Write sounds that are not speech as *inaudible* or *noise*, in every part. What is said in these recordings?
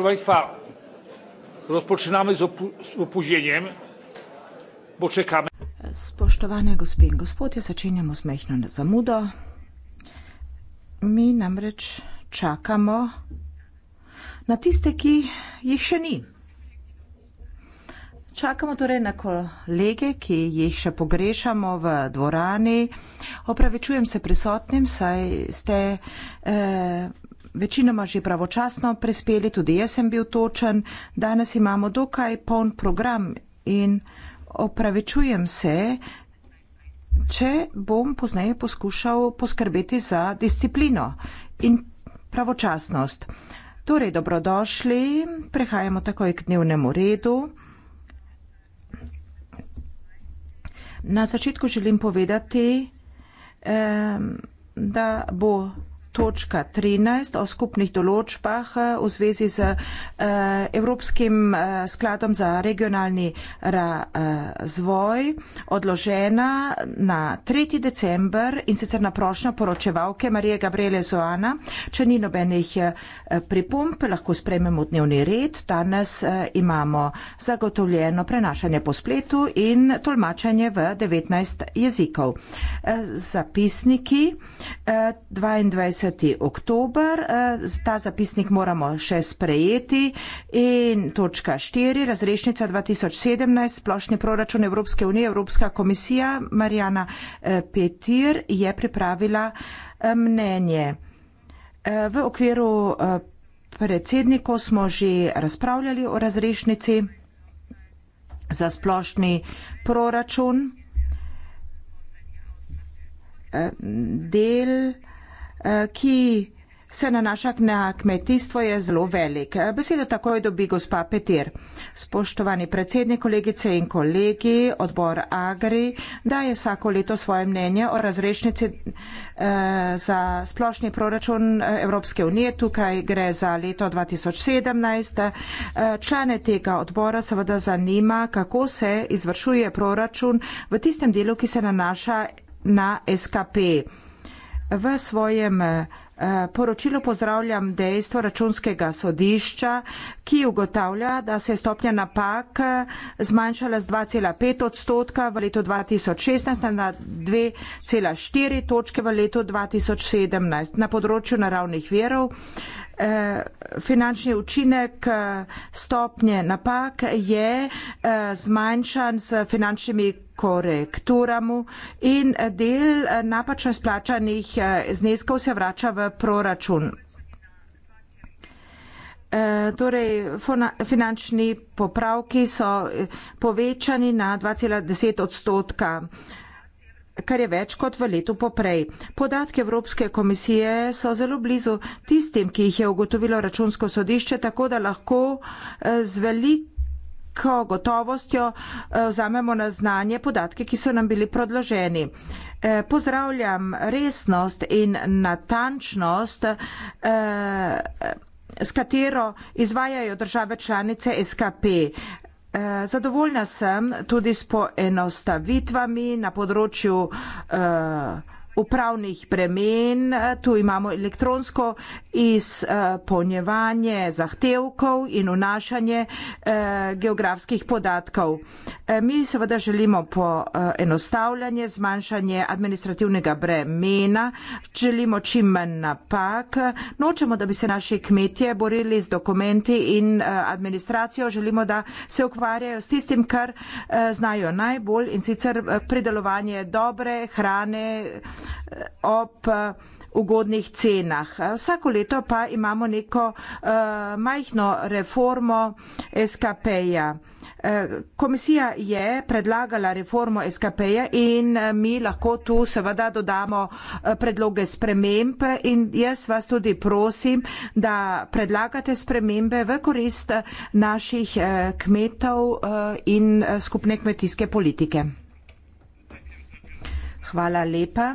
Proszę państwa, rozpoczynamy z, opu- z opóźnieniem, bo czekamy. Spoštovane gospe in gospodje, začenjamo z mehno zamudo. Mi namreč čakamo na tiste, ki jih še ni. Čakamo torej na kolege, ki jih še pogrešamo v dvorani. Opravičujem se prisotnim, saj ste. Eh, večinoma že pravočasno prespeli, tudi jaz sem bil točen. Danes imamo dokaj poln program in opravičujem se, če bom pozneje poskušal poskrbeti za disciplino in pravočasnost. Torej, dobrodošli, prehajamo takoj k dnevnemu redu. Na začetku želim povedati, eh, da bo točka 13 o skupnih določbah eh, v zvezi z eh, Evropskim eh, skladom za regionalni razvoj odložena na 3. december in sicer na prošnjo poročevalke Marije Gabriele Zoana. Če ni nobenih pripomp, lahko sprememo dnevni red. Danes imamo zagotovljeno prenašanje po spletu in tolmačenje v 19 jezikov. Zapisniki 22. 30. oktober, eh, ta zapisnik moramo še sprejeti in točka 4, razrešnica 2017, splošni proračun Evropske unije, Evropska komisija, Marijana eh, Petir je pripravila eh, mnenje. V okviru predsedniku smo že razpravljali o razrešnici za splošni proračun. Del Eh, ki se nanaša na kmetijstvo, je zelo velik. Eh, besedo takoj dobi gospa Petir. Spoštovani predsednik, kolegice in kolegi, odbor Agri daje vsako leto svoje mnenje o razrešnici eh, za splošni proračun Evropske unije. Tukaj gre za leto 2017. Člane tega odbora seveda zanima, kako se izvršuje proračun v tistem delu, ki se nanaša na SKP v svojem eh, poročilu pozdravljam dejstvo računskega sodišča, ki ugotavlja, da se je stopnja napak eh, zmanjšala z 2,5 odstotka v letu 2016 na 2,4 točke v letu 2017. Na področju naravnih verov eh, finančni učinek stopnje napak je zmanjšan s finančnimi korektoramu in del eh, napačno izplačanih eh, zneskov se vrača v proračun. Eh, torej, finančni popravki so povečani na 2,10 odstotka kar je več kot v letu poprej. Podatke Evropske komisije so zelo blizu tistim, ki jih je ugotovilo računsko sodišče, tako da lahko z velik veliko gotovostjo eh, vzamemo na znanje podatke, ki so nam bili predloženi. Eh, pozdravljam resnost in natančnost, eh, s katero izvajajo države članice SKP. Zadovoljna sem tudi s poenostavitvami na področju upravnih bremen, eh, tu imamo elektronsko izpolnjevanje zahtevkov in vnašanje eh, geografskih podatkov. Eh, mi seveda želimo poenostavljanje, zmanjšanje administrativnega bremena, želimo čim manj napak, nočemo, da bi se naši kmetje borili z dokumenti in administracijo, želimo, da se ukvarjajo s tistim, kar znajo najbolj in sicer pridelovanje dobre hrane, ob eh, ugodnih cenah. Vsako leto pa imamo neko eh, majhno reformo SKP-ja. Eh, komisija je predlagala reformo SKP-ja in mi lahko tu seveda dodamo predloge sprememb in jaz vas tudi prosim, da predlagate spremembe v korist naših kmetov in skupne kmetijske politike. Hvala lepa.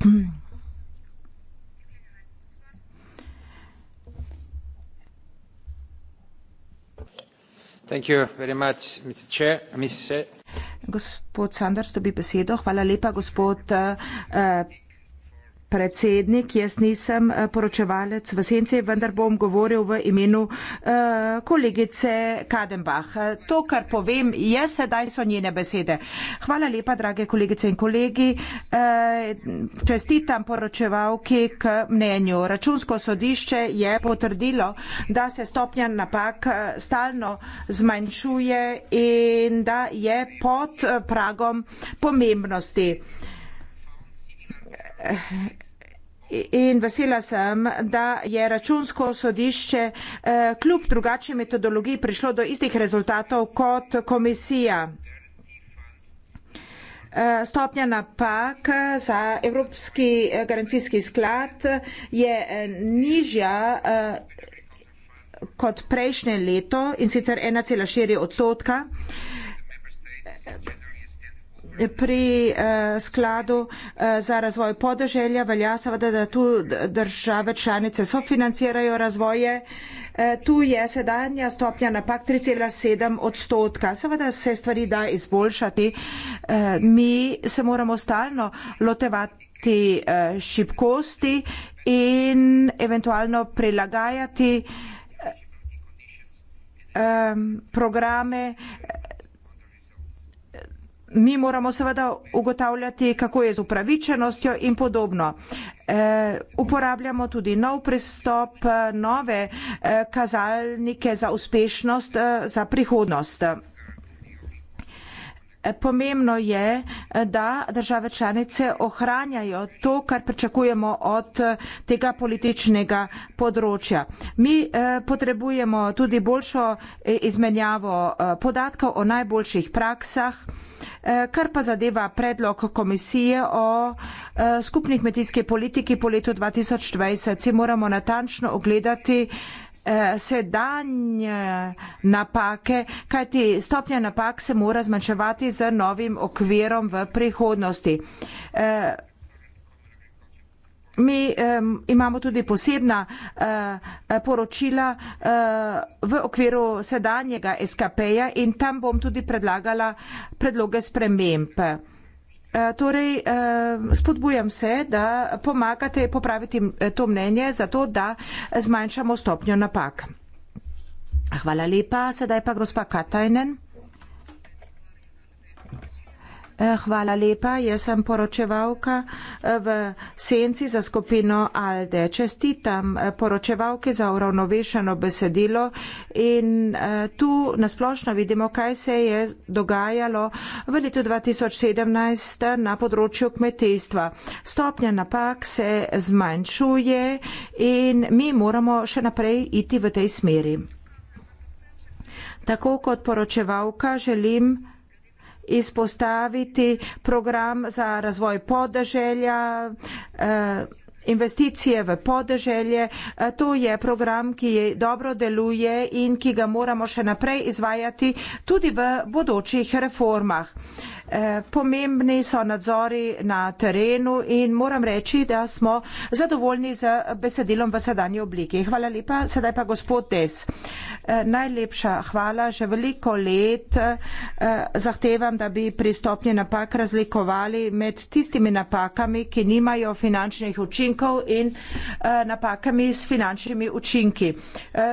Gospod Sanders dobi besedo. Hvala lepa, gospod uh, uh, predsednik, jaz nisem eh, poročevalec v senci, vendar bom govoril v imenu eh, kolegice Kadenbach. To, kar povem, je sedaj so njene besede. Hvala lepa, drage kolegice in kolegi. Eh, čestitam poročevalki k mnenju. Računsko sodišče je potrdilo, da se stopnja napak stalno zmanjšuje in da je pod pragom pomembnosti. In vesela sem, da je računsko sodišče eh, kljub drugačni metodologiji prišlo do istih rezultatov kot komisija. Eh, stopnja napak eh, za Evropski garancijski sklad je nižja kot prejšnje leto in sicer 1,4 odstotka pri eh, skladu eh, za razvoj podeželja velja seveda, da tu države članice sofinancirajo razvoje. Eh, tu je sedanja stopnja napak 3,7 odstotka. Seveda se stvari da izboljšati. Eh, mi se moramo stalno lotevati eh, šibkosti in eventualno prilagajati programe mi moramo seveda ugotavljati, kako je z upravičenostjo in podobno. E, uporabljamo tudi nov pristop, e, nove e, kazalnike za uspešnost, e, za prihodnost. E, pomembno je, e, da države članice ohranjajo to, kar pričakujemo od tega političnega področja. Mi potrebujemo tudi boljšo izmenjavo podatkov o najboljših praksah. Eh, kar pa zadeva predlog komisije o eh, skupni kmetijski politiki po letu 2020, si moramo natančno ogledati eh, sedanje napake, kajti stopnja napak se mora zmanjševati z novim okvirom v prihodnosti mi um, imamo tudi posebna uh, poročila uh, v okviru sedanjega SKP-ja in tam bom tudi predlagala predloge sprememb. Eh, torej, spodbujam se, da pomagate popraviti to mnenje, zato da zmanjšamo stopnjo napak. Hvala lepa, sedaj pa gospa Katajnen. Eh, hvala lepa. Jaz sem poročevalka eh, v senci za skupino Alde. Čestitam eh, poročevalke za uravnovešeno besedilo in tu nasplošno vidimo, kaj se je dogajalo v letu 2017 na področju kmetijstva. Stopnja napak se zmanjšuje in mi moramo še naprej iti v tej smeri. Tako kot poročevalka želim izpostaviti program za razvoj podeželja, eh, investicije v podeželje. Eh, to je program, ki dobro deluje in ki ga moramo še naprej izvajati tudi v bodočih reformah. Eh, pomembni so nadzori na terenu in moram reči, da smo zadovoljni z besedilom v sedanji obliki. Hvala lepa. Sedaj pa gospod Des. Eh, najlepša hvala. Že veliko let eh, zahtevam, da bi pristopni napak razlikovali med tistimi napakami, ki nimajo finančnih učinkov in napakami s finančnimi učinki.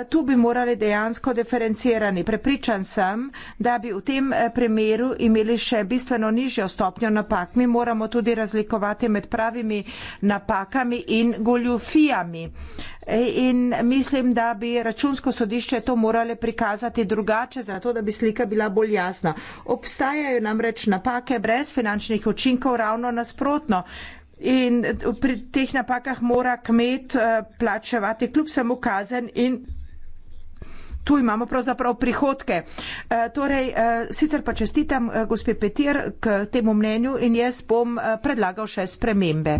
Tu bi morali dejansko diferencirani. Prepričan sem, da bi v tem primeru imeli še bistveno bistveno nižjo stopnjo napak. Mi moramo tudi razlikovati med pravimi napakami in goljufijami. In mislim, da bi računsko sodišče to morale prikazati drugače, zato da bi slika bila bolj jasna. Obstajajo namreč napake brez finančnih učinkov ravno nasprotno. In pri teh napakah mora kmet eh, plačevati kljub samo kazen in tu imamo pravzaprav prihodke. Eh, torej, eh, sicer pa čestitam eh, gospe Petir k temu mnenju in jaz bom predlagal še spremembe.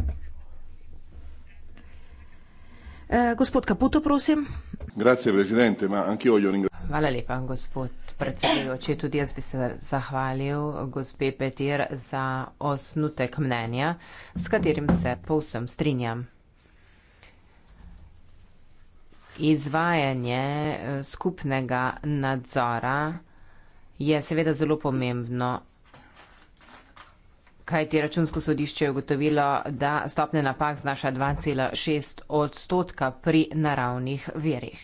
Gospod Kaputo, prosim. Grazie, prezidente, ma anche io ringrazio. Hvala lepa, gospod predsedujoči. Tudi jaz bi se zahvalil gospe Petir za osnutek mnenja, s katerim se povsem strinjam. Izvajanje eh, skupnega nadzora je seveda zelo pomembno, kajti računsko sodišče je ugotovilo, da stopne napak znaša 2,6 odstotka pri naravnih verjih.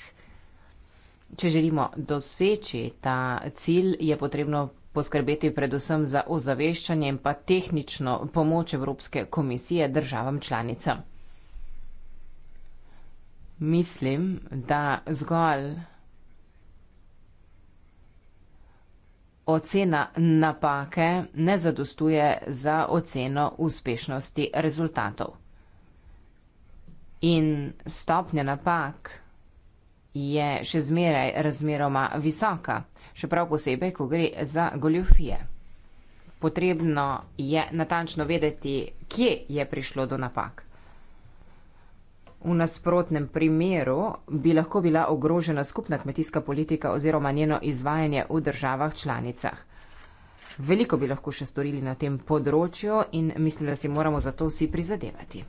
Če želimo doseči ta cilj, je potrebno poskrbeti predvsem za ozaveščanje in pa tehnično pomoč Evropske komisije državam članicam mislim, da zgolj ocena napake ne zadostuje za oceno uspešnosti rezultatov. In stopnja napak je še zmeraj razmeroma visoka, še prav posebej, ko gre za goljofije. Potrebno je natančno vedeti, kje je prišlo do napak. V nasprotnem primeru bi lahko bila ogrožena skupna kmetijska politika oziroma njeno izvajanje v državah članicah. Veliko bi lahko še storili na tem področju in mislim, da si moramo za to vsi prizadevati.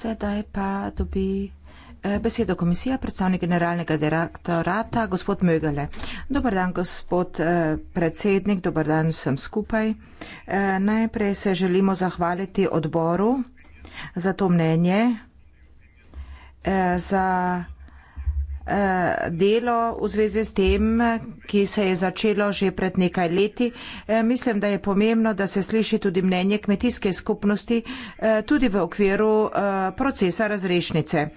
Sedaj pa dobi eh, besedo komisija, predstavnik generalnega direktorata, gospod Mögele. Dobar dan, gospod eh, predsednik, dobar dan vsem skupaj. Eh, najprej se želimo zahvaliti odboru za to mnenje, eh, za eh, delo v zvezi s tem, ki se je začelo že pred nekaj leti. Eh, mislim, da je pomembno, da se sliši tudi mnenje kmetijske skupnosti, tudi v okviru procesa razrešnice.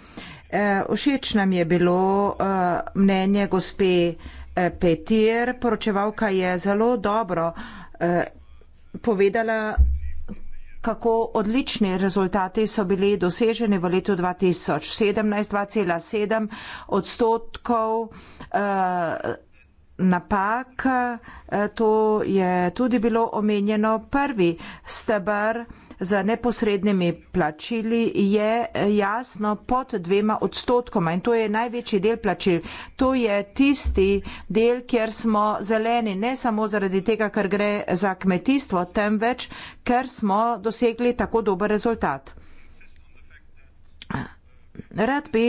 Všeč nam je bilo mnenje gospe Petir, poročevalka je zelo dobro povedala kako odlični rezultati so bili doseženi v letu 2017, 2,7 odstotkov eh, napak. Eh, to je tudi bilo omenjeno prvi stebr z neposrednimi plačili je jasno pod dvema odstotkoma in to je največji del plačil. To je tisti del, kjer smo zeleni, ne samo zaradi tega, ker gre za kmetijstvo, temveč, ker smo dosegli tako dober rezultat. Rad bi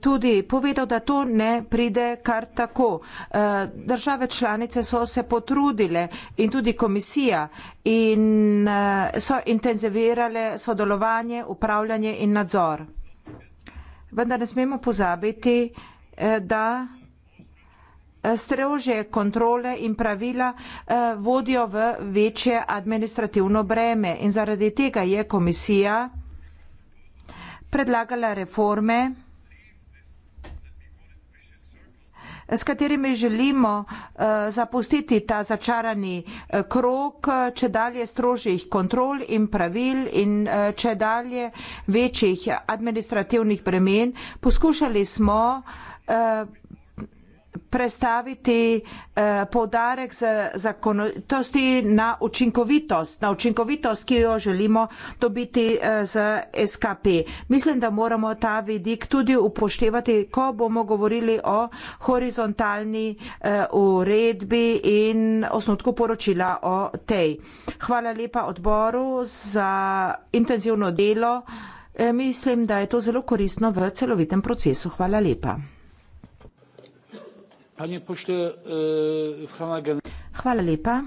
tudi povedal, da to ne pride kar tako. Eh, države članice so se potrudile in tudi komisija in eh, so intenzivirale sodelovanje, upravljanje in nadzor. Vendar ne smemo pozabiti, eh, da strožje kontrole in pravila vodijo v večje administrativno breme in zaradi tega je komisija predlagala reforme, s katerimi želimo eh, zapustiti ta začarani eh, krok, eh, če dalje strožjih kontrol in pravil in če dalje večjih administrativnih bremen. Poskušali smo prestaviti eh, podarek za zakonitosti na učinkovitost, na učinkovitost, ki jo želimo dobiti eh, z SKP. Mislim, da moramo ta vidik tudi upoštevati, ko bomo govorili o horizontalni eh, uredbi in osnutku poročila o tej. Hvala lepa odboru za intenzivno delo. Eh, mislim, da je to zelo koristno v celovitem procesu. Hvala lepa. E, Hvala lepa.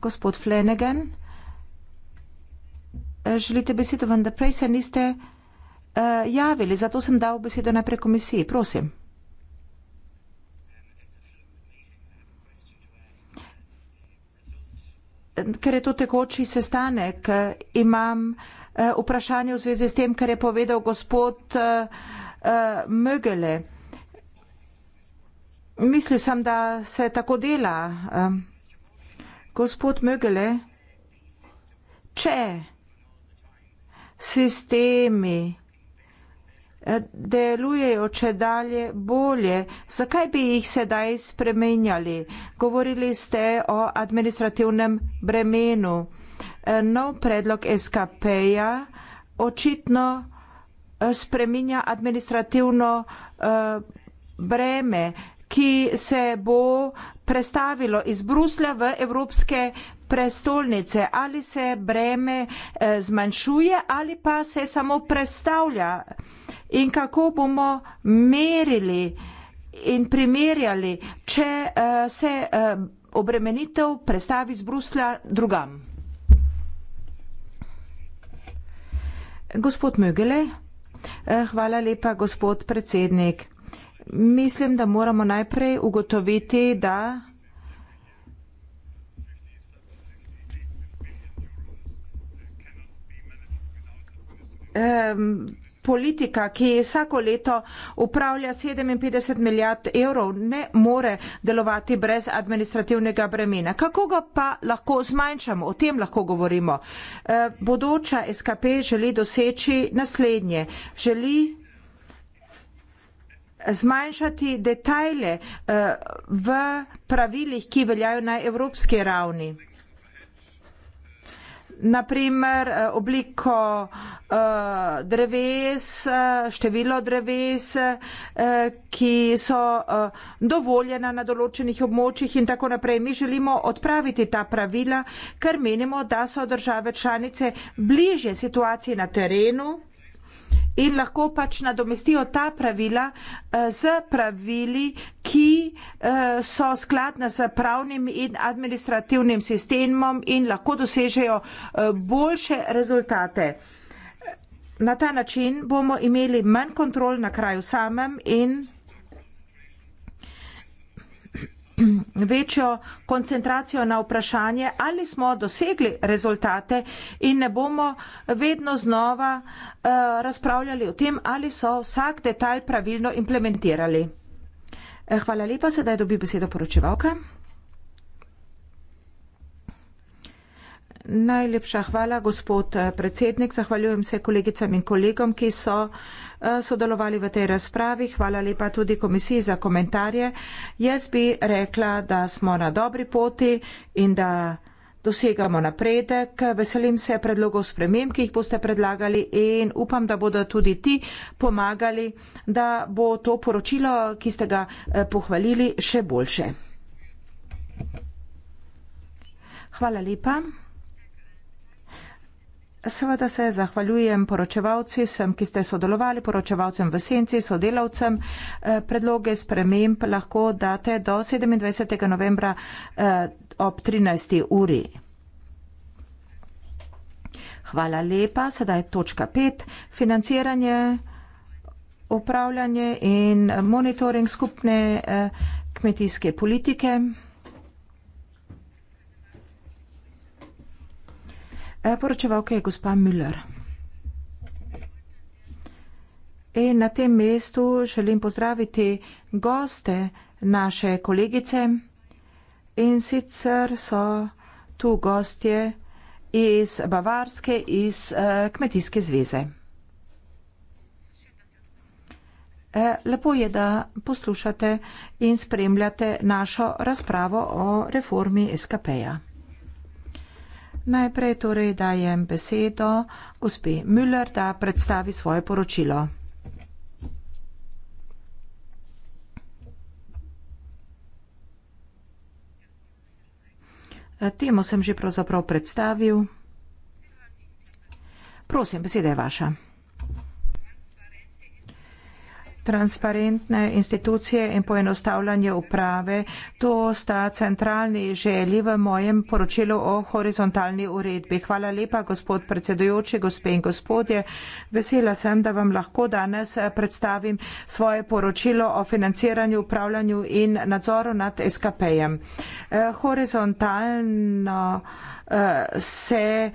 Gospod Flanagan, e, želite besedo, vendar prej se niste uh, javili, zato sem dal besedo najprej komisiji. Prosim. Ker je to tekoči sestanek, imam uh, vprašanje v zvezi s tem, kar je povedal gospod uh, uh, Mögele. Mislil sem, da se tako dela. Um, gospod Mögele, če sistemi eh, delujejo če dalje bolje, zakaj bi jih sedaj spremenjali? Govorili ste o administrativnem bremenu. Eh, nov predlog SKP-ja očitno eh, spreminja administrativno uh, breme ki se bo prestavilo iz Bruslja v evropske prestolnice. Ali se breme eh, zmanjšuje ali pa se samo prestavlja in kako bomo merili in primerjali, če eh, se eh, obremenitev prestavi iz Bruslja drugam. Gospod Mögele, hvala lepa, gospod predsednik mislim, da moramo najprej ugotoviti, da politika, ki vsako leto upravlja 57 milijard evrov, ne more delovati brez administrativnega bremena. Kako ga pa lahko zmanjšamo? O tem lahko govorimo. Eh, bodoča SKP želi doseči naslednje. Želi zmanjšati detajle eh, v pravilih, ki veljajo na evropski ravni. Naprimer, eh, obliko eh, dreves, število dreves, ki so dovoljena na določenih območjih in tako naprej. Mi želimo odpraviti ta pravila, ker menimo, da so države članice bliže situaciji na terenu in lahko pač nadomestijo ta pravila z eh, pravili, ki eh, so skladna z pravnim in administrativnim sistemom in lahko dosežejo eh, boljše rezultate. Na ta način bomo imeli manj kontrol na kraju samem in *clears throat* večjo koncentracijo na vprašanje, ali smo dosegli rezultate in ne bomo vedno znova eh, razpravljali o tem, ali so vsak detalj pravilno implementirali. Eh, hvala lepa, sedaj dobi besedo poročevalka. Najlepša hvala, gospod eh, predsednik. Zahvaljujem se kolegicam in kolegom, ki so eh, Eh, sodelovali v tej razpravi. Hvala lepa tudi komisiji za komentarje. Jaz bi rekla, da smo na dobri poti in da dosegamo napredek. Veselim se predlogov sprememb, ki jih boste predlagali in upam, da bodo tudi ti pomagali, da bo to poročilo, ki ste ga eh, pohvalili, še boljše. Hvala lepa. Seveda se zahvaljujem poročevalci vsem, ki ste sodelovali, poročevalcem v senci, sodelavcem. Eh, predloge sprememb lahko date do 27. novembra eh, ob 13. uri. Hvala lepa. Sedaj je točka 5. Financiranje, upravljanje in monitoring skupne eh, kmetijske politike. Poročevalka je gospa Müller. In na tem mestu želim pozdraviti goste naše kolegice. In sicer so tu gostje iz Bavarske, iz eh, Kmetijske zveze. Eh, lepo je, da poslušate in spremljate našo razpravo o reformi SKP-ja. Najprej torej dajem besedo gospe Müller, da predstavi svoje poročilo. Eh, temo sem že pravzaprav predstavil. Prosim, beseda je vaša transparentne institucije in poenostavljanje uprave. To sta centralni želji v mojem poročilu o horizontalni uredbi. Hvala lepa, gospod predsedujoči, gospe in gospodje. Vesela sem, da vam lahko danes eh, predstavim svoje poročilo o financiranju, upravljanju in nadzoru nad SKP-jem. Eh, horizontalno eh, se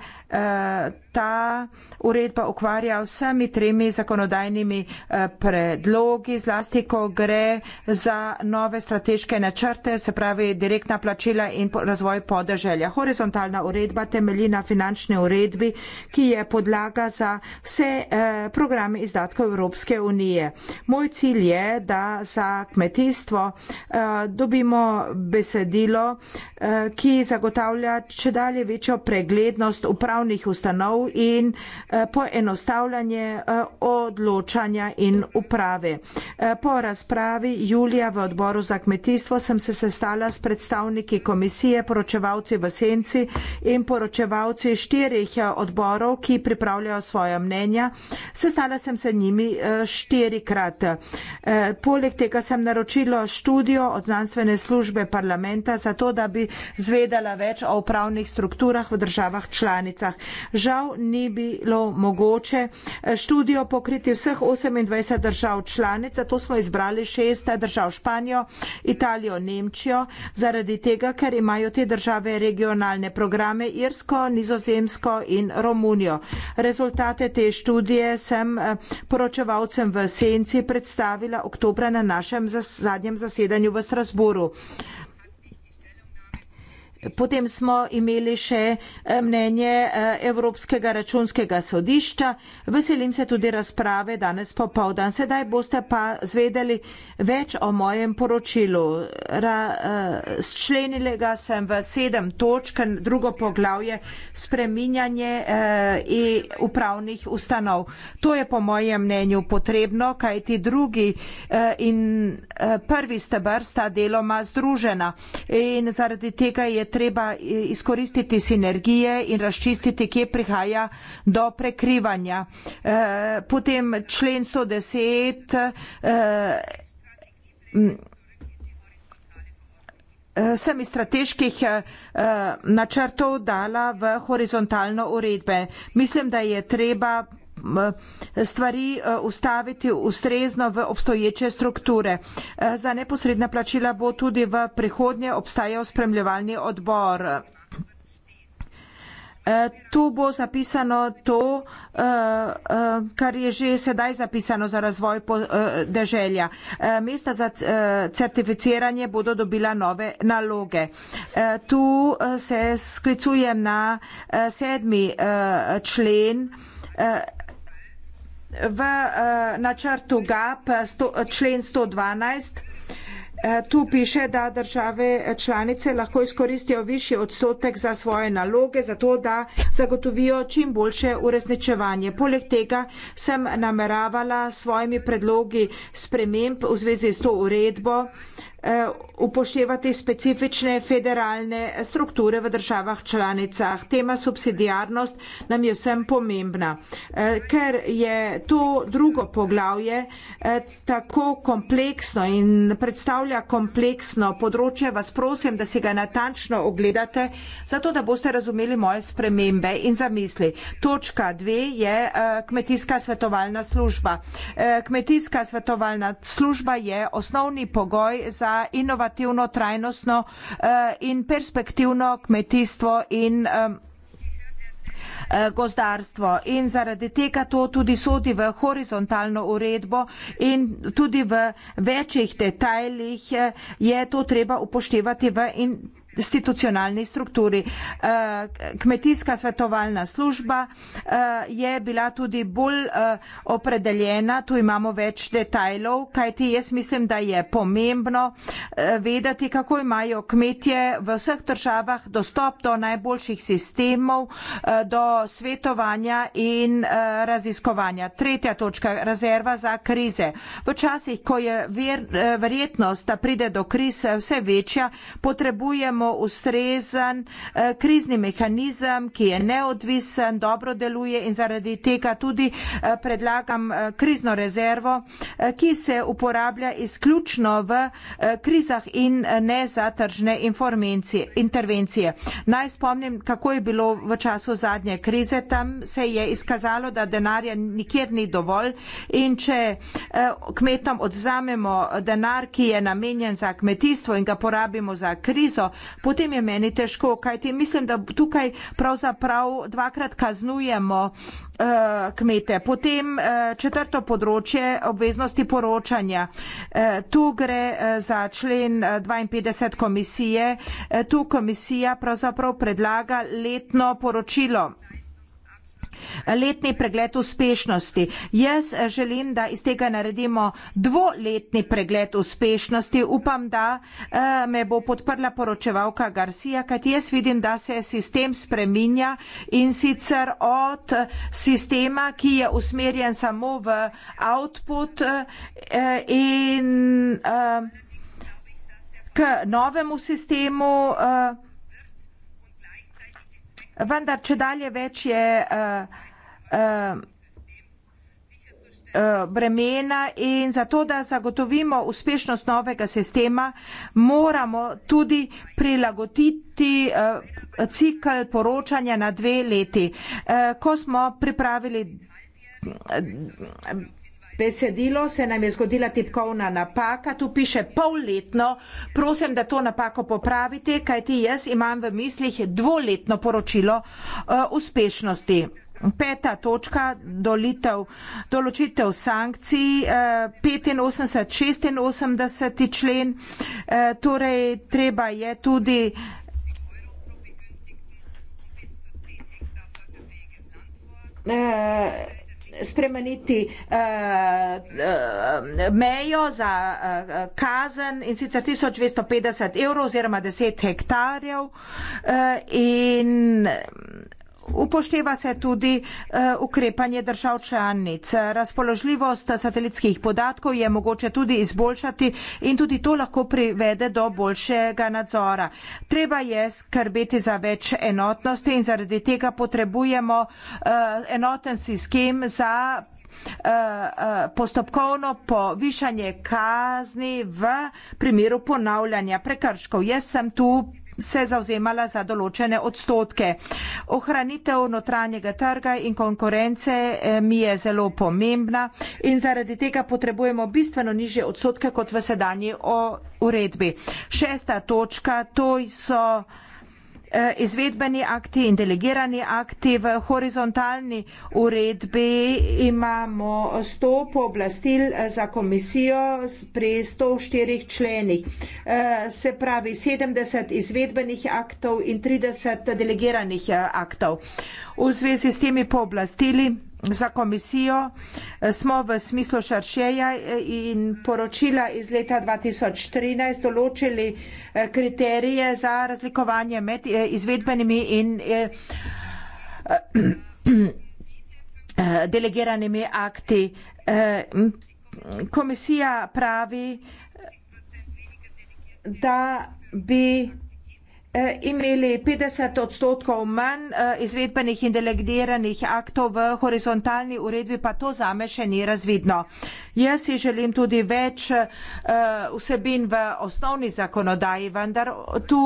ta uredba ukvarja vsemi tremi zakonodajnimi eh, predlogi, zlasti ko gre za nove strateške načrte, se pravi direktna plačila in razvoj podeželja. Horizontalna uredba temelji na finančni uredbi, ki je podlaga za vse eh, programe izdatkov Evropske unije. Moj cilj je, da za kmetijstvo eh, dobimo besedilo, ki zagotavlja če dalje večjo preglednost upravnih ustanov, upravljavcev in eh, poenostavljanje eh, odločanja in uprave. Eh, po razpravi Julija v odboru za kmetijstvo sem se sestala s predstavniki komisije, poročevalci v Senci in poročevalci štirih odborov, ki pripravljajo svoje mnenja. Sestala sem se njimi štirikrat. Poleg tega sem naročila študijo od znanstvene službe parlamenta, zato da bi zvedala več o upravnih strukturah v državah članicah. Žal ni bilo mogoče eh, študijo pokriti vseh 28 držav članic, zato smo izbrali šest držav Španijo, Italijo, Nemčijo, zaradi tega, ker imajo te države regionalne programe Irsko, Nizozemsko in Romunijo. Rezultate te študije sem eh, poročevalcem v Senci predstavila oktobra na našem zadnjem zasedanju v Strasburu. Potem smo imeli še eh, mnenje eh, Evropskega računskega sodišča. Veselim se tudi razprave danes popovdan. Sedaj boste pa zvedeli več o mojem poročilu. Razčlenili eh, ga sem v sedem točk, drugo poglavje, spreminjanje upravnih ustanov. To je po mojem mnenju potrebno, kaj ti drugi in prvi stebr sta deloma združena. In zaradi tega je treba eh, izkoristiti sinergije in razčistiti, kje prihaja do prekrivanja. Eh, potem člen 110 eh, sem iz strateških načrtov dala v horizontalno uredbe. Mislim, da je treba stvari e, ustaviti ustrezno v obstoječe strukture. E, za neposredna plačila bo tudi v prihodnje obstajal spremljevalni odbor. E, tu bo zapisano to, kar je že sedaj zapisano za razvoj deželja. Mesta za certificiranje bodo dobila nove naloge. Tu se sklicujem na sedmi člen v eh, načrtu GAP člen 112. Eh, tu piše, da države eh, članice lahko izkoristijo višji odstotek za svoje naloge, zato da zagotovijo čim boljše uresničevanje. Poleg tega sem nameravala svojimi predlogi sprememb v zvezi s to uredbo eh, Eh, upoštevati specifične federalne strukture v državah članicah. Tema subsidijarnost nam je vsem pomembna, eh, ker je to drugo poglavje eh, tako kompleksno in predstavlja kompleksno področje. Vas prosim, da si ga natančno ogledate, zato da boste razumeli moje spremembe in zamisli. Točka dve je kmetijska svetovalna služba. Kmetijska svetovalna služba je osnovni pogoj za za inovativno, trajnostno eh, in perspektivno kmetijstvo in eh, gozdarstvo in zaradi tega to tudi sodi v horizontalno uredbo in tudi v večjih detajlih eh, je to treba upoštevati v in institucionalni strukturi. Eh, kmetijska svetovalna služba eh, je bila tudi bolj eh, opredeljena, tu imamo več detajlov, kajti jaz mislim, da je pomembno vedeti, kako imajo kmetje v vseh državah dostop do najboljših sistemov, do svetovanja in raziskovanja. Tretja točka, rezerva za krize. V časih, ko je verjetnost, da pride do krize, vse večja, potrebujemo imamo ustrezen eh, krizni mehanizem, ki je neodvisen, dobro deluje in zaradi tega tudi eh, predlagam eh, krizno rezervo, eh, ki se uporablja izključno v eh, krizah in eh, ne za tržne intervencije. Naj spomnim, kako je bilo v času zadnje krize. Tam se je izkazalo, da denarja nikjer ni dovolj in če eh, kmetom odzamemo denar, ki je namenjen za kmetijstvo in ga porabimo za krizo, potem je meni težko, kajti mislim, da tukaj pravzaprav dvakrat kaznujemo eh, kmete. Potem eh, četrto področje obveznosti poročanja. Eh, tu gre za člen 52 komisije. Tu komisija pravzaprav predlaga letno poročilo letni pregled uspešnosti. Jaz eh, želim, da iz tega naredimo dvoletni pregled uspešnosti. Upam, da eh, me bo podprla poročevalka Garcia, kajti jaz vidim, da se sistem spreminja in sicer od eh, sistema, ki je usmerjen samo v output in k novemu sistemu vendar če dalje več je eh, eh, eh, bremena in zato, da zagotovimo uspešnost novega sistema, moramo tudi prilagotiti cikl poročanja na dve leti. Ko smo pripravili besedilo, se nam je zgodila tipkovna napaka, tu piše polletno, prosim, da to napako popravite, kajti jaz imam v mislih dvoletno poročilo uh, uspešnosti. Peta točka, dolitev, določitev sankcij, eh, 85-86 člen, eh, torej treba je tudi eh, spremeniti uh, mejo za uh, kazen in sicer 1250 evrov oziroma 10 hektarjev uh, in Upošteva se tudi eh, ukrepanje držav članic. Razpoložljivost satelitskih podatkov je mogoče tudi izboljšati in tudi to lahko privede do boljšega nadzora. Treba je skrbeti za več enotnosti in zaradi tega potrebujemo eh, enoten sistem za eh, postopkovno povišanje kazni v primeru ponavljanja prekrškov. Jaz sem tu se zauzemala za določene odstotke. Ohranitev notranjega trga in konkurence eh, mi je zelo pomembna in zaradi tega potrebujemo bistveno nižje odstotke kot v sedanji uredbi. Šesta točka, to so Eh, izvedbeni akti in delegirani akti. V horizontalni uredbi imamo 100 pooblastil eh, za komisijo pri 104 členih. Eh, se pravi 70 izvedbenih aktov in 30 delegiranih aktov. V zvezi s temi pooblastili za komisijo eh, smo v smislu šaršeja eh, in poročila iz leta 2013 določili eh, kriterije za razlikovanje med izvedbenimi in *clears throat* delegiranimi akti. Komisija pravi, da bi Eh, imeli 50 odstotkov manj eh, izvedbenih in delegiranih aktov v horizontalni uredbi, pa to zame še ni razvidno. Jaz si želim tudi več eh, vsebin v osnovni zakonodaji, vendar tu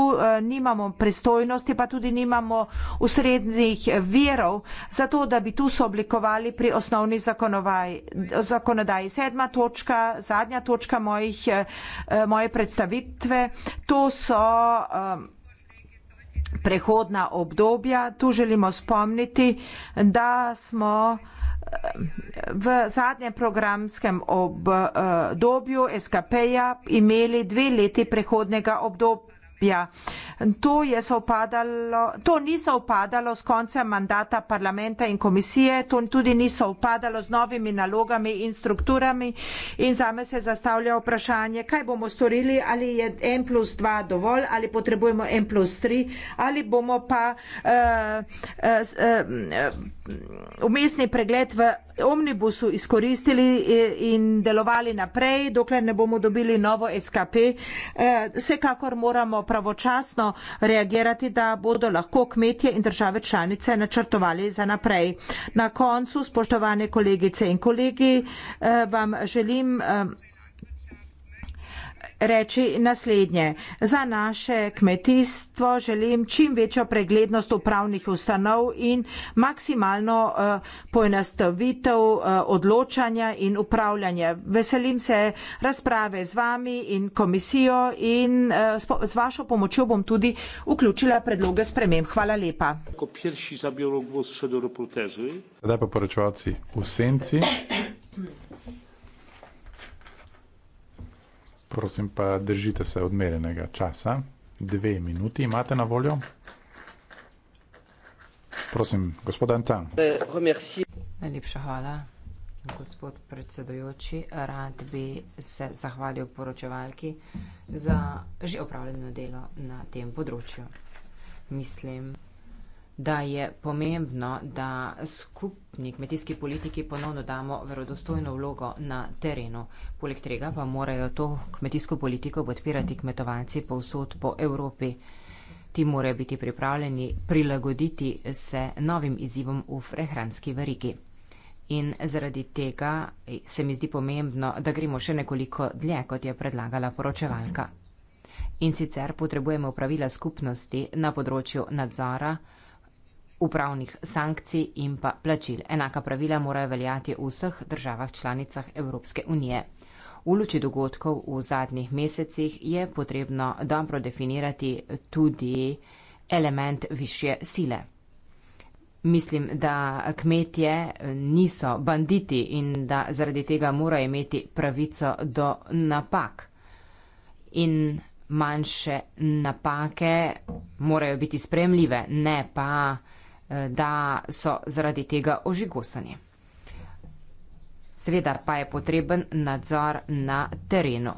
nimamo pristojnosti, pa tudi nimamo usrednjih verov, zato da bi tu soblikovali pri osnovni zakonodaji. Sedma točka, zadnja točka mojih, moje predstavitve, to so prehodna obdobja. Tu želimo spomniti, da smo eh, v zadnjem programskem obdobju SKP-ja imeli dve leti prehodnega obdobja Srbija. To, je sovpadalo, to ni sovpadalo s koncem mandata parlamenta in komisije, to tudi ni sovpadalo z novimi nalogami in strukturami in zame se zastavlja vprašanje, kaj bomo storili, ali je en plus dva dovolj, ali potrebujemo en plus tri, ali bomo pa. Uh, uh, uh, uh, umestni pregled v omnibusu izkoristili e, in delovali naprej, dokler ne bomo dobili novo SKP. E, vsekakor moramo pravočasno reagirati, da bodo lahko kmetje in države članice načrtovali za naprej. Na koncu, spoštovane kolegice in kolegi, e, vam želim reči naslednje. Za naše kmetijstvo želim čim večjo preglednost upravnih ustanov in maksimalno eh, poenostavitev eh, odločanja in upravljanja. Veselim se razprave z vami in komisijo in eh, z vašo pomočjo bom tudi vključila predloge sprememb. Hvala lepa. Zdaj pa poročevalci v senci. prosim pa držite se odmerjenega časa, dve minuti imate na voljo. Prosim, gospod Antan. Najlepša hvala, gospod predsedojoči. Rad bi se zahvalil poročevalki za že opravljeno delo na tem področju. Mislim, da je pomembno, da skupni kmetijski politiki ponovno damo verodostojno vlogo na terenu. Poleg tega pa morajo to kmetijsko politiko podpirati kmetovalci povsod po Evropi. Ti morajo biti pripravljeni prilagoditi se novim izzivom v prehranski verigi. In zaradi tega se mi zdi pomembno, da gremo še nekoliko dlje, kot je predlagala poročevalka. In sicer potrebujemo pravila skupnosti na področju nadzora, upravnih sankcij in pa plačil. Enaka pravila morajo veljati v vseh državah članicah Evropske unije. V luči dogodkov v zadnjih mesecih je potrebno dobro definirati tudi element višje sile. Mislim, da kmetje niso banditi in da zaradi tega morajo imeti pravico do napak. In manjše napake morajo biti spremljive, ne pa da so zaradi tega ožigosani. Seveda pa je potreben nadzor na terenu.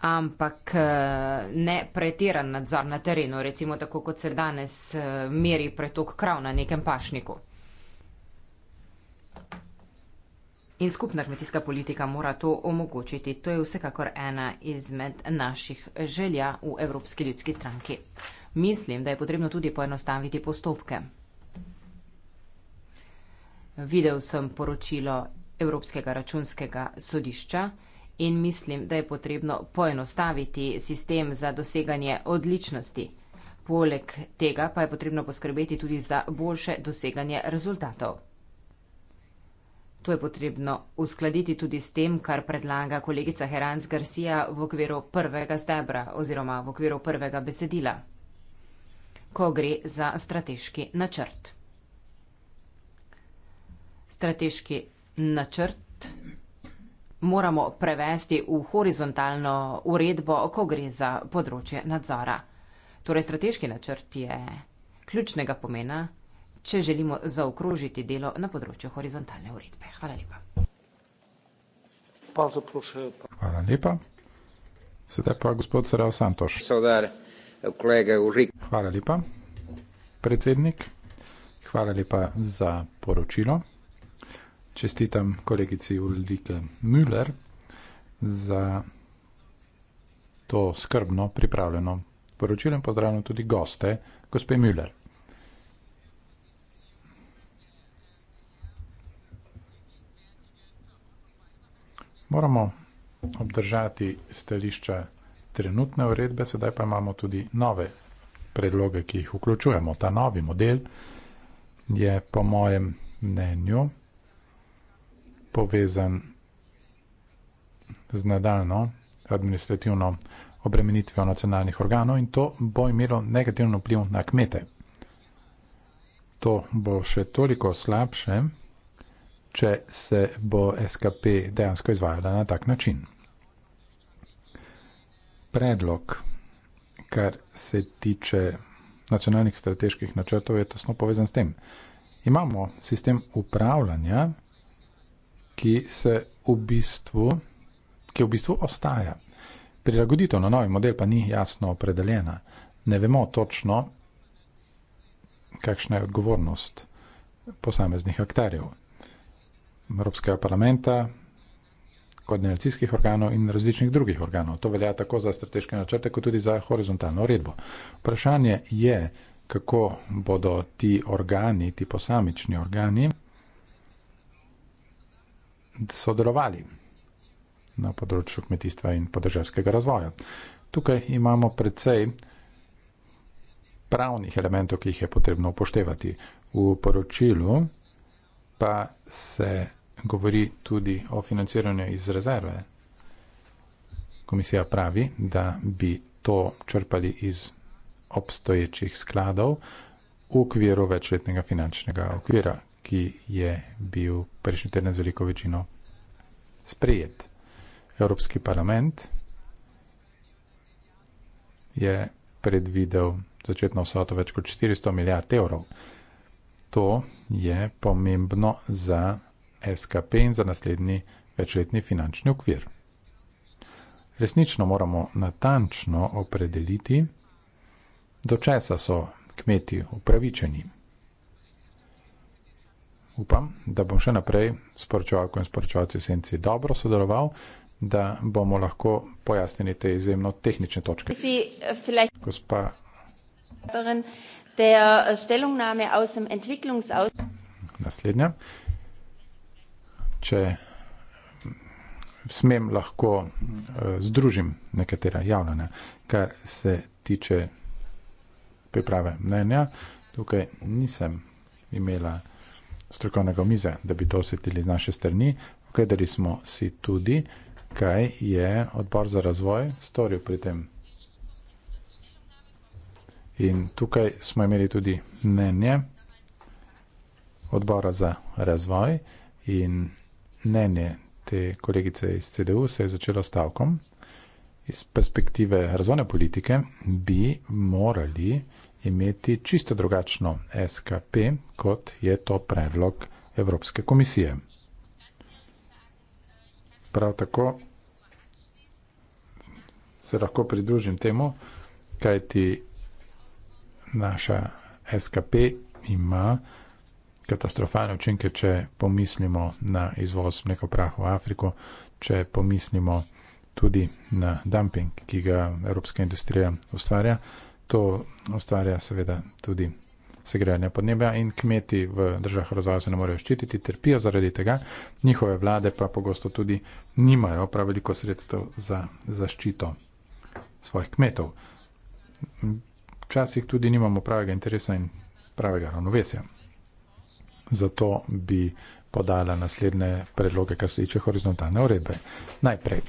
Ampak eh, ne pretiran nadzor na terenu, recimo tako kot se danes eh, meri pretok krav na nekem pašniku. In skupna kmetijska politika mora to omogočiti. To je vsekakor ena izmed naših želja v Evropski ljudski stranki. Mislim, da je potrebno tudi poenostaviti postopke. Videl sem poročilo Evropskega računskega sodišča in mislim, da je potrebno poenostaviti sistem za doseganje odličnosti. Poleg tega pa je potrebno poskrbeti tudi za boljše doseganje rezultatov. To je potrebno uskladiti tudi s tem, kar predlaga kolegica Heranz Garcia v okviru prvega stebra oziroma v okviru prvega besedila ko gre za strateški načrt. Strateški načrt moramo prevesti v horizontalno uredbo, ko gre za področje nadzora. Torej, strateški načrt je ključnega pomena, če želimo zaokrožiti delo na področju horizontalne uredbe. Hvala lepa. Hvala lepa. Sedaj pa gospod Sarajev Santoš. Saudare kolega Ulrik. Hvala lepa, predsednik. Hvala lepa za poročilo. Čestitam kolegici Ulrike Müller za to skrbno pripravljeno poročilo in pozdravljam tudi goste, gospe Müller. Moramo obdržati stališča trenutne uredbe, sedaj pa imamo tudi nove predloge, ki jih vključujemo. Ta novi model je po mojem mnenju povezan z nadaljno administrativno obremenitvijo nacionalnih organov in to bo imelo negativno vpliv na kmete. To bo še toliko slabše, če se bo SKP dejansko izvajala na tak način predlog, kar se tiče nacionalnih strateških načrtov, je tesno povezan s tem. Imamo sistem upravljanja, ki se v bistvu, ki v bistvu ostaja. Prilagoditev na novi model pa ni jasno opredeljena. Ne vemo točno, kakšna je odgovornost posameznih akterjev. Evropskega parlamenta, koordinacijskih organov in različnih drugih organov. To velja tako za strateške načrte, kot tudi za horizontalno redbo. Vprašanje je, kako bodo ti organi, ti posamični organi, sodelovali na področju kmetijstva in podeželskega razvoja. Tukaj imamo predvsej pravnih elementov, ki jih je potrebno upoštevati. V poročilu pa se govori tudi o financiranju iz rezerve. Komisija pravi, da bi to črpali iz obstoječih skladov v okviru večletnega finančnega okvira, ki je bil prejšnji teden z veliko večino sprejet. Evropski parlament je predvidel začetno vsoto več kot 400 milijard evrov. To je pomembno za SKP in za naslednji večletni finančni okvir. Resnično moramo natančno opredeliti, do česa so kmeti upravičeni. Upam, da bom še naprej s poročevalko in s poročevalci v senci dobro sodeloval, da bomo lahko pojasnili te izjemno tehnične točke. Eh, Gospa. Der Stellungnahme aus dem Entwicklungsausschuss. Naslednja če smem, lahko uh, združim nekatera javljanja, kar se tiče priprave mnenja. Tukaj nisem imela strokovnega mize, da bi to osvetili z naše strani. Pogledali smo si tudi, kaj je odbor za razvoj storil pri tem. In tukaj smo imeli tudi mnenje odbora za razvoj in mnenje te kolegice iz CDU se je začelo stavkom. Iz perspektive razvojne politike bi morali imeti čisto drugačno SKP, kot je to predlog Evropske komisije. Prav tako se lahko pridružim temu, kaj ti naša SKP ima katastrofalne učinke, če pomislimo na izvoz mleko prahu v Afriko, če pomislimo tudi na dumping, ki ga evropska industrija ustvarja. To ustvarja seveda tudi segrejanje podnebja in kmeti v državah razvoja se ne morejo ščititi, trpijo zaradi tega, njihove vlade pa pogosto tudi nimajo prav veliko sredstev za zaščito svojih kmetov. Včasih tudi nimamo pravega interesa in pravega ravnovesja zato bi podala naslednje predloge, kar se tiče horizontalne uredbe. Najprej,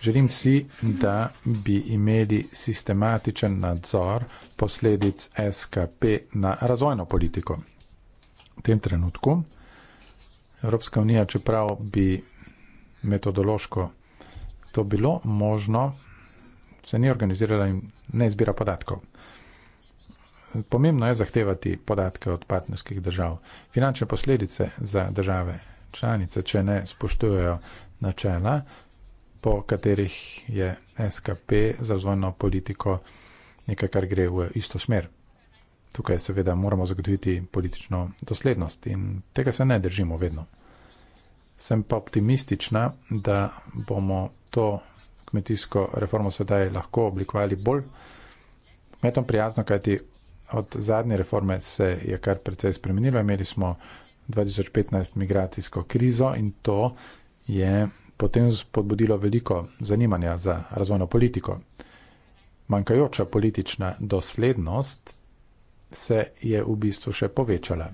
želim si, da bi imeli sistematičen nadzor posledic SKP na razvojno politiko. V tem trenutku Evropska unija, čeprav bi metodološko to bilo možno, se ni organizirala in ne izbira podatkov. Pomembno je zahtevati podatke od partnerskih držav. Finančne posledice za države članice, če ne spoštujejo načela, po katerih je SKP za vzvojno politiko nekaj, kar gre v isto smer. Tukaj seveda moramo zagotoviti politično doslednost in tega se ne držimo vedno. Sem pa optimistična, da bomo to kmetijsko reformo sedaj lahko oblikovali bolj kmetom prijazno, kajti od zadnje reforme se je kar precej spremenilo. Imeli smo 2015 migracijsko krizo in to je potem spodbudilo veliko zanimanja za razvojno politiko. Mankajoča politična doslednost se je v bistvu še povečala.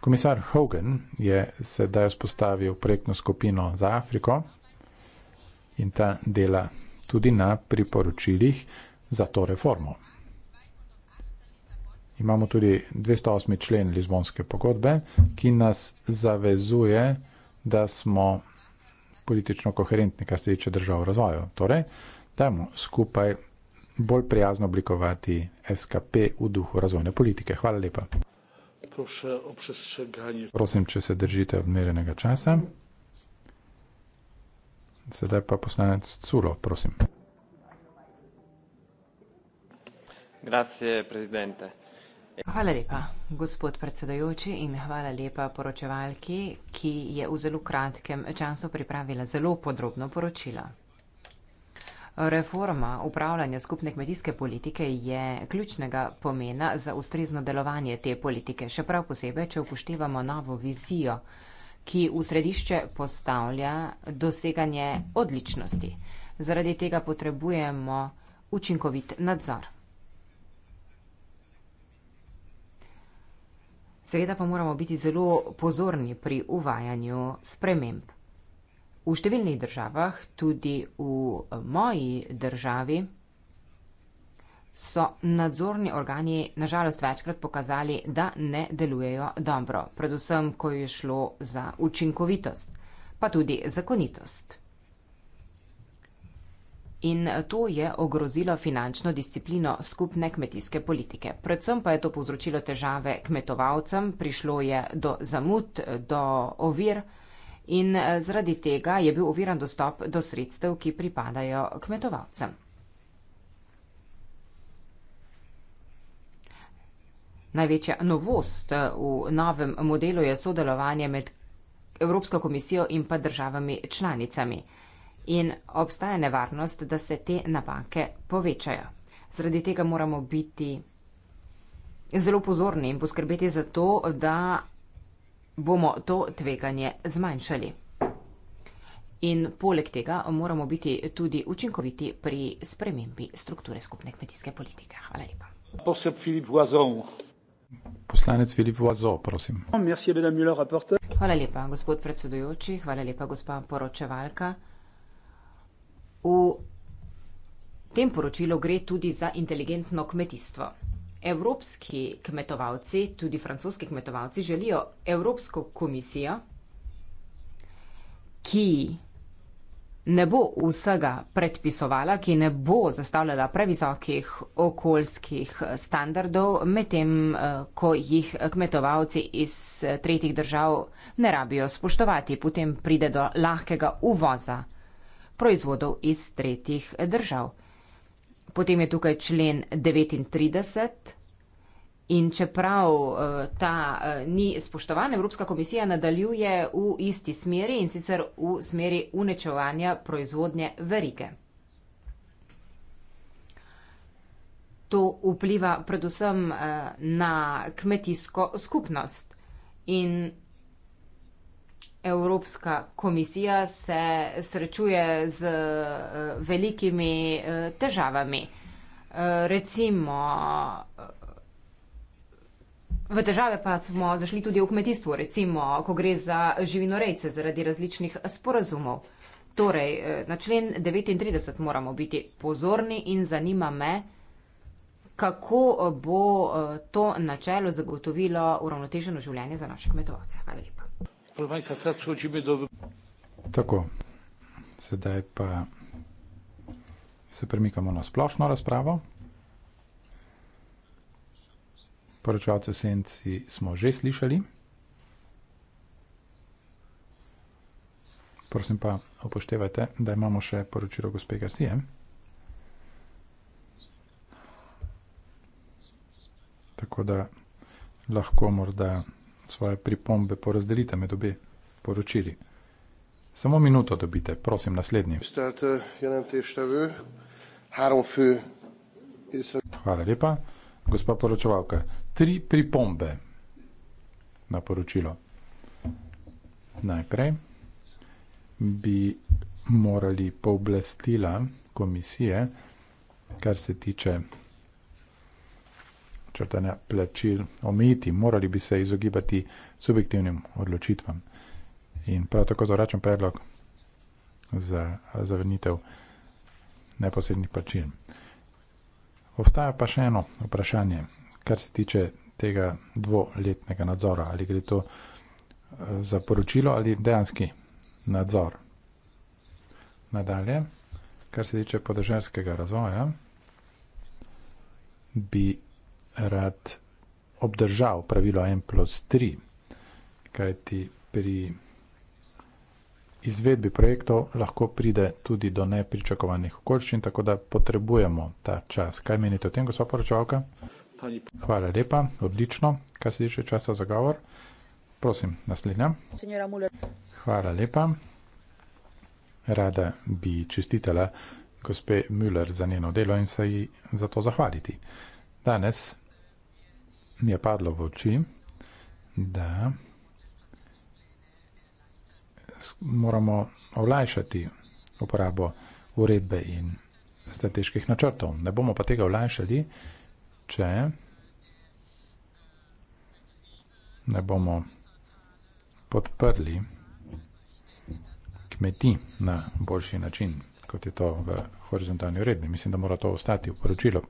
Komisar Hogan je sedaj vzpostavil projektno skupino za Afriko in ta dela tudi na priporočilih za to reformo imamo tudi 208. člen Lizbonske pogodbe, ki nas zavezuje, da smo politično koherentni, kar se tiče držav razvoja. Torej, dajmo skupaj bolj prijazno oblikovati SKP v duhu razvojne politike. Hvala lepa. Prosim, če se držite odmerenega časa. Sedaj pa poslanec Culo, prosim. Grazie, presidente. Hvala lepa, gospod predsedajoči, in hvala lepa poročevalki, ki je v zelo kratkem času pripravila zelo podrobno poročilo. Reforma upravljanja skupne kmetijske politike je ključnega pomena za ustrezno delovanje te politike, še prav posebej, če upoštevamo novo vizijo, ki v središče postavlja doseganje odličnosti. Zaradi tega potrebujemo učinkovit nadzor. Seveda pa moramo biti zelo pozorni pri uvajanju sprememb. V številnih državah, tudi v eh, moji državi, so nadzorni organi nažalost večkrat pokazali, da ne delujejo dobro, predvsem, ko je šlo za učinkovitost, pa tudi zakonitost in eh, to je ogrozilo finančno disciplino skupne kmetijske politike. Predvsem pa je to povzročilo težave kmetovalcem, prišlo je do zamud, eh, do ovir in eh, zaradi tega je bil oviran dostop do sredstev, ki pripadajo kmetovalcem. Največja novost v novem modelu je sodelovanje med Evropsko komisijo in pa državami članicami in obstaja nevarnost, da se te napake povečajo. Zradi tega moramo biti zelo pozorni in poskrbeti za to, da bomo to tveganje zmanjšali. In poleg tega moramo biti tudi učinkoviti pri spremembi strukture skupne kmetijske politike. Hvala lepa. Poslanec Filip Vazo, prosim. Hvala lepa, gospod predsedujoči, hvala lepa, gospa poročevalka. V tem poročilu gre tudi za inteligentno kmetijstvo. Evropski kmetovalci, tudi francoski kmetovalci, želijo Evropsko komisijo, ki ne bo vsega predpisovala, ki ne bo zastavljala previsokih okoljskih standardov, medtem eh, ko jih kmetovalci iz eh, tretjih držav ne rabijo spoštovati. Potem pride do lahkega uvoza proizvodov iz tretjih držav. Potem je tukaj člen 39. In čeprav eh, ta eh, ni spoštovan, Evropska komisija nadaljuje v isti smeri in sicer v smeri unečevanja proizvodnje verige. To vpliva predvsem eh, na kmetijsko skupnost in Evropska komisija se srečuje z eh, velikimi eh, težavami. Eh, recimo, v težave pa smo zašli tudi v kmetijstvu, recimo, ko gre za živinorejce zaradi različnih sporazumov. Torej, na člen 39 moramo biti pozorni in zanima me, kako bo to načelo zagotovilo uravnoteženo življenje za naše kmetovce. Hvala lepa. Proszę Państwa, teraz przechodzimy do. Tako, sedaj pa se premikamo na splošno razpravo. Poročevalce v senci smo že slišali. Prosim pa upoštevajte, da imamo še poročilo gospe Garcije. Tako da lahko morda svoje pripombe porazdelite med obe poročili. Samo minuto dobite, prosim, naslednji. Eh, Hvala lepa. Gospa poročevalka, tri pripombe na poročilo. Najprej bi morali pooblastila komisije, kar se tiče črtanja plačil omejiti. Morali bi se izogibati subjektivnim odločitvam. In prav tako zavračam predlog za zavrnitev neposrednih plačil. Obstaja pa še eno vprašanje, kar se tiče tega dvoletnega nadzora. Ali gre to eh, za poročilo ali dejanski nadzor. Nadalje, kar se tiče podeželjskega razvoja, bi rad obdržal pravilo N plus 3, kaj ti pri izvedbi projektov lahko pride tudi do nepričakovanih okoljščin, tako da potrebujemo ta čas. Kaj menite o tem, gospod poročevalka? Hvala lepa, odlično, kar se tiče časa za govor. Prosim, naslednja. Hvala lepa. Rada bi čestitela gospe Müller za njeno delo in se ji za to zahvaliti. Danes mi je padlo v oči, da moramo olajšati uporabo uredbe in strateških načrtov. Ne bomo pa tega olajšali, če ne bomo podprli kmeti na boljši način, kot je to v horizontalni uredbi. Mislim, da mora to ostati v poročilu.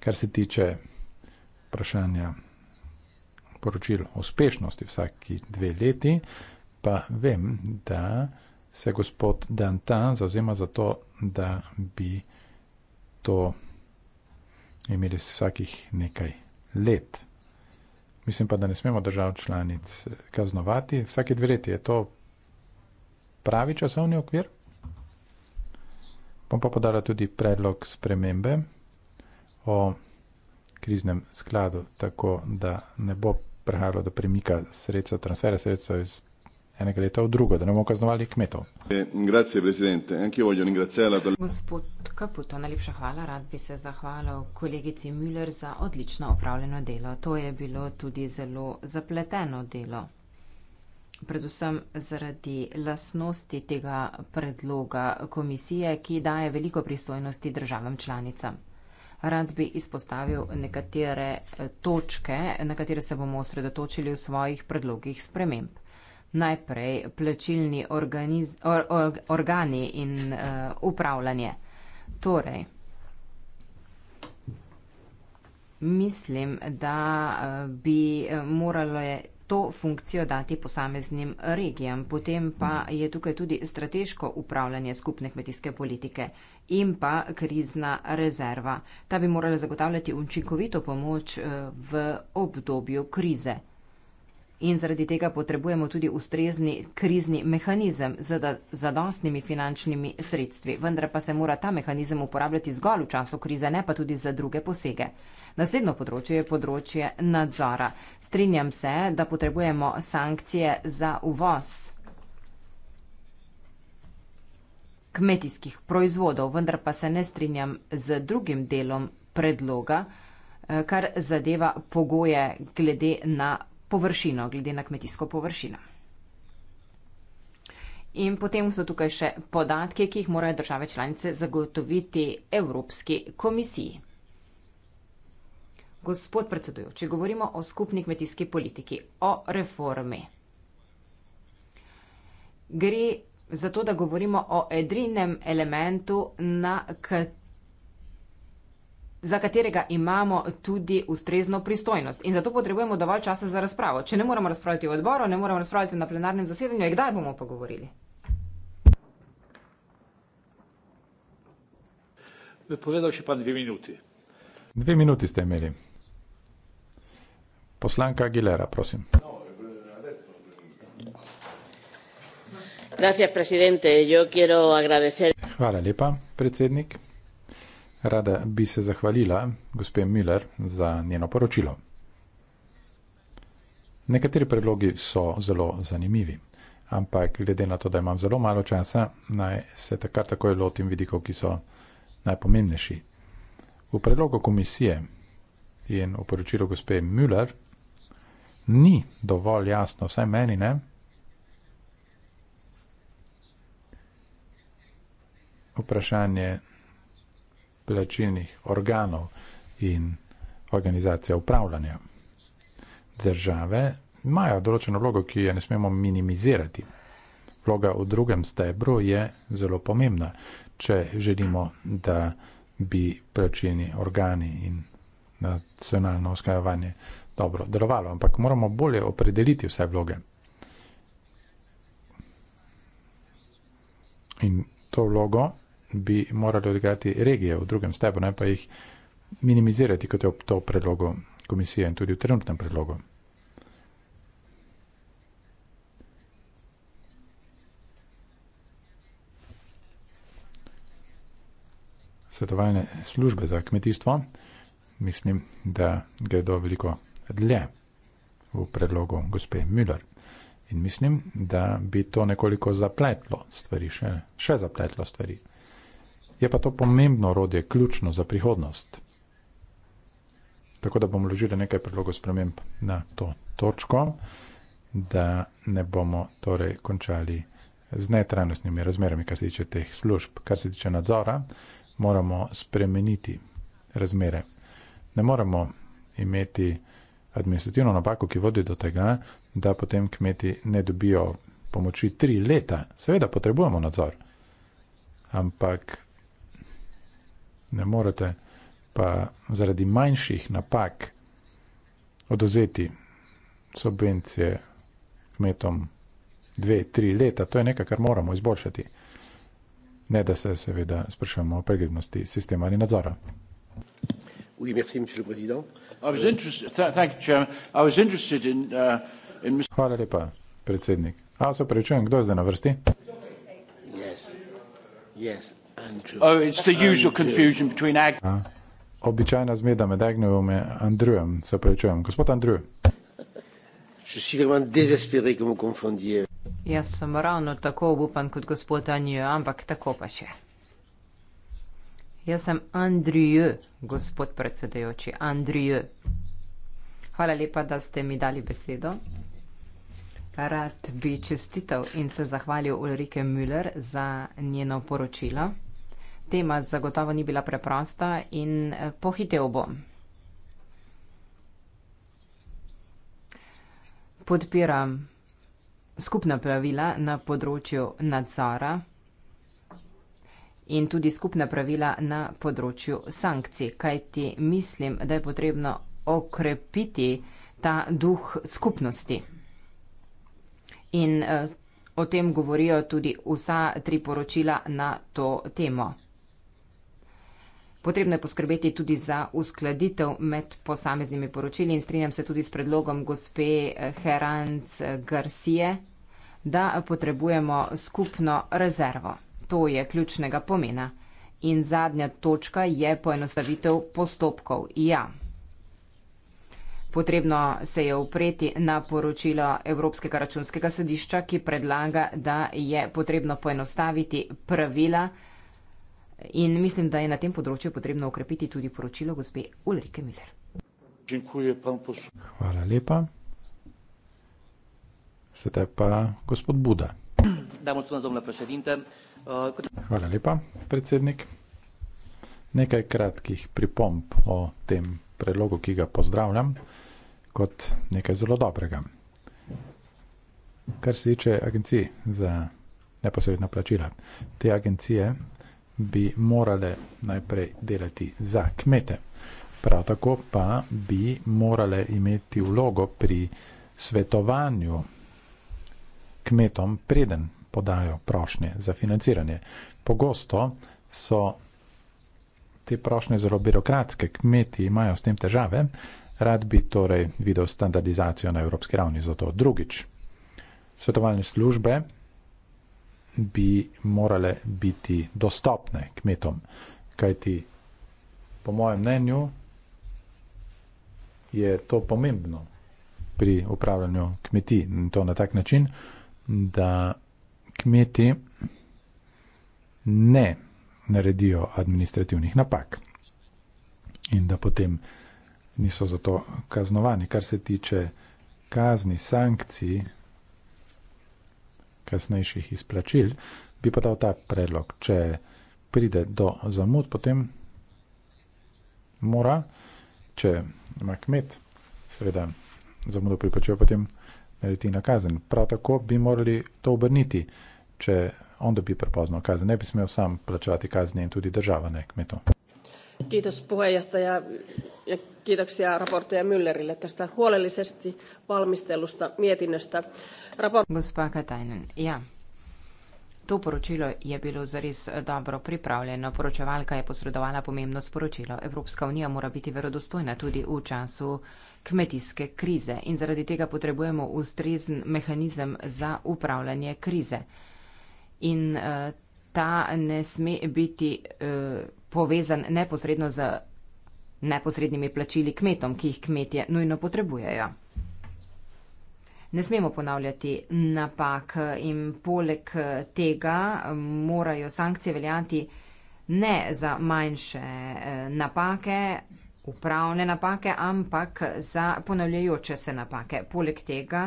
Kar se tiče vprašanja poročil uspešnosti vsaki dve leti, pa vem, da se gospod Dantan zauzema za to, da bi to imeli vsakih nekaj let. Mislim pa, da ne smemo držav članic kaznovati. Vsake dve leti je to pravi časovni okvir. Bom pa podala tudi predlog spremembe o kriznem skladu, tako da ne bo prihajalo do premika sredstva, transfera sredstva iz enega leta v drugo, da ne bomo kaznovali kmetov. Eh, grazie, predsedente. Anche io voglio ringraziarla. Gospod Kaputo, najlepša hvala. Rad bi se zahvalil kolegici Müller za odlično opravljeno delo. To je bilo tudi zelo zapleteno delo. Predvsem zaradi lasnosti tega predloga komisije, ki daje veliko pristojnosti državam članicam rad bi izpostavil nekatere eh, točke, na katere se bomo osredotočili v svojih predlogih sprememb. Najprej plačilni organiz, or, or, organi in uh, upravljanje. Torej, mislim, da eh, bi moralo je to funkcijo dati posameznim regijam. Potem pa je tukaj tudi strateško upravljanje skupne kmetijske politike in pa krizna rezerva. Ta bi morala zagotavljati učinkovito pomoč eh, v obdobju krize. In zaradi tega potrebujemo tudi ustrezni krizni mehanizem z zadostnimi finančnimi sredstvi. Vendar pa se mora ta mehanizem uporabljati zgolj v času krize, ne pa tudi za druge posege. Naslednjo področje je področje nadzora. Strinjam se, da potrebujemo sankcije za uvoz kmetijskih proizvodov, vendar pa se ne strinjam z drugim delom predloga, eh, kar zadeva pogoje glede na površino, glede na kmetijsko površino. In potem so tukaj še podatke, ki jih morajo države članice zagotoviti Evropski komisiji. Gospod predsedujoči, govorimo o skupni kmetijski politiki, o reformi. Gre zato da govorimo o edrinem elementu, za katerega imamo tudi ustrezno pristojnost. In zato potrebujemo dovolj časa za razpravo. Če ne moramo razpravljati v odboru, ne moramo razpravljati na plenarnem zasedanju, kdaj bomo pa govorili? Povedal še pa dve minuti. Dve minuti ste imeli. Poslanka Aguilera, prosim. No. Hvala lepa, predsednik. Rada bi se zahvalila gospe Miller za njeno poročilo. Nekateri predlogi so zelo zanimivi, ampak glede na to, da imam zelo malo časa, naj se takrat takoj lotim vidikov, ki so najpomembnejši. V predlogu komisije in v poročilu gospe Müller ni dovolj jasno, vsaj meni ne, vprašanje plačilnih organov in organizacija upravljanja. Države imajo določeno vlogo, ki jo ne smemo minimizirati. Vloga v drugem stebru je zelo pomembna, če želimo, da bi plačilni organi in nacionalno oskajovanje dobro delovalo, ampak moramo bolje opredeliti vse vloge. In to vlogo bi morali odigrati regije v drugem stebu, ne pa jih minimizirati, kot je ob to predlogu komisije in tudi v trenutnem predlogu. Svetovalne službe za kmetijstvo, mislim, da gredo veliko dlje v predlogu gospe Müller. In mislim, da bi to nekoliko zapletlo stvari, še, še zapletlo stvari. Je pa to pomembno orodje, ključno za prihodnost. Tako da bomo vložili nekaj predlogov sprememb na to točko, da ne bomo torej končali z netrajnostnimi razmerami, kar se tiče teh služb. Kar se tiče nadzora, moramo spremeniti razmere. Ne moramo imeti administrativno napako, ki vodi do tega, da potem kmeti ne dobijo pomoči tri leta. Seveda potrebujemo nadzor, ampak ne morete pa zaradi manjših napak odozeti subvencije kmetom dve, tri leta. To je nekaj, kar moramo izboljšati. Ne, da se seveda sprašujemo o preglednosti sistema ali nadzora. Oui, merci, monsieur le président. I was interested, thank you, chairman. I was interested in, uh, in Mr. Hvala lepa, predsednik. A, se prečujem, kdo je zdaj na vrsti? Yes. Yes. Oh, it's the usual confusion between Ag. Uh, običajna zmeda med Agnewom in Andrewom, se prečujem. Gospod Andrew. Je suis vraiment désespéré que vous confondiez. Jaz sem ravno tako obupan kot gospod Anjo, ampak tako pa še. Jaz sem Andrije, gospod predsedojoči, Andrije. Hvala lepa, da ste mi dali besedo. Rad bi čestital in se zahvalil Ulrike Müller za njeno poročilo tema zagotovo ni bila preprosta in eh, pohitev bom. Podpiram skupna pravila na področju nadzora in tudi skupna pravila na področju sankcij, kajti mislim, da je potrebno okrepiti ta duh skupnosti. In eh, o tem govorijo tudi vsa tri poročila na to temo. Potrebno je poskrbeti tudi za uskladitev med posameznimi poročili in strinjam se tudi s predlogom gospe Heranc Garcije, da potrebujemo skupno rezervo. To je ključnega pomena. In zadnja točka je poenostavitev postopkov. Ja. Potrebno se je upreti na poročilo Evropskega računskega sodišča, ki predlaga, da je potrebno poenostaviti pravila, In mislim, da je na tem področju potrebno okrepiti tudi poročilo gospe Ulrike Miller. Hvala lepa. Sedaj pa gospod Buda. Hvala lepa, predsednik. Nekaj kratkih pripomp o tem predlogu, ki ga pozdravljam, kot nekaj zelo dobrega. Kar se tiče agencij za neposredna plačila, te agencije bi morale najprej delati za kmete. Prav tako pa bi morale imeti vlogo pri svetovanju kmetom, preden podajo prošnje za financiranje. Pogosto so te prošnje zelo birokratske, kmeti imajo s tem težave, rad bi torej videl standardizacijo na evropski ravni za to. Drugič, svetovalne službe bi morale biti dostopne kmetom. Kajti, po mojem mnenju, je to pomembno pri upravljanju kmetij in to na tak način, da kmeti ne naredijo administrativnih napak in da potem niso zato kaznovani. Kar se tiče kazni, sankcij, kasnejših izplačil, bi pa dal ta predlog. Če pride do zamud, potem mora, če ima kmet, seveda zamudo priplačuje, potem narediti nakazen. Prav tako bi morali to obrniti, če on dobi prepozno kazen. Ne bi smel sam plačevati kazni in tudi država, ne kmetu. Kiitos puheenjohtaja ja kiitoksia raportoja Müllerille tästä huolellisesti valmistellusta mietinnöstä. Raport... Ja to poročilo je bilo zares eh, dobro pripravljeno. Poročevalka je posredovala pomembno sporočilo. Evropska unija mora biti verodostojna tudi v času kmetijske krize in zaradi tega potrebujemo ustrezen mehanizem za upravljanje krize. In uh, ta ne sme biti uh, povezan neposredno z neposrednimi plačili kmetom, ki jih kmetje nujno potrebujejo. Ne smemo ponavljati napak in poleg tega morajo sankcije veljati ne za manjše eh, napake, upravne napake, ampak za ponavljajoče se napake. Poleg tega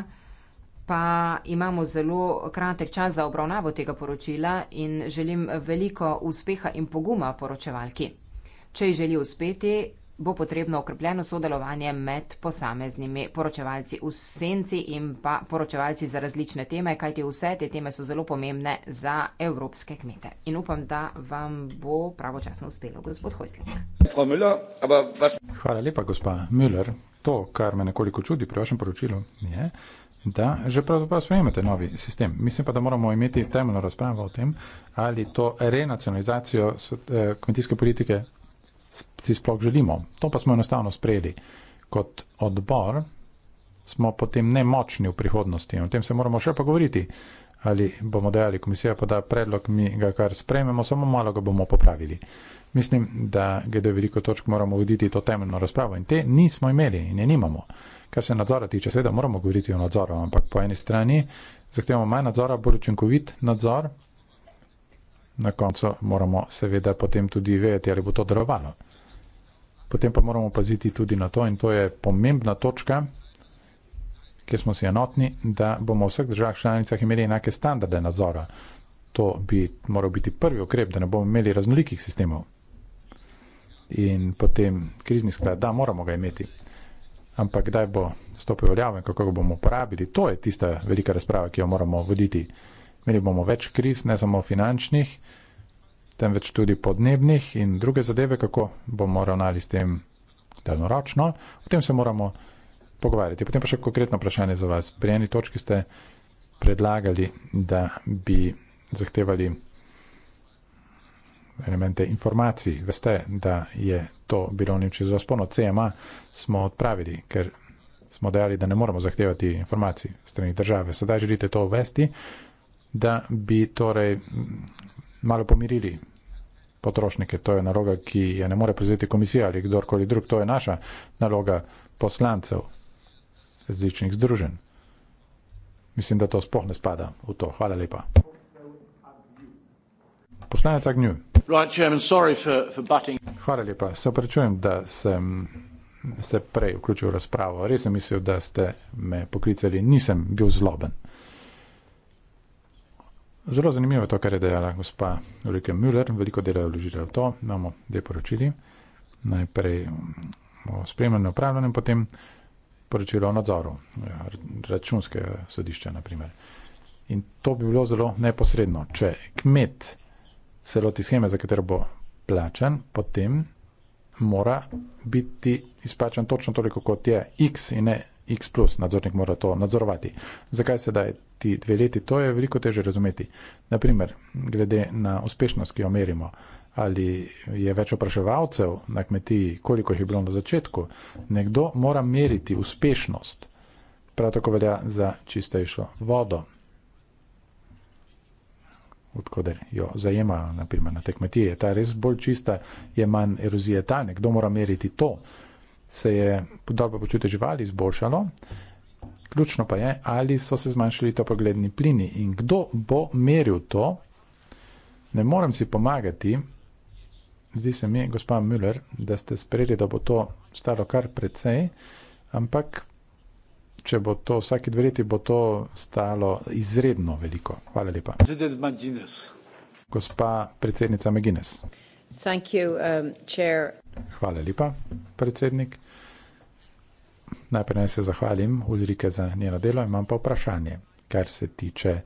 pa imamo zelo kratek čas za obravnavo tega poročila in želim veliko uspeha in poguma poročevalki. Če ji želi uspeti, bo potrebno okrepljeno sodelovanje med posameznimi poročevalci v senci in pa poročevalci za različne teme, kajti vse te teme so zelo pomembne za evropske kmete. In upam, da vam bo pravočasno uspelo, gospod Hojslik. Hvala lepa, gospa Müller. To, kar me nekoliko čudi pri vašem poročilu, je, Da, že pravzaprav sprejemate novi sistem. Mislim pa, da moramo imeti temeljno razpravo o tem, ali to renacionalizacijo eh, kmetijske politike si sploh želimo. To pa smo enostavno sprejeli. Kot odbor smo potem nemočni v prihodnosti. O tem se moramo še pogovoriti, ali bomo dejali komisija, pa da predlog mi ga kar sprejmemo, samo malo ga bomo popravili. Mislim, da glede veliko točk moramo voditi to temeljno razpravo in te nismo imeli in je nimamo. Kar se nadzora tiče, seveda moramo govoriti o nadzoru, ampak po eni strani zahtevamo manj nadzora, bolj učinkovit nadzor. Na koncu moramo seveda potem tudi vedeti, ali bo to delovalo. Potem pa moramo paziti tudi na to, in to je pomembna točka, kjer smo si enotni, da bomo v vseh državah članicah imeli enake standarde nadzora. To bi moral biti prvi ukrep, da ne bomo imeli raznolikih sistemov. In potem krizni sklad, da moramo ga imeti ampak kdaj bo stopil veljav in kako ga bomo uporabili. To je tista velika razprava, ki jo moramo voditi. Imeli bomo več kriz, ne samo finančnih, temveč tudi podnebnih in druge zadeve, kako bomo ravnali s tem daljnoročno. O tem se moramo pogovarjati. Potem pa še konkretno vprašanje za vas. Pri eni točki ste predlagali, da bi zahtevali elemente informacij. Veste, da je to bilo nemčijo za spono. CMA smo odpravili, ker smo dejali, da ne moramo zahtevati informacij strani države. Sedaj želite to uvesti, da bi torej malo pomirili potrošnike. To je naloga, ki je ne more prevzeti komisija ali kdorkoli drug. To je naša naloga poslancev različnih združenj. Mislim, da to spohne spada v to. Hvala lepa. Poslanec Agnjuj. Hvala lepa. Se opravičujem, da sem se prej vključil v razpravo. Res sem mislil, da ste me poklicali. Nisem bil zloben. Zelo zanimivo je to, kar je dejala gospa Ulrike Müller. Veliko dela je vložila v to. Imamo dve poročili. Najprej o spremljanju in upravljanju, potem poročilo o nadzoru ja, računskega sodišča, naprimer. In to bi bilo zelo neposredno. Če kmet se loti scheme, za katero bo plačan, potem mora biti izplačan točno toliko, kot je X in ne X. Nadzornik mora to nadzorovati. Zakaj se daj ti dve leti? To je veliko teže razumeti. Naprimer, glede na uspešnost, ki jo merimo, ali je več opraševalcev na kmetiji, koliko jih je bilo na začetku, nekdo mora meriti uspešnost. Prav tako velja za čistejšo vodo odkuder jo zajemajo, naprimer na te kmetije. Je ta res bolj čista, je manj erozije tam, kdo mora meriti to. Se je podoba počutja živali izboljšalo, ključno pa je, ali so se zmanjšali topogledni plini in kdo bo meril to. Ne morem si pomagati, zdi se mi, gospod Müller, da ste sprejeli, da bo to stalo kar precej, ampak če bo to vsake dve leti, bo to stalo izredno veliko. Hvala lepa. Gospa predsednica McGuinness. You, um, Hvala lepa, predsednik. Najprej naj se zahvalim Ulrike za njeno delo, imam pa vprašanje, kar se tiče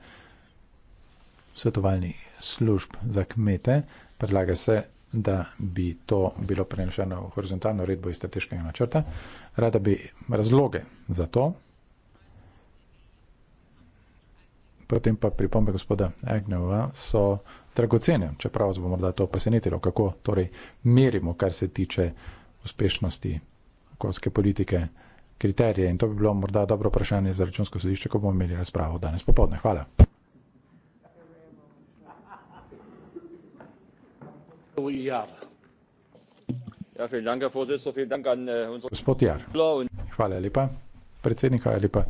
svetovalnih služb za kmete. Predlaga se, da bi to bilo prenešeno v horizontalno redbo iz strateškega načrta. Rada bi razloge za to, potem pa pripombe gospoda Agnova so dragocene, čeprav se bo morda to presenetilo, kako torej merimo, kar se tiče uspešnosti okoljske politike, kriterije. In to bi bilo morda dobro vprašanje za računsko sodišče, ko bomo imeli razpravo danes popovdne. Hvala. Ja, äh, Gospod Jar, hvala lepa. Predsednik, hvala lepa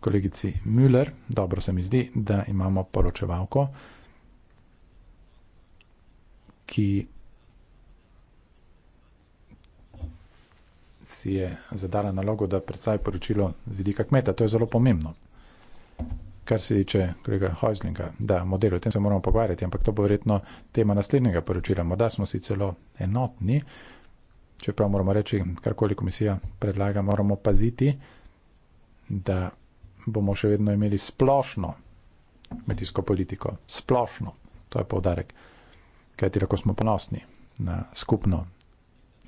kolegici Müller. Dobro se mi zdi, da imamo poročevalko, ki si je zadala nalogo, da predstavi poročilo z vidika kmeta. To je zelo pomembno. Kar se tiče kolega Hojzlinga, da model, o tem se moramo pogovarjati, ampak to bo verjetno tema naslednjega poročila. Morda smo si celo enotni, čeprav moramo reči, karkoli komisija predlaga, moramo paziti, da bomo še vedno imeli splošno kmetijsko politiko. Splošno, to je povdarek, kajti lahko smo ponosni na skupno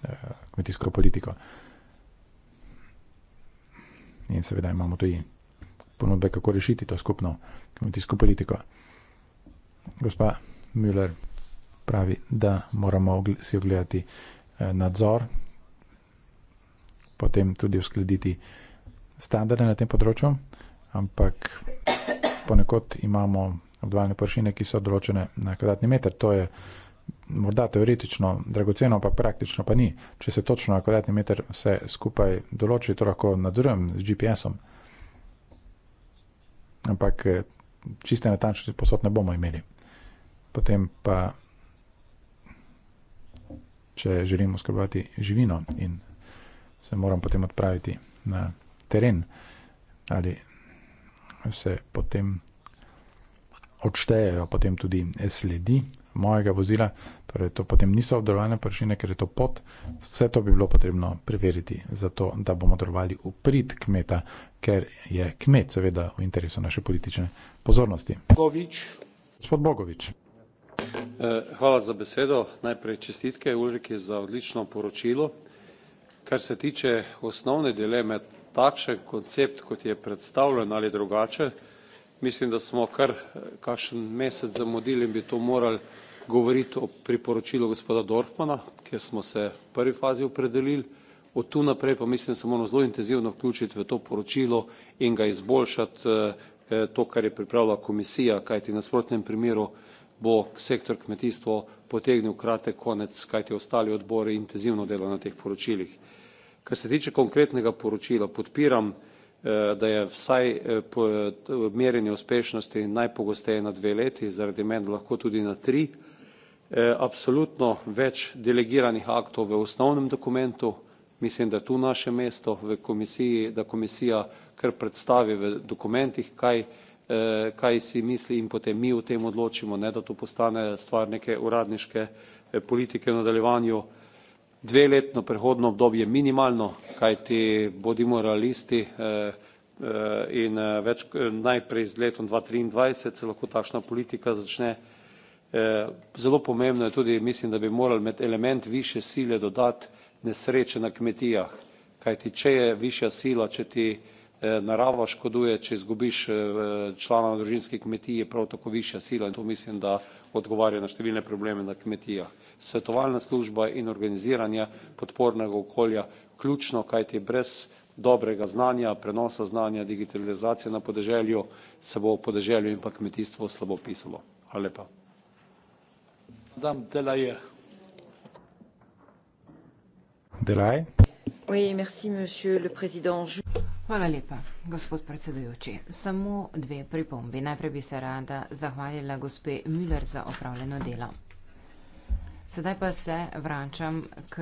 eh, kmetijsko politiko. In seveda imamo tudi ponudbe, kako rešiti to skupno kmetijsko politiko. Gospa Müller pravi, da moramo si ogledati eh, nadzor, potem tudi uskladiti standarde na tem področju ampak ponekod imamo obdvajalne površine, ki so določene na kvadratni meter. To je morda teoretično dragoceno, pa praktično pa ni. Če se točno na kvadratni meter vse skupaj določi, to lahko nadzorujem z GPS-om. Ampak eh, čiste natančne posod ne bomo imeli. Potem pa, če želimo skrbati živino in se moram potem odpraviti na teren ali se potem odštejejo, potem tudi sledi mojega vozila, torej to potem niso obdelovane površine, ker je to pot. Vse to bi bilo potrebno preveriti, zato da bomo delovali v prid kmeta, ker je kmet seveda v interesu naše politične pozornosti. Bogovič. Gospod Bogovič. Eh, hvala za besedo. Najprej čestitke Ulriki za odlično poročilo. Kar se tiče osnovne dileme takšen koncept, kot je predstavljen ali drugače, mislim, da smo kar kakšen mesec zamudili in bi to morali govoriti o priporočilu gospoda Dorfmana, kjer smo se v prvi fazi opredelili, od tu naprej pa mislim, da se moramo zelo intenzivno vključiti v to poročilo in ga izboljšati eh, eh, to, kar je pripravila komisija, kajti na sprotnem primeru bo sektor kmetijstvo potegnil kratek konec, kajti ostali odbori intenzivno delajo na teh poročilih. Kar se tiče konkretnega poročila, podpiram, eh, da je vsaj eh, eh, merjenje uspešnosti najpogosteje na dve leti, zaradi meni lahko tudi na tri. Absolutno več delegiranih aktov v osnovnem dokumentu, mislim, da je tu naše mesto v komisiji, da komisija kar predstavi v dokumentih, kaj, kaj si misli in potem mi o tem odločimo, ne da to postane stvar neke uradniške politike v nadaljevanju dveletno prehodno obdobje minimalno kajti bodimo realisti eh, eh, in eh, več najprej z letom dva triindvajset se lahko takšna politika začne zelo pomembno je tudi mislim da bi morali med element višje sile dodati nesreče na kmetijah kajti če je višja sila če ti narava škoduje če izgubiš člana družinske kmetije prav tako višja sila in to mislim da odgovarja na številne probleme na kmetijah svetovalna služba in organiziranje podpornega okolja ključno kajti brez dobrega znanja prenosa znanja digitalizacije na podeželju se bo podeželju in pa kmetijstvo slabo pisalo. Hvala lepa. Delaj. Hvala lepa, gospod predsedujoči. Samo dve pripombi. Najprej bi se rada zahvalila gospe Müller za opravljeno delo. Sedaj pa se vračam k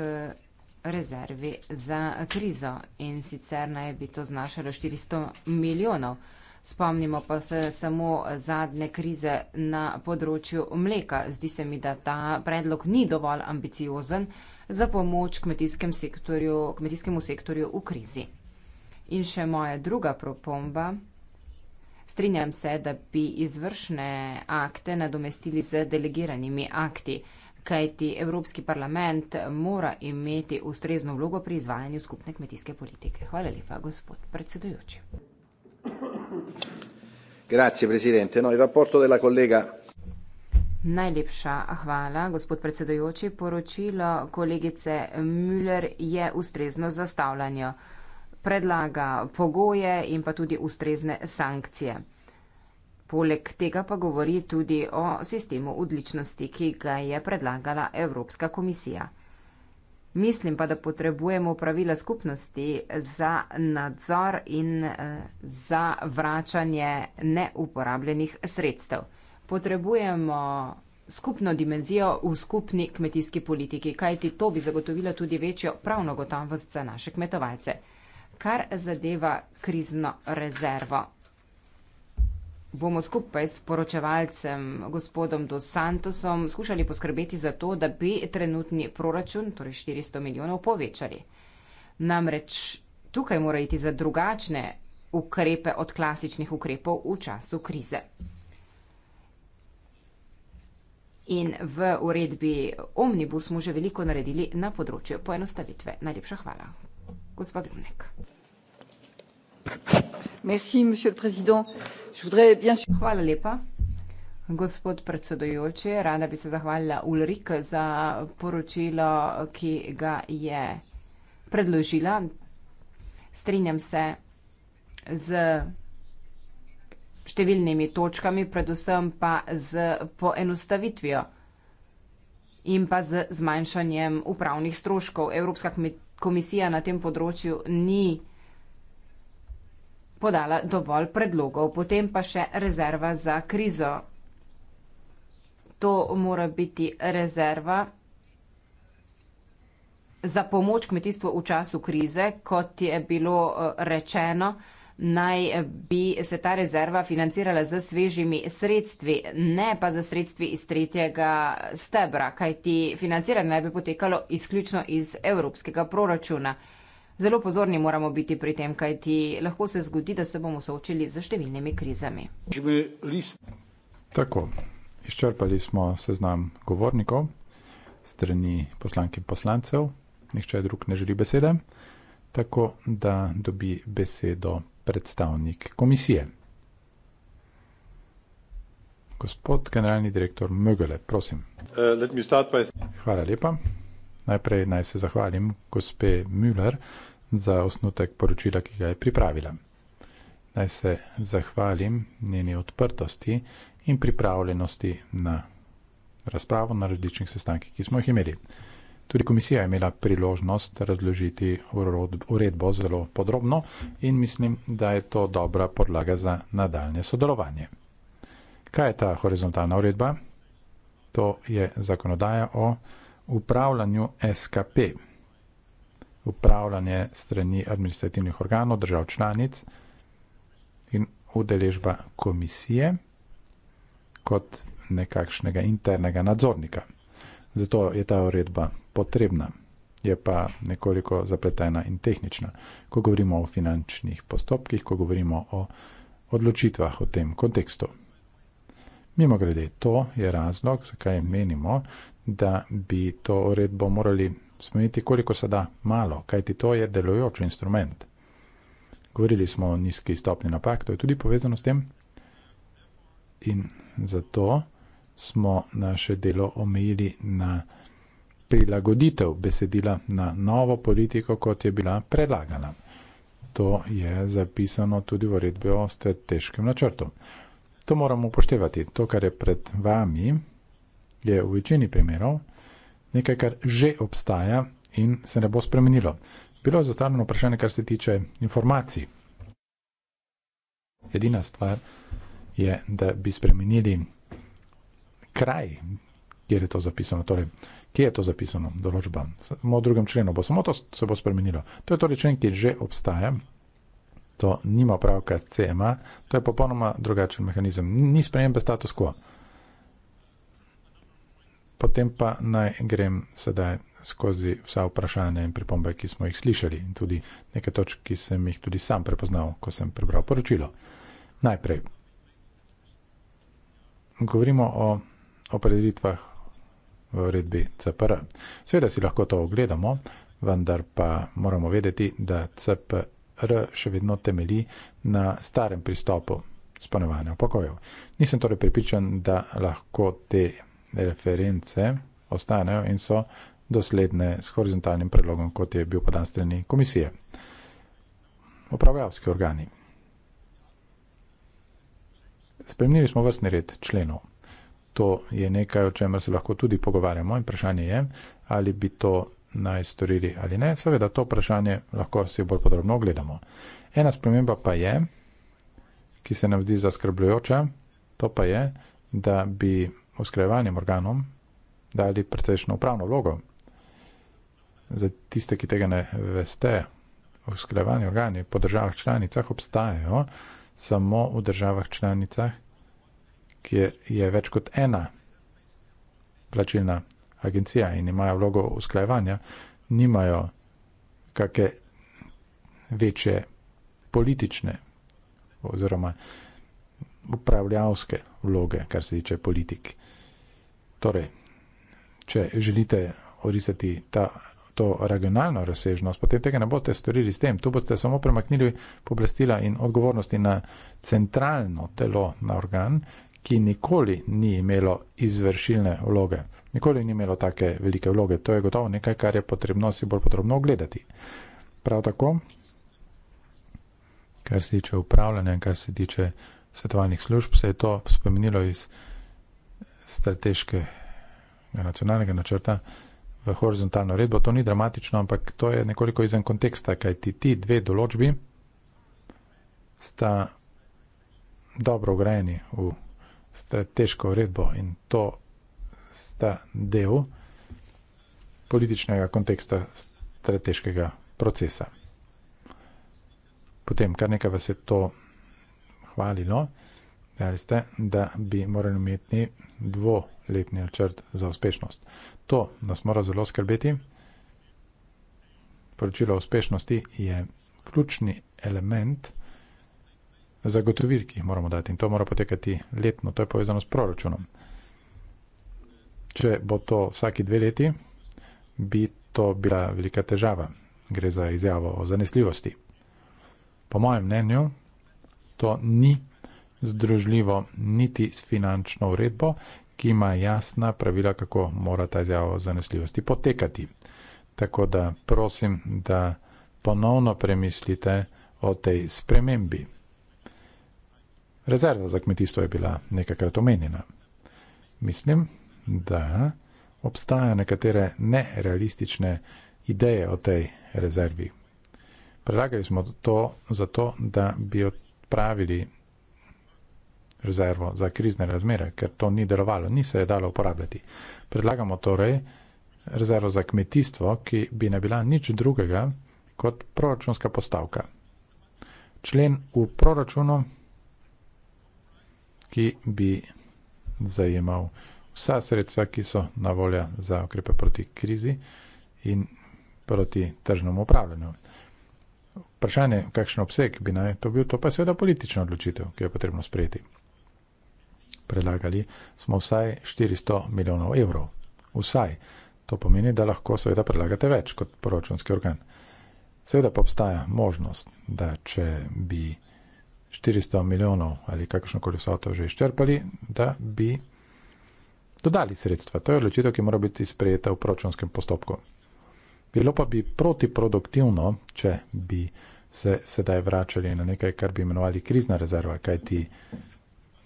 rezervi za krizo in sicer naj bi to znašalo 400 milijonov. Spomnimo pa se samo zadnje krize na področju mleka. Zdi se mi, da ta predlog ni dovolj ambiciozen za pomoč kmetijskem sektorju, kmetijskemu sektorju v krizi. In še moja druga propomba. Strinjam se, da bi izvršne akte nadomestili z delegiranimi akti kajti Evropski parlament mora imeti ustrezno vlogo pri izvajanju skupne kmetijske politike. Hvala lepa, gospod predsedujoči. Grazie, presidente. No, il rapporto della collega. Najlepša hvala, gospod predsedujoči. Poročilo kolegice Müller je ustrezno zastavljanje. Predlaga pogoje in pa tudi ustrezne sankcije. Poleg tega pa govori tudi o sistemu odličnosti, ki ga je predlagala Evropska komisija. Mislim pa, da potrebujemo pravila skupnosti za nadzor in eh, za vračanje neuporabljenih sredstev. Potrebujemo skupno dimenzijo v skupni kmetijski politiki, kajti to bi zagotovilo tudi večjo pravno gotovost za naše kmetovalce. Kar zadeva krizno rezervo, bomo skupaj s poročevalcem gospodom Dos Santosom skušali poskrbeti za to, da bi trenutni proračun, torej 400 milijonov, povečali. Namreč tukaj mora iti za drugačne ukrepe od klasičnih ukrepov v času krize. In v uredbi Omnibus smo že veliko naredili na področju poenostavitve. Najlepša hvala. Gospod Grunek. Hvala lepa. Gospod predsedujoči, rada bi se zahvalila Ulrik za poročilo, ki ga je predložila. Strinjam se z številnimi točkami, predvsem pa z poenostavitvijo in pa z zmanjšanjem upravnih stroškov. Evropska komisija na tem področju ni podala dovolj predlogov, potem pa še rezerva za krizo. To mora biti rezerva za pomoč kmetijstvu v času krize, kot je bilo eh, rečeno, naj bi se ta rezerva financirala z svežimi sredstvi, ne pa z sredstvi iz tretjega stebra, kajti financiranje naj bi potekalo izključno iz evropskega proračuna. Zelo pozorni moramo biti pri tem, kaj ti lahko se zgodi, da se bomo soočili z številnimi krizami. Tako, izčrpali smo seznam govornikov strani poslank in poslancev. Nihče drug ne želi besede, tako da dobi besedo predstavnik komisije. Gospod generalni direktor Mögele, prosim. Uh, Hvala lepa. Najprej naj se zahvalim gospe Müller za osnutek poročila, ki ga je pripravila. Naj se zahvalim njeni odprtosti in pripravljenosti na razpravo na različnih sestankih, ki smo jih imeli. Tudi komisija je imela priložnost razložiti uredbo zelo podrobno in mislim, da je to dobra podlaga za nadaljne sodelovanje. Kaj je ta horizontalna uredba? To je zakonodaja o upravljanju SKP upravljanje strani administrativnih organov držav članic in udeležba komisije kot nekakšnega internega nadzornika. Zato je ta uredba potrebna, je pa nekoliko zapletena in tehnična. Ko govorimo o finančnih postopkih, ko govorimo o odločitvah v tem kontekstu. Mimo grede, to je razlog, zakaj menimo, da bi to uredbo morali spremeniti, koliko se da, malo, kajti to je delojoč instrument. Govorili smo o nizki stopni napak, to je tudi povezano s tem. In zato smo naše delo omejili na prilagoditev besedila na novo politiko, kot je bila predlagana. To je zapisano tudi v redbi o strateškem načrtu. To moramo upoštevati. To, kar je pred vami, je v večini primerov nekaj, kar že obstaja in se ne bo spremenilo. Bilo je zastavljeno vprašanje, kar se tiče informacij. Edina stvar je, da bi spremenili kraj, kjer je to zapisano. Torej, kje je to zapisano, določba? Samo v drugem členu bo samo to se bo spremenilo. To je torej člen, ki že obstaja. To nima pravka s CMA, to je popolnoma drugačen mehanizem. Ni sprejem brez status quo potem pa naj grem sedaj skozi vsa vprašanja in pripombe, ki smo jih slišali, in tudi nekaj točk, ki sem jih tudi sam prepoznal, ko sem prebral poročilo. Najprej. Govorimo o opredelitvah v uredbi CPR. Seveda si lahko to ogledamo, vendar pa moramo vedeti, da CPR še vedno temelji na starem pristopu spanovanja v pokoju. Nisem torej pripričan, da lahko te reference ostanejo in so dosledne s horizontalnim predlogom, kot je bil podan strani komisije. Upravljavski organi. Spremnili smo vrstni red členov. To je nekaj, o čemer se lahko tudi pogovarjamo in vprašanje je, ali bi to naj storili ali ne. Seveda to vprašanje lahko si bolj podrobno ogledamo. Ena sprememba pa je, ki se nam zdi zaskrbljujoča, to pa je, da bi usklajevalnim organom dali precejšno upravno vlogo. Za tiste, ki tega ne veste, usklajevalni organi po državah članicah obstajajo samo v državah članicah, kjer je več kot ena plačilna agencija in imajo vlogo usklajevanja, nimajo kakšne večje politične oziroma upravljavske vloge, kar se tiče politik. Torej, če želite orisati ta, to regionalno razsežnost, potem tega ne boste storili s tem. Tu boste samo premaknili poblastila in odgovornosti na centralno telo, na organ, ki nikoli ni imelo izvršilne vloge. Nikoli ni imelo take velike vloge. To je gotovo nekaj, kar je potrebno si bolj podrobno ogledati. Prav tako, kar se tiče upravljanja in kar se tiče svetovalnih služb, se je to spremenilo iz strateškega eh, nacionalnega načrta v horizontalno redbo. To ni dramatično, ampak to je nekoliko izven konteksta, kaj ti ti dve določbi sta dobro ugrajeni v strateško redbo in to sta del političnega konteksta strateškega procesa. Potem, kar nekaj vas je to hvalilo, no? ste, da bi morali imeti dvoletni načrt za uspešnost. To nas mora zelo skrbeti. Poročilo uspešnosti je ključni element zagotovil, ki jih moramo dati in to mora potekati letno. To je povezano s proračunom. Če bo to vsaki dve leti, bi to bila velika težava. Gre za izjavo o zanesljivosti. Po mojem mnenju, to ni združljivo niti s finančno uredbo, ki ima jasna pravila, kako mora ta izjava o zanesljivosti potekati. Tako da prosim, da ponovno premislite o tej spremembi. Rezerva za kmetijstvo je bila nekakrat omenjena. Mislim, da obstajajo nekatere nerealistične ideje o tej rezervi. Predlagali smo to zato, da bi odpravili rezervo za krizne razmere, ker to ni delovalo, ni se je dalo uporabljati. Predlagamo torej rezervo za kmetijstvo, ki bi ne bila nič drugega kot proračunska postavka. Člen v proračunu, ki bi zajemal vsa sredstva, ki so na volja za okrepe proti krizi in proti tržnemu upravljanju. Vprašanje, kakšen obseg bi naj to bil, to pa je seveda politična odločitev, ki jo je potrebno sprejeti prelagali, smo vsaj 400 milijonov evrov. Vsaj. To pomeni, da lahko seveda prelagate več kot proračunski organ. Seveda pa obstaja možnost, da če bi 400 milijonov ali kakšno koli vsoto že izčrpali, da bi dodali sredstva. To je odločitev, ki mora biti sprejeta v proračunskem postopku. Bilo pa bi protiproduktivno, če bi se sedaj vračali na nekaj, kar bi imenovali krizna rezerva, kajti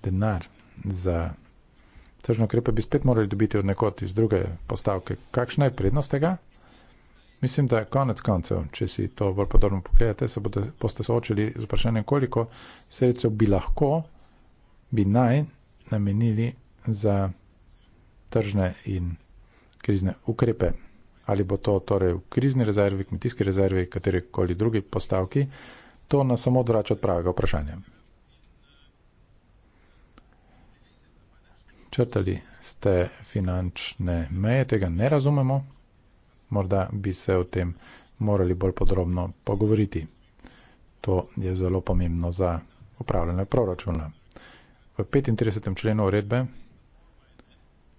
denar za tržne ukrepe, bi spet morali dobiti od nekod iz druge postavke. Kakšna je prednost tega? Mislim, da konec koncev, če si to bolj podrobno pogledate, se bodo, boste soočili z vprašanjem, koliko sredstev bi lahko, bi naj namenili za tržne in krizne ukrepe. Ali bo to torej v krizni rezervi, kmetijski rezervi, katerikoli drugi postavki, to nas samo odvrača od pravega vprašanja. črtali ste finančne meje, tega ne razumemo. Morda bi se o tem morali bolj podrobno pogovoriti. To je zelo pomembno za upravljanje proračuna. V 35. členu uredbe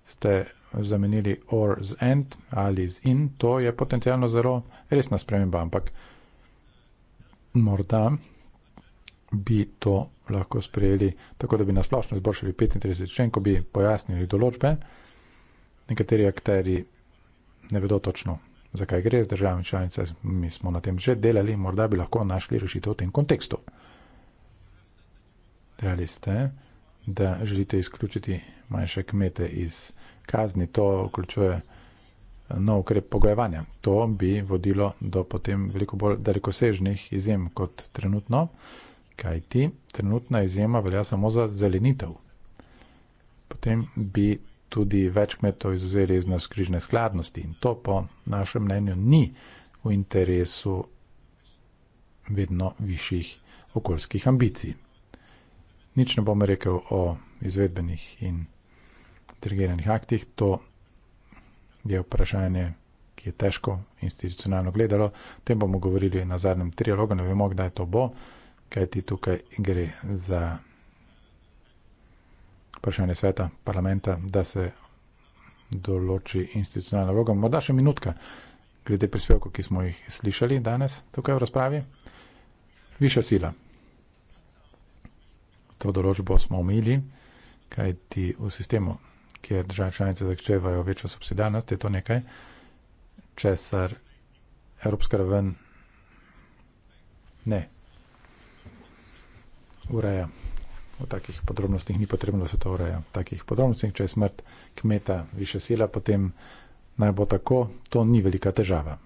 ste zamenili or z end ali z in, to je potencialno zelo resna sprememba, ampak morda bi to lahko sprejeli, tako da bi nasplošno izboljšali 35 člen, ko bi pojasnili določbe. Nekateri akteri ne vedo točno, zakaj gre z državami članice, mi smo na tem že delali, morda bi lahko našli rešitev v tem kontekstu. Dejali ste, da želite izključiti manjše kmete iz kazni, to vključuje eh, nov ukrep pogojevanja. To bi vodilo do potem veliko bolj dalekosežnih izjem kot trenutno kajti trenutna izjema velja samo za zelenitev. Potem bi tudi več kmetov izuzeli iz naskrižne skladnosti in to po našem mnenju ni v interesu vedno višjih okoljskih ambicij. Nič ne bom rekel o izvedbenih in dirigiranih aktih, to je vprašanje, ki je težko institucionalno gledalo, o tem bomo govorili na zadnjem trialogu, ne vemo, kdaj to bo kajti tukaj gre za vprašanje sveta, parlamenta, da se določi institucionalna vloga. Morda še minutka glede prispevkov, ki smo jih slišali danes tukaj v razpravi. Višja sila. To določbo smo omili, kajti v sistemu, kjer države članice zahtevajo večjo subsidijarnost, je to nekaj, česar Evropska raven ne ureja. V takih podrobnostih ni potrebno, da se to ureja. V takih podrobnostih, če je smrt kmeta više sila, potem naj bo tako, to ni velika težava.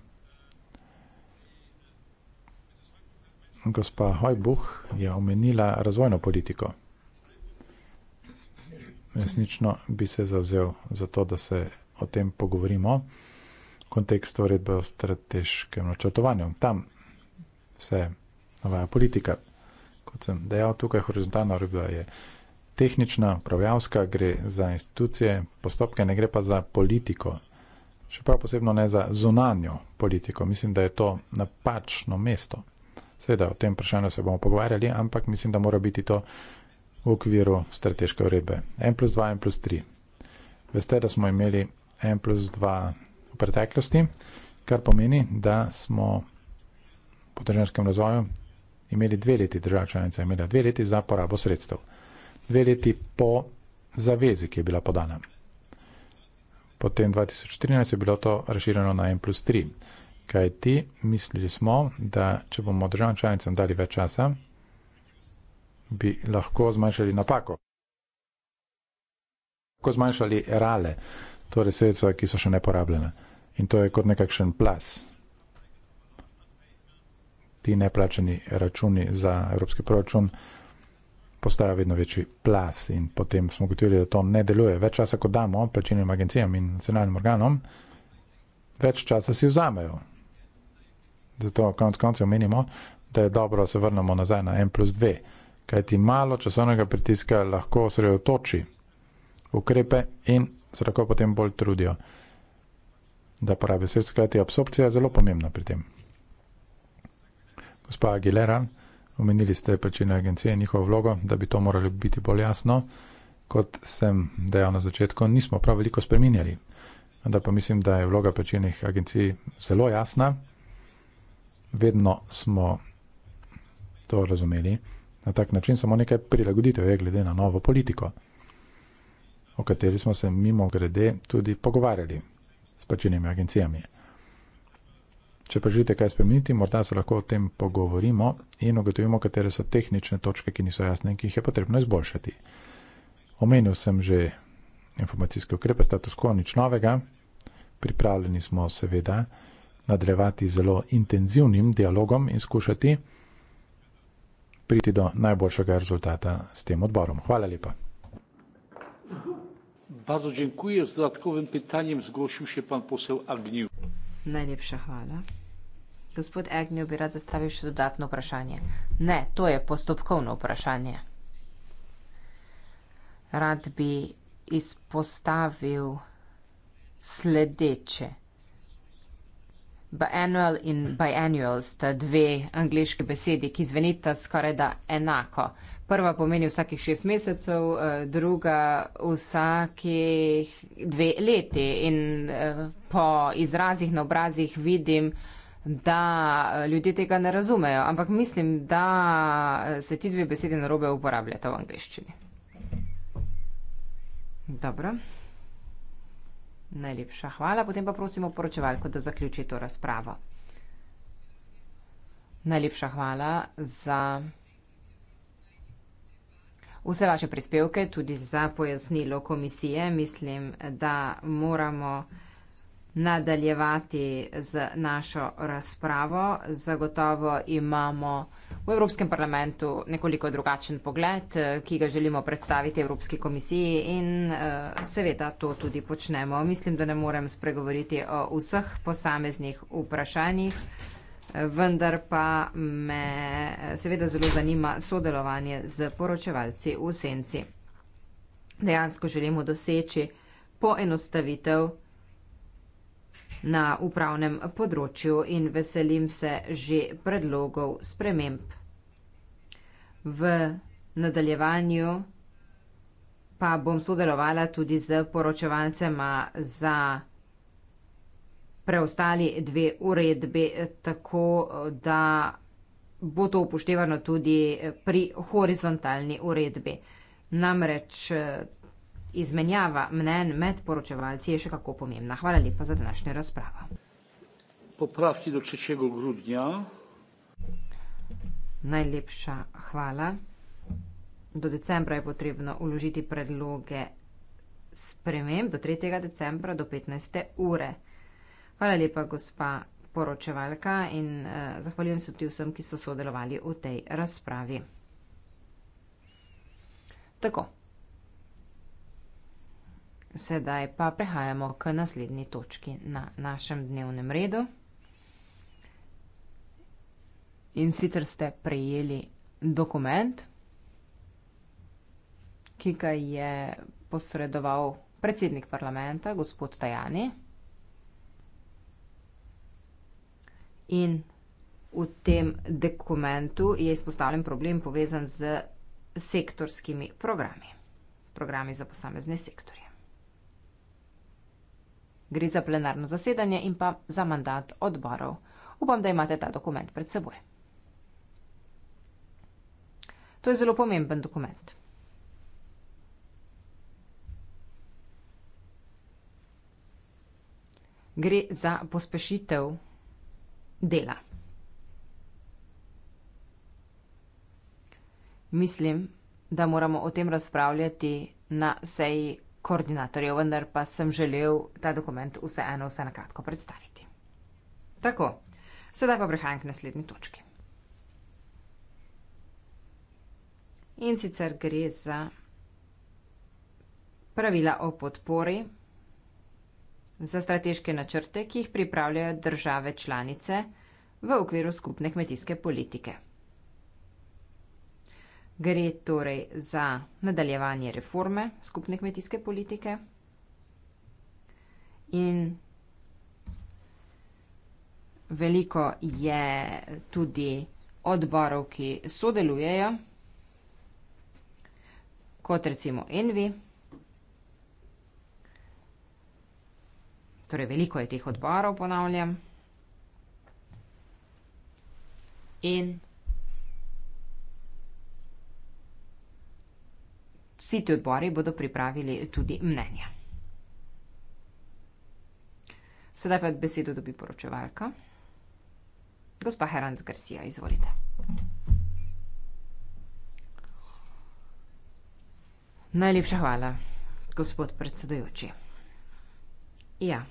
Gospa Hojbuh je omenila razvojno politiko. Resnično bi se zavzel za to, da se o tem pogovorimo v kontekstu uredbe o strateškem načrtovanju. Tam se navaja politika kot sem dejal, tukaj horizontalna RGA je tehnična, pravljavska, gre za institucije, postopke, ne gre pa za politiko. Še prav posebno ne za zunanjo politiko. Mislim, da je to napačno mesto. Seveda, o tem vprašanju se bomo pogovarjali, ampak mislim, da mora biti to v okviru strateške uredbe. N plus 2, N plus 3. Veste, da smo imeli N plus 2 v preteklosti, kar pomeni, da smo po državskem razvoju imeli dve leti, država članica je imela dve leti za porabo sredstev. Dve leti po zavezi, ki je bila podana. Potem 2013 je bilo to razširjeno na 1 plus 3, kaj ti mislili smo, da če bomo državam članicam dali več časa, bi lahko zmanjšali napako. Lahko zmanjšali erale, torej sredstva, ki so še neporabljene. In to je kot nekakšen plas, ti neplačeni računi za evropski proračun postajajo vedno večji plas in potem smo gotovili, da to ne deluje. Več časa, ko damo plačilnim agencijam in nacionalnim organom, več časa si vzamejo. Zato konec koncev menimo, da je dobro, da se vrnemo nazaj na N plus 2, kajti malo časovnega pritiska lahko osredotoči ukrepe in se lahko potem bolj trudijo, da porabijo sredstva, kajti absorpcija je zelo pomembna pri tem. Gospa Aguilera, omenili ste pričine agencije in njihovo vlogo, da bi to moralo biti bolj jasno. Kot sem dejal na začetku, nismo prav veliko spreminjali. Da pa mislim, da je vloga pričinih agencij zelo jasna. Vedno smo to razumeli. Na tak način samo nekaj prilagoditev je glede na novo politiko, o kateri smo se mimo grede tudi pogovarjali s pačenimi agencijami. Če pa želite kaj spremeniti, morda se lahko o tem pogovorimo in ugotovimo, katere so tehnične točke, ki niso jasne in ki jih je potrebno izboljšati. Omenil sem že informacijske ukrepe, status quo, nič novega. Pripravljeni smo seveda nadrevati zelo intenzivnim dialogom in skušati priti do najboljšega rezultata s tem odborom. Hvala lepa. Bardzo dziękuję. Z dodatkowym pytaniem zgłosił się pan poseł Agniu. Najlepša hvala. Gospod Agnew bi rad zastavil še dodatno vprašanje. Ne, to je postopkovno vprašanje. Rad bi izpostavil sledeče. Biannual in biannual sta dve angliški besedi, ki zvenita skoraj da enako. Prva pomeni vsakih šest mesecev, eh, druga vsakih dve leti. In eh, po izrazih na obrazih vidim, da ljudje tega ne razumejo, ampak mislim, da se ti dve besedi narobe uporabljata v angliščini. Dobro. Najlepša hvala. Potem pa prosimo poročevalko, da zaključi to razpravo. Najlepša hvala za vse vaše prispevke, tudi za pojasnilo komisije. Mislim, da moramo nadaljevati z našo razpravo. Zagotovo imamo v Evropskem parlamentu nekoliko drugačen pogled, ki ga želimo predstaviti Evropski komisiji in eh, seveda to tudi počnemo. Mislim, da ne morem spregovoriti o vseh posameznih vprašanjih vendar pa me eh, seveda zelo zanima sodelovanje z poročevalci v senci. Dejansko želimo doseči poenostavitev na upravnem področju in veselim se že predlogov sprememb. V nadaljevanju pa bom sodelovala tudi z poročevalcema za preostali dve uredbi, tako da bo to upoštevano tudi pri horizontalni uredbi. Namreč izmenjava mnen med poročevalci je še kako pomembna. Hvala lepa za današnjo razpravo. Popravki do čečega grudnja. Najlepša hvala. Do decembra je potrebno uložiti predloge sprememb, do 3. decembra, do 15. ure. Hvala lepa, gospa poročevalka in eh, zahvaljujem se tudi vsem, ki so sodelovali v tej razpravi. Tako. Sedaj pa prehajamo k naslednji točki na našem dnevnem redu. In sicer ste prejeli dokument, ki ga je posredoval predsednik parlamenta, gospod Tajani. In v tem dokumentu je izpostavljen problem povezan z sektorskimi programi, programi za posamezne sektorje. Gre za plenarno zasedanje in pa za mandat odborov. Upam, da imate ta dokument pred seboj. To je zelo pomemben dokument. Gre za pospešitev dela. Mislim, da moramo o tem razpravljati na seji koordinatorjev, vendar pa sem želel ta dokument vseeno vse na kratko predstaviti. Tako, sedaj pa prehajam k naslednji točki. In sicer gre za pravila o podpori za strateške načrte, ki jih pripravljajo države članice v okviru skupne kmetijske politike. Gre torej za nadaljevanje reforme skupne kmetijske politike in veliko je tudi odborov, ki sodelujejo, kot recimo Envi. Torej, veliko je teh odborov, ponavljam. In vsi ti odbori bodo pripravili tudi mnenja. Sedaj pa besedo dobi poročevalka. Gospa Heranc Garcia, izvolite. Najlepša hvala, gospod predsedujoči. Ja,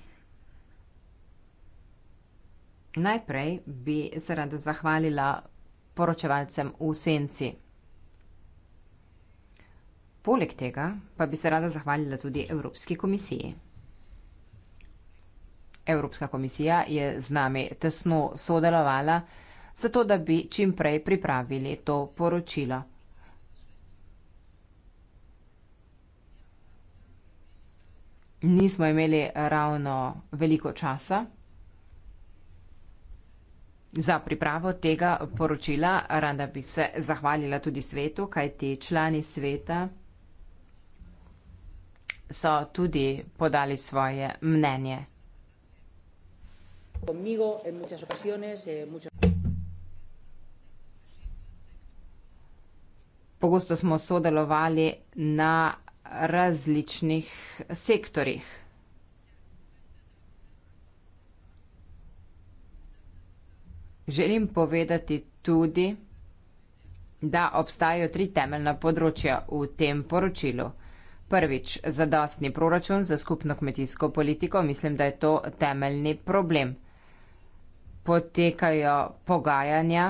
Najprej bi se rada zahvalila poročevalcem v senci. Poleg tega pa bi se rada zahvalila tudi Evropski komisiji. Evropska komisija je z nami tesno sodelovala, zato da bi čim prej pripravili to poročilo. Nismo imeli ravno veliko časa. Za pripravo tega poročila rada bi se zahvalila tudi svetu, kaj ti člani sveta so tudi podali svoje mnenje. Eh, Pogosto smo sodelovali na različnih sektorjih. Želim povedati tudi, da obstajajo tri temeljna področja v tem poročilu. Prvič, zadostni proračun za skupno kmetijsko politiko, mislim, da je to temeljni problem. Potekajo pogajanja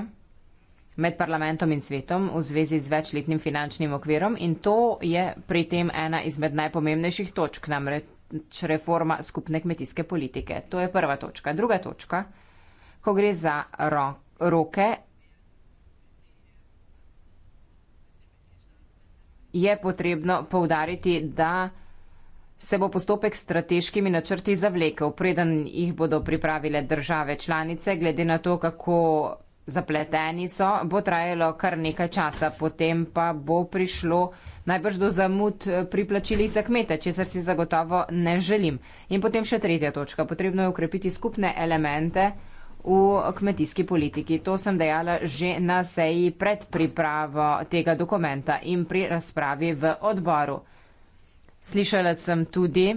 med parlamentom in svetom v zvezi z večletnim finančnim okvirom in to je pri tem ena izmed najpomembnejših točk, namreč reforma skupne kmetijske politike. To je prva točka. Druga točka ko gre za ro roke, je potrebno povdariti, da se bo postopek s strateškimi načrti zavlekel, preden jih bodo pripravile države članice, glede na to, kako zapleteni so, bo trajalo kar nekaj časa, potem pa bo prišlo najbrž do zamud pri plačilih za kmete, česar si zagotovo ne želim. In potem še tretja točka, potrebno je ukrepiti skupne elemente, v kmetijski politiki. To sem dejala že na seji pred pripravo tega dokumenta in pri razpravi v odboru. Slišala sem tudi,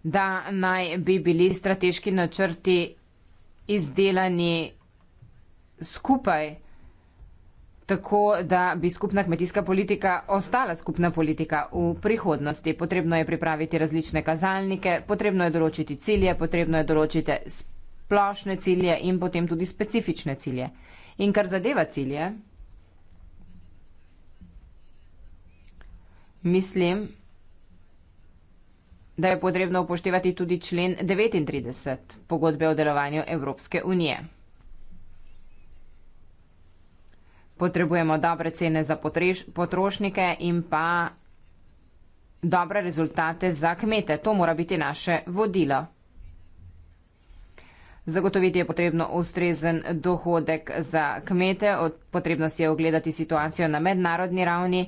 da naj bi bili strateški načrti izdelani skupaj tako da bi skupna kmetijska politika ostala skupna politika v prihodnosti. Potrebno je pripraviti različne kazalnike, potrebno je določiti cilje, potrebno je določiti splošne cilje in potem tudi specifične cilje. In kar zadeva cilje, mislim, da je potrebno upoštevati tudi člen 39 pogodbe o delovanju Evropske unije. potrebujemo dobre cene za potrošnike in pa dobre rezultate za kmete. To mora biti naše vodilo. Zagotoviti je potrebno ustrezen dohodek za kmete, potrebno si je ogledati situacijo na mednarodni ravni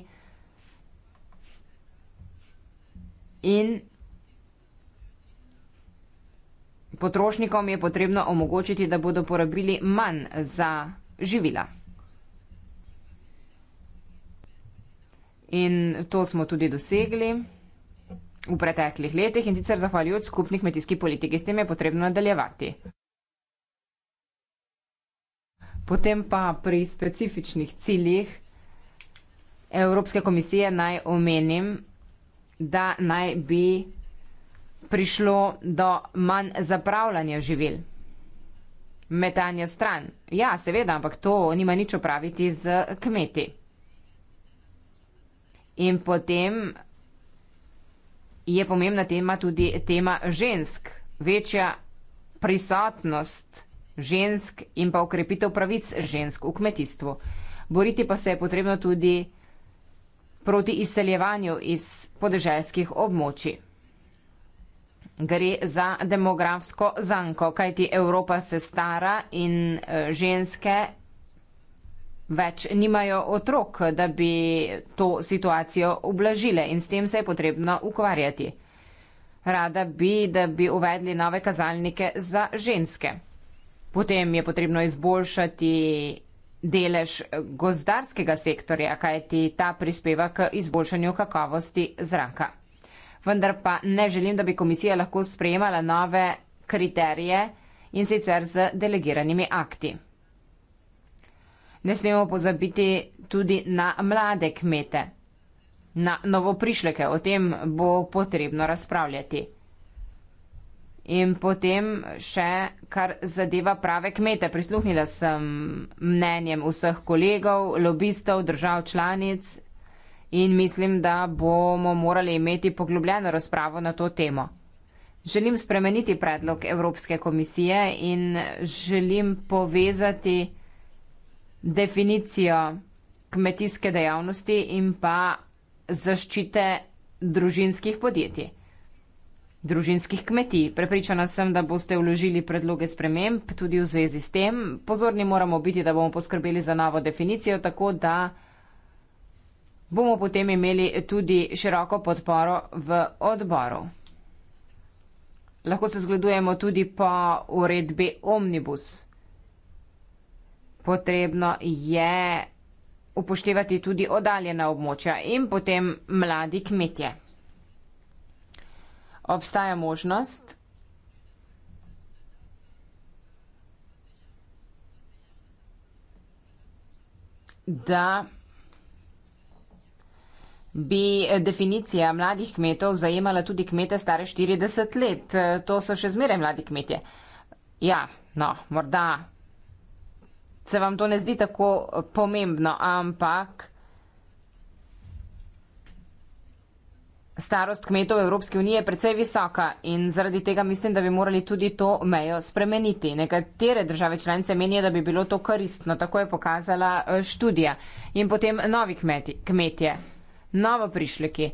in potrošnikom je potrebno omogočiti, da bodo porabili manj za živila. In to smo tudi dosegli v preteklih letih in sicer zahvaljujoč skupni kmetijski politiki. S tem je potrebno nadaljevati. Potem pa pri specifičnih ciljih Evropske komisije naj omenim, da naj bi prišlo do manj zapravljanja živil, metanja stran. Ja, seveda, ampak to nima nič opraviti z kmeti. In potem je pomembna tema tudi tema žensk, večja prisotnost žensk in pa ukrepitev pravic žensk v kmetijstvu. Boriti pa se je potrebno tudi proti izseljevanju iz podeželskih območij. Gre za demografsko zanko, kajti Evropa se stara in eh, ženske več nimajo otrok, da bi to situacijo oblažile in s tem se je potrebno ukvarjati. Rada bi, da bi uvedli nove kazalnike za ženske. Potem je potrebno izboljšati delež gozdarskega sektorja, kajti ta prispeva k izboljšanju kakovosti zraka. Vendar pa ne želim, da bi komisija lahko sprejemala nove kriterije in sicer z delegiranimi akti ne smemo pozabiti tudi na mlade kmete, na novoprišleke, o tem bo potrebno razpravljati. In potem še, kar zadeva prave kmete. Prisluhnila sem mnenjem vseh kolegov, lobistov, držav članic in mislim, da bomo morali imeti poglobljeno razpravo na to temo. Želim spremeniti predlog Evropske komisije in želim povezati definicijo kmetijske dejavnosti in pa zaščite družinskih podjetij, družinskih kmetij. Prepričana sem, da boste vložili predloge sprememb tudi v zvezi s tem. Pozorni moramo biti, da bomo poskrbeli za novo definicijo, tako da bomo potem imeli tudi široko podporo v odboru. Lahko se zgledujemo tudi po uredbi Omnibus potrebno je upoštevati tudi odaljena območja in potem mladi kmetje. Obstaja možnost, da bi definicija mladih kmetov zajemala tudi kmete stare 40 let. To so še zmeraj mladi kmetje. Ja, no, morda se vam to ne zdi tako eh, pomembno, ampak starost kmetov Evropske unije je precej visoka in zaradi tega mislim, da bi morali tudi to mejo spremeniti. Nekatere države članice menijo, da bi bilo to koristno, tako je pokazala eh, študija. In potem novi kmeti, kmetje, novo prišleki.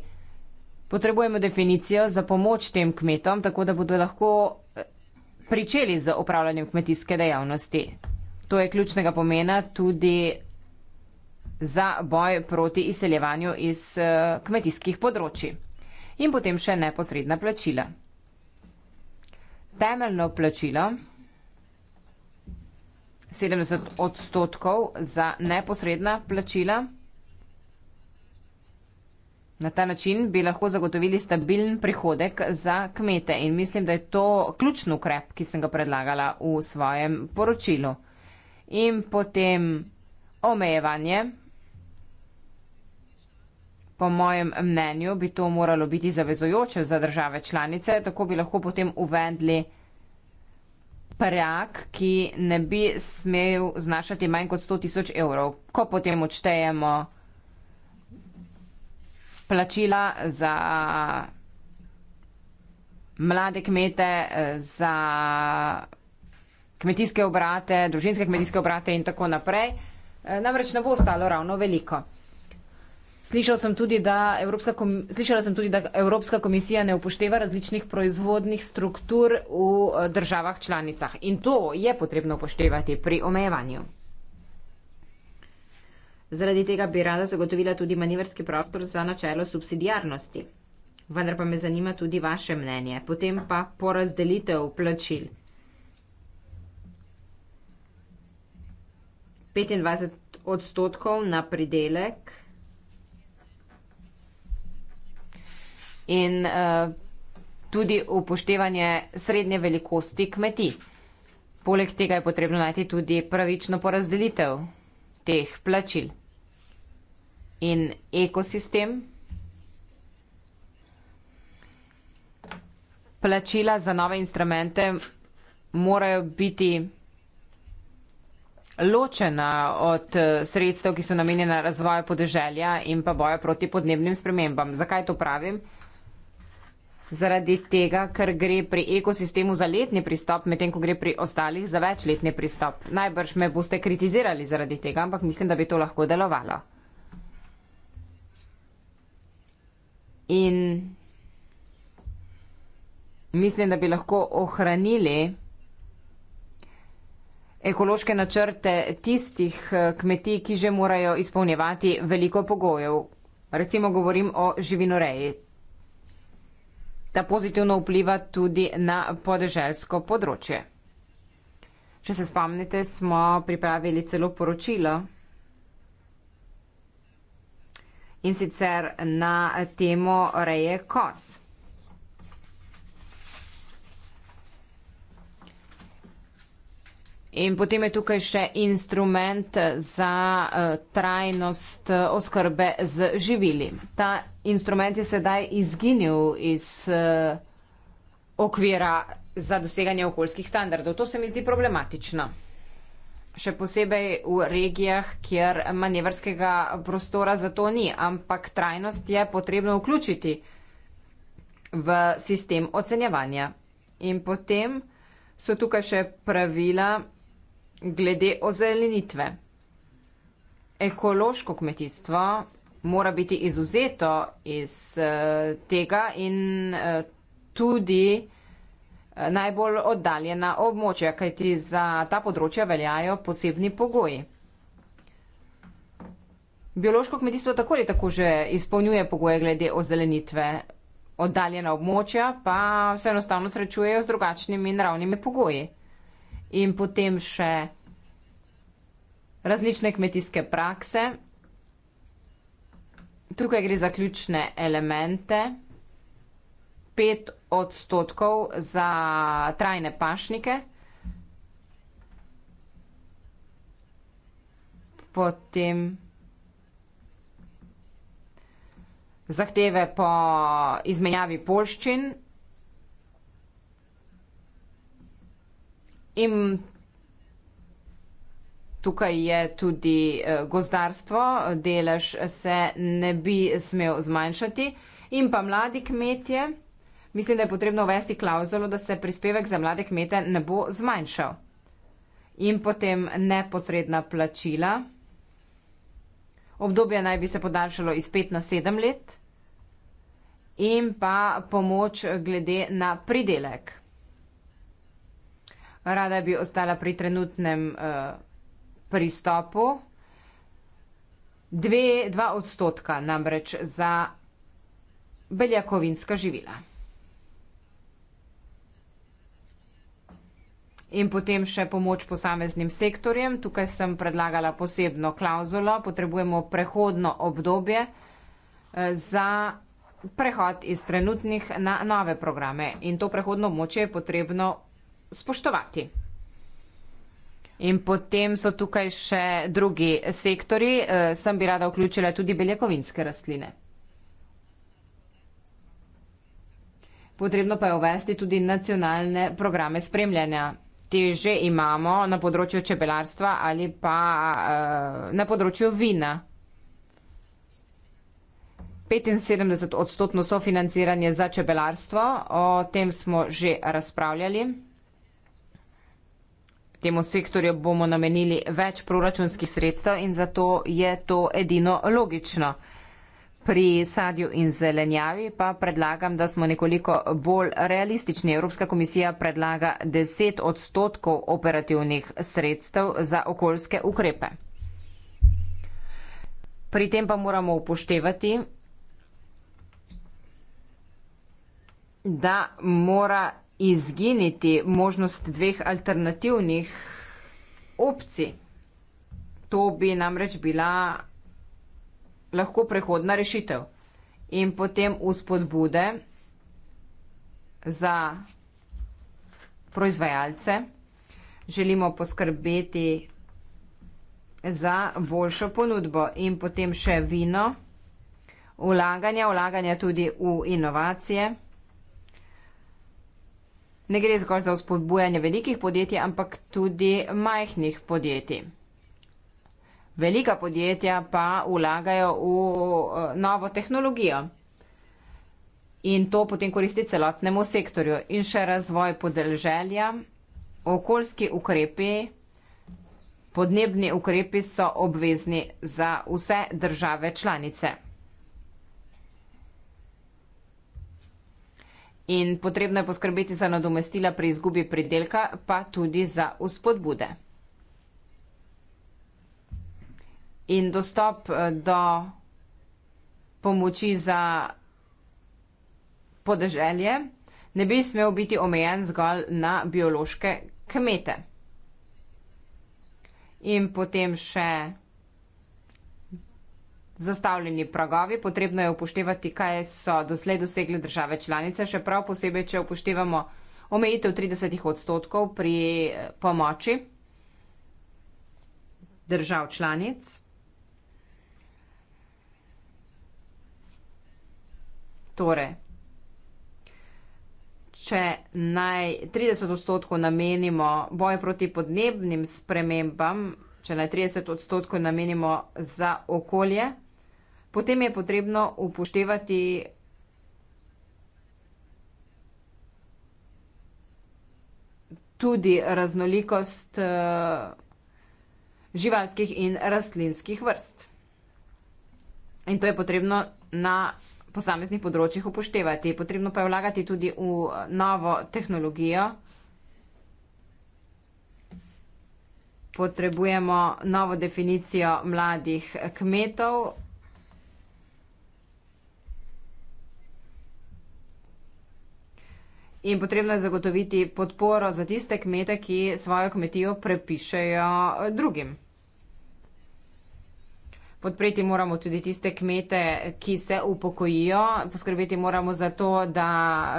Potrebujemo definicijo za pomoč tem kmetom, tako da bodo lahko eh, pričeli z upravljanjem kmetijske dejavnosti. To je ključnega pomena tudi za boj proti izseljevanju iz eh, kmetijskih področji. In potem še neposredna plačila. Temeljno plačilo 70 odstotkov za neposredna plačila. Na ta način bi lahko zagotovili stabilen prihodek za kmete in mislim, da je to ključno ukrep, ki sem ga predlagala v svojem poročilu in potem omejevanje. Po mojem mnenju bi to moralo biti zavezojoče za države članice, tako bi lahko potem uvedli prak, ki ne bi smel znašati manj kot 100 tisoč evrov. Ko potem odštejemo plačila za mlade kmete, za kmetijske obrate, družinske kmetijske obrate in tako naprej. E, namreč ne bo ostalo ravno veliko. Slišal sem tudi, da Evropska, sem tudi, da Evropska komisija ne upošteva različnih proizvodnih struktur v e, državah članicah in to je potrebno upoštevati pri omejevanju. Zaradi tega bi rada zagotovila tudi manevrski prostor za načelo subsidijarnosti. Vendar pa me zanima tudi vaše mnenje. Potem pa porazdelitev plačil. 25 odstotkov na pridelek. In uh, tudi upoštevanje srednje velikosti kmeti. Poleg tega je potrebno najti tudi pravično porazdelitev teh plačil. In ekosistem, plačila za nove instrumente morajo biti ločena od eh, sredstev, ki so namenjena razvoju podeželja in pa boja proti podnebnim spremembam. Zakaj to pravim? Zaradi tega, ker gre pri ekosistemu za letni pristop, medtem ko gre pri ostalih za večletni pristop. Najbrž me boste kritizirali zaradi tega, ampak mislim, da bi to lahko delovalo. In mislim, da bi lahko ohranili ekološke načrte tistih eh, kmetij, ki že morajo izpolnjevati veliko pogojev. Recimo govorim o živinoreji. Ta pozitivno vpliva tudi na podeželsko področje. Če se spomnite, smo pripravili celo poročilo in sicer na temo reje kos. In potem je tukaj še instrument za eh, trajnost eh, oskrbe z živili. Ta instrument je sedaj izginil iz eh, okvira za doseganje okoljskih standardov. To se mi zdi problematično. Še posebej v regijah, kjer manevrskega prostora za to ni, ampak trajnost je potrebno vključiti v sistem ocenjevanja. In potem so tukaj še pravila, glede ozelenitve. Ekološko kmetijstvo mora biti izuzeto iz eh, tega in eh, tudi eh, najbolj oddaljena območja, kajti za ta področja veljajo posebni pogoji. Biološko kmetijstvo tako ali tako že izpolnjuje pogoje glede ozelenitve, oddaljena območja pa se enostavno srečujejo z drugačnimi naravnimi pogoji in potem še različne kmetijske prakse. Tukaj gre za ključne elemente. 5 odstotkov za trajne pašnike, potem zahteve po izmenjavi polščin, In tukaj je tudi eh, gozdarstvo, delež se ne bi smel zmanjšati. In pa mladi kmetje, mislim, da je potrebno uvesti klauzulo, da se prispevek za mlade kmete ne bo zmanjšal. In potem neposredna plačila. Obdobje naj bi se podaljšalo iz 5 na 7 let. In pa pomoč glede na pridelek rada bi ostala pri trenutnem uh, pristopu. Dve, dva odstotka namreč za beljakovinska živila. In potem še pomoč posameznim sektorjem. Tukaj sem predlagala posebno klauzulo. Potrebujemo prehodno obdobje eh, za prehod iz trenutnih na nove programe. In to prehodno območje je potrebno spoštovati. In potem so tukaj še drugi sektori, eh, sem bi rada vključila tudi beljakovinske rastline. Potrebno pa je uvesti tudi nacionalne programe spremljanja. Te že imamo na področju čebelarstva ali pa uh, na področju vina. 75 odstotno sofinanciranje za čebelarstvo, o tem smo že razpravljali. Temu sektorju bomo namenili več proračunskih sredstev in zato je to edino logično. Pri sadju in zelenjavi pa predlagam, da smo nekoliko bolj realistični. Evropska komisija predlaga 10 odstotkov operativnih sredstev za okoljske ukrepe. Pri tem pa moramo upoštevati, da mora izginiti možnost dveh alternativnih opcij. To bi namreč bila lahko prehodna rešitev in potem uspodbude za proizvajalce. Želimo poskrbeti za boljšo ponudbo in potem še vino, ulaganja, ulaganja tudi v inovacije. Ne gre zgolj za vzpodbujanje velikih podjetij, ampak tudi majhnih podjetij. Velika podjetja pa ulagajo v eh, novo tehnologijo in to potem koristi celotnemu sektorju in še razvoj podelželja, okoljski ukrepi, podnebni ukrepi so obvezni za vse države članice. in potrebno je poskrbeti za nadomestila pri izgubi pridelka, pa tudi za uspodbude. In dostop eh, do pomoči za podeželje ne bi smel biti omejen zgolj na biološke kmete. In potem še vsega zastavljeni pragovi. Potrebno je upoštevati, kaj so doslej dosegli države članice, še prav posebej, če upoštevamo omejitev 30 odstotkov pri eh, pomoči držav članic. Torej, če naj 30 odstotkov namenimo boju proti podnebnim spremembam, če naj 30 odstotkov namenimo za okolje, Potem je potrebno upoštevati tudi raznolikost eh, živalskih in rastlinskih vrst. In to je potrebno na posameznih področjih upoštevati. Potrebno pa je vlagati tudi v novo tehnologijo. Potrebujemo novo definicijo mladih kmetov. In potrebno je zagotoviti podporo za tiste kmete, ki svojo kmetijo prepišejo eh, drugim. Podpreti moramo tudi tiste kmete, ki se upokojijo, poskrbeti moramo za to, da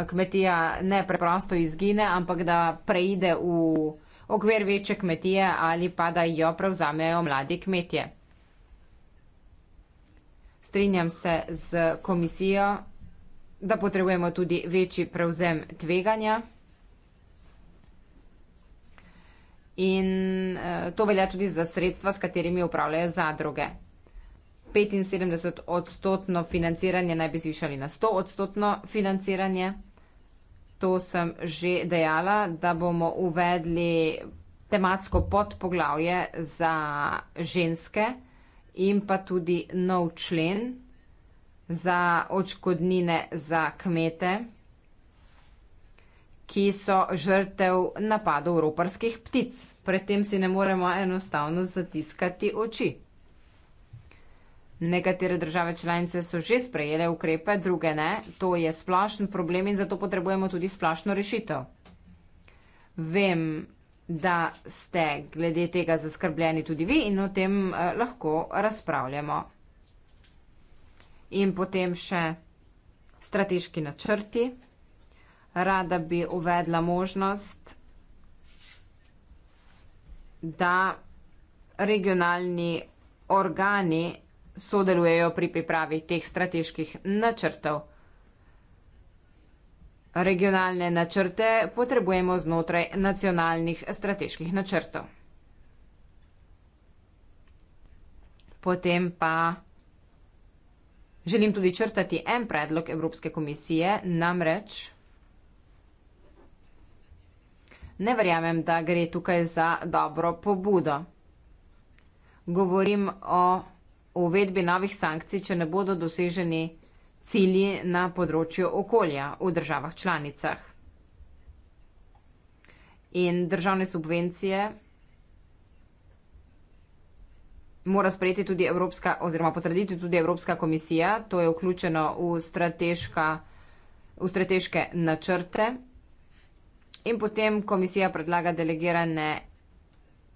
kmetija ne preprosto izgine, ampak da preide v okvir večje kmetije ali pa da jo prevzamejo mladi kmetje. Strinjam se z komisijo da potrebujemo tudi večji prevzem tveganja. In eh, to velja tudi za sredstva, s katerimi upravljajo zadruge. 75 odstotno financiranje naj bi zvišali na 100 odstotno financiranje. To sem že dejala, da bomo uvedli tematsko podpoglavje za ženske in pa tudi nov člen, za odškodnine za kmete, ki so žrtev napadov roparskih ptic. Pred tem si ne moremo enostavno zatiskati oči. Nekatere države članice so že sprejele ukrepe, druge ne. To je splošen problem in zato potrebujemo tudi splošno rešitev. Vem, da ste glede tega zaskrbljeni tudi vi in o tem eh, lahko razpravljamo in potem še strateški načrti. Rada bi uvedla možnost, da regionalni organi sodelujejo pri pripravi teh strateških načrtov. Regionalne načrte potrebujemo znotraj nacionalnih strateških načrtov. Potem pa Želim tudi črtati en predlog Evropske komisije, namreč ne verjamem, da gre tukaj za dobro pobudo. Govorim o uvedbi novih sankcij, če ne bodo doseženi cilji na področju okolja v državah članicah. In državne subvencije mora sprejeti tudi Evropska oziroma potrditi tudi Evropska komisija. To je vključeno v, v strateške načrte. In potem komisija predlaga delegirane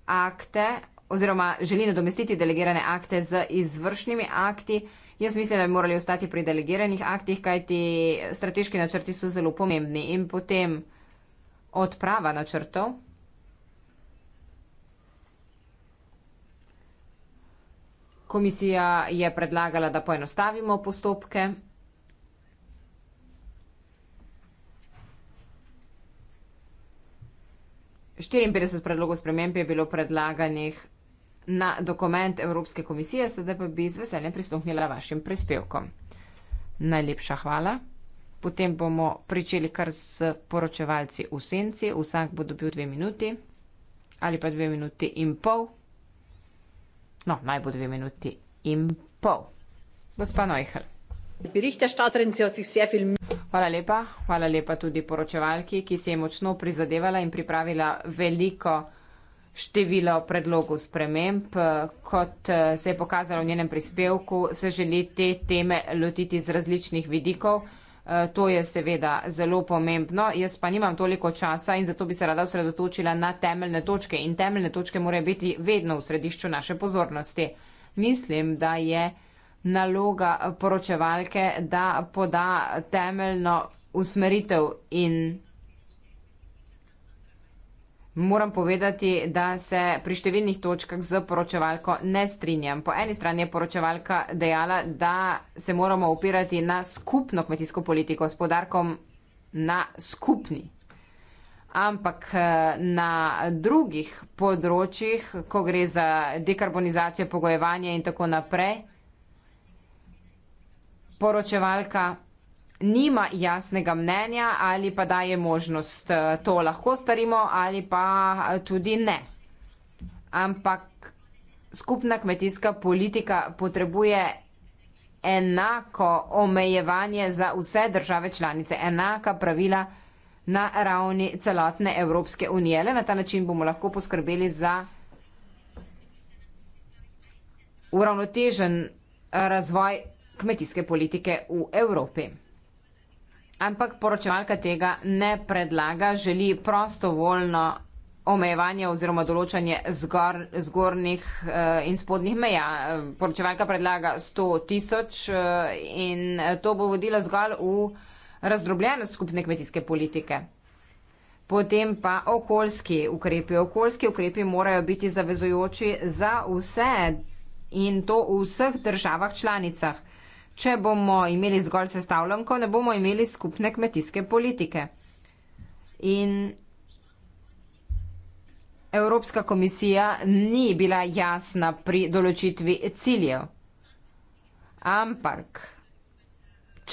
akte oziroma želi nadomestiti delegirane akte z izvršnimi akti. Jaz mislim, da bi morali ostati pri delegiranih aktih, kajti strateški načrti so zelo pomembni. In potem odprava načrtov, Komisija je predlagala, da poenostavimo postopke. Štiriinpetdeset predlogov sprememb je bilo predlaganih na dokument Evropske komisije, sedaj pa bi z veseljem prisluhnila vašim prispevkom. Najlepša hvala. Potem bomo pričeli kar s poročevalci v senci. Vsak bo dobil dve minuti ali pa dve minuti in pol. No, naj bo dve minuti in pol. Gospa Neuhel. Hvala lepa. Hvala lepa tudi poročevalki, ki se je močno prizadevala in pripravila veliko število predlogov sprememb. Kot eh, se je pokazalo v njenem prispevku, se želi te teme lotiti z različnih vidikov. Eh, to je seveda zelo pomembno. Jaz pa nimam toliko časa in zato bi se rada osredotočila na temeljne točke. In temeljne točke morajo biti vedno v središču naše pozornosti. Mislim, da je naloga eh, poročevalke, da poda temeljno usmeritev in Moram povedati, da se pri številnih točkah z poročevalko ne strinjam. Po eni strani je poročevalka dejala, da se moramo upirati na skupno kmetijsko politiko s podarkom na skupni. Ampak eh, na drugih področjih, ko gre za dekarbonizacijo, pogojevanje in tako naprej, poročevalka nima jasnega mnenja ali pa daje možnost, eh, to lahko starimo ali pa eh, tudi ne. Ampak skupna kmetijska politika potrebuje enako omejevanje za vse države članice, enaka pravila na ravni celotne Evropske unije. Le na ta način bomo lahko poskrbeli za uravnotežen razvoj kmetijske politike v Evropi. Ampak poročevalka tega ne predlaga, želi prostovoljno omejevanje oziroma določanje zgor, zgornjih uh, in spodnjih meja. Eh, poročevalka predlaga 100 tisoč uh, in to bo vodilo zgolj v razdrobljenost skupne kmetijske politike. Potem pa okoljski ukrepi. Okoljski ukrepi morajo biti zavezujoči za vse in to v vseh državah članicah če bomo imeli zgolj sestavljanko, ne bomo imeli skupne kmetijske politike. In Evropska komisija ni bila jasna pri določitvi ciljev. Ampak,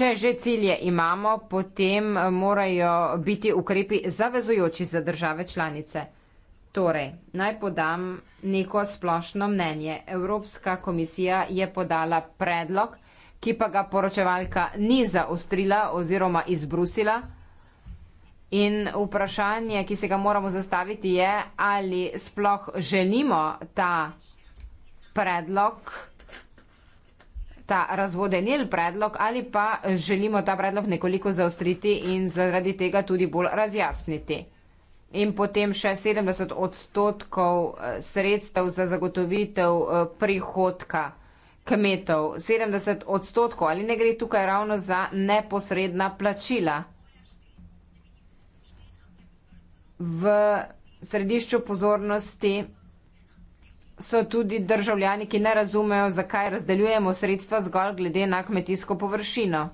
če že cilje imamo, potem morajo biti ukrepi zavezujoči za države članice. Torej, naj podam neko splošno mnenje. Evropska komisija je podala predlog, ki pa ga poročevalka ni zaostrila oziroma izbrusila. In vprašanje, ki se ga moramo zastaviti, je, ali sploh želimo ta predlog, ta razvodenil predlog, ali pa želimo ta predlog nekoliko zaostriti in zaradi tega tudi bolj razjasniti. In potem še 70 odstotkov eh, sredstev za zagotovitev eh, prihodka kmetov, 70 odstotkov, ali ne gre tukaj ravno za neposredna plačila. V središču pozornosti so tudi državljani, ki ne razumejo, zakaj razdeljujemo sredstva zgolj glede na kmetijsko površino.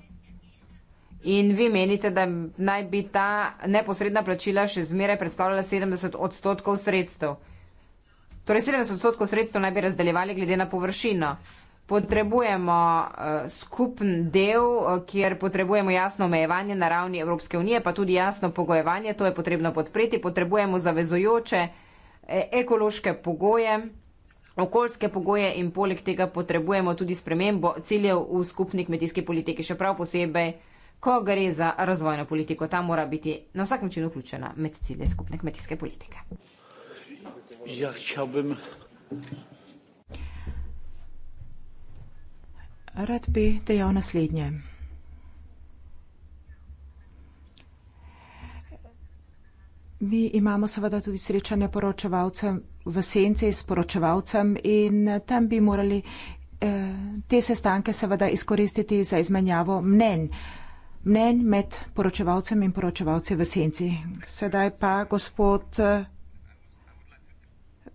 In vi menite, da naj bi ta neposredna plačila še zmeraj predstavljala 70 odstotkov sredstev. Torej 70 odstotkov sredstev naj bi razdeljevali glede na površino potrebujemo eh, skupen del, eh, kjer potrebujemo jasno omejevanje na ravni Evropske unije, pa tudi jasno pogojevanje, to je potrebno podpreti, potrebujemo zavezujoče eh, ekološke pogoje, okoljske pogoje in poleg tega potrebujemo tudi spremembo ciljev v skupni kmetijski politiki, še prav posebej, ko gre za razvojno politiko. Ta mora biti na vsak način vključena med cilje skupne kmetijske politike. Ja, Rad bi dejal naslednje. Mi imamo seveda tudi srečanje poročevalcem v senci s poročevalcem in tam bi morali eh, te sestanke seveda izkoristiti za izmenjavo mnen. Mnen med poročevalcem in poročevalcem v senci. Sedaj pa gospod eh,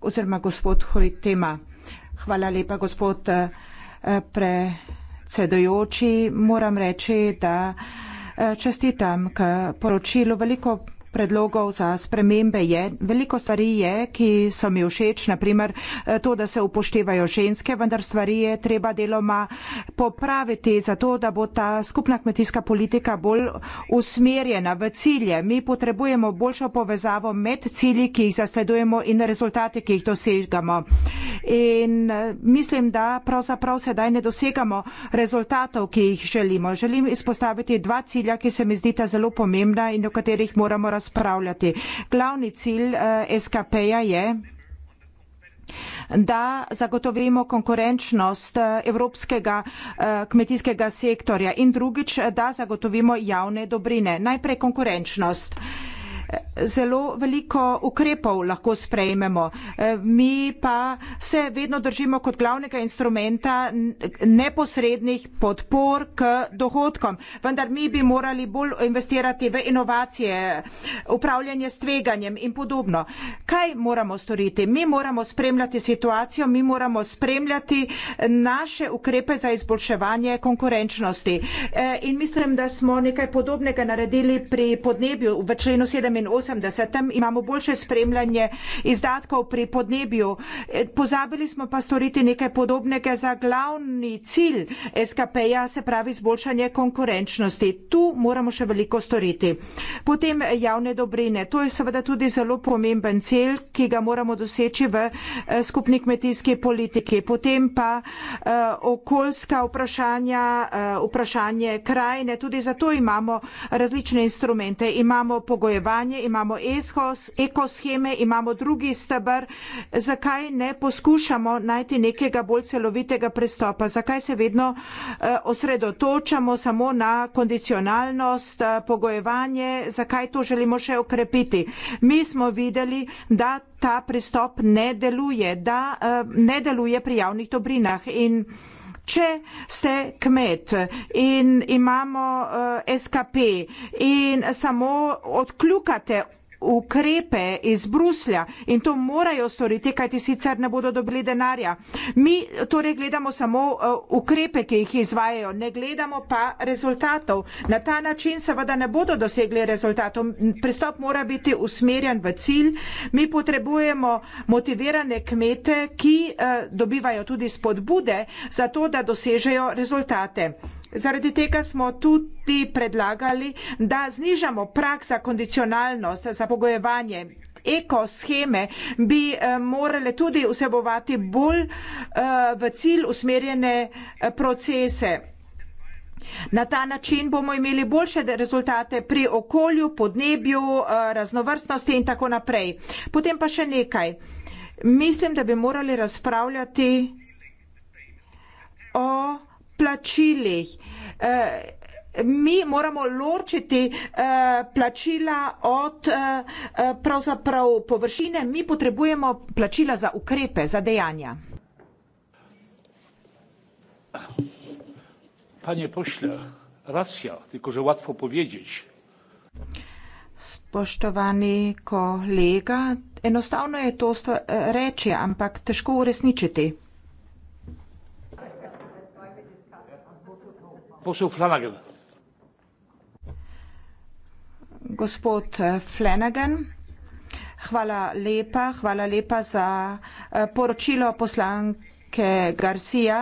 oziroma gospod Hojtema. Hvala lepa, gospod. Eh, predsedujoči, moram reči, da eh, čestitam k poročilu veliko predlogov za spremembe je, veliko stvari je, ki so mi všeč, naprimer eh, to, da se upoštevajo ženske, vendar stvari je treba deloma popraviti, zato da bo ta skupna kmetijska politika bolj usmerjena v cilje. Mi potrebujemo boljšo povezavo med cilji, ki jih zasledujemo in rezultati, ki jih dosegamo. In eh, mislim, da pravzaprav sedaj ne dosegamo rezultatov, ki jih želimo. Želim izpostaviti dva cilja, ki se mi zdita zelo pomembna in o katerih moramo razmišljati razpravljati. Glavni cilj eh, SKP-ja je da zagotovimo konkurenčnost eh, evropskega eh, kmetijskega sektorja in drugič, da zagotovimo javne dobrine. Najprej konkurenčnost zelo veliko ukrepov lahko sprejmemo. E, mi pa se vedno držimo kot glavnega instrumenta neposrednih podpor k dohodkom. Vendar mi bi morali bolj investirati v inovacije, upravljanje s tveganjem in podobno. Kaj moramo storiti? Mi moramo spremljati situacijo, mi moramo spremljati naše ukrepe za izboljševanje konkurenčnosti. E, in mislim, da smo nekaj podobnega naredili pri podnebju v členu 17. 81. imamo boljše spremljanje izdatkov pri podnebju. E, pozabili smo pa storiti nekaj podobnega za glavni cilj SKP-ja, se pravi zboljšanje konkurenčnosti. Tu moramo še veliko storiti. Potem javne dobrine. To je seveda tudi zelo pomemben cilj, ki ga moramo doseči v e, skupni kmetijski politiki. Potem pa e, okoljska vprašanja, vprašanje krajine. Tudi zato imamo različne instrumente. Imamo pogojevanje stanje, imamo ESHOS, ekosheme, imamo drugi stebr, zakaj ne poskušamo najti nekega bolj celovitega pristopa, zakaj se vedno eh, osredotočamo samo na kondicionalnost, eh, pogojevanje, zakaj to želimo še okrepiti. Mi smo videli, da ta pristop ne deluje, da eh, ne deluje pri javnih dobrinah. In Če ste kmet in imamo uh, eh, SKP in samo odkljukate ukrepe iz Bruslja in to morajo storiti, kajti sicer ne bodo dobili denarja. Mi torej gledamo samo eh, ukrepe, ki jih izvajajo, ne gledamo pa rezultatov. Na ta način seveda ne bodo dosegli rezultatov. Pristop mora biti usmerjen v cilj. Mi potrebujemo motivirane kmete, ki eh, dobivajo tudi spodbude za to, da dosežejo rezultate. Zaradi tega smo tudi predlagali, da znižamo prak za kondicionalnost, za pogojevanje. Ekosheme bi eh, morale tudi vsebovati bolj eh, v cilj usmerjene eh, procese. Na ta način bomo imeli boljše rezultate pri okolju, podnebju, raznovrstnosti in tako naprej. Potem pa še nekaj. Mislim, da bi morali razpravljati o plačilih. E, mi moramo ločiti e, plačila od e, pravzaprav površine, mi potrebujemo plačila za ukrepe, za dejanja. Panie pośle, racja, tylko że łatwo powiedzieć. Spoštovani kolega, enostavno je to reči, ampak težko uresničiti. posel Flanagan. Gospod Flanagan. Hvala lepa, hvala lepa za eh, poročilo poslanke Garcia.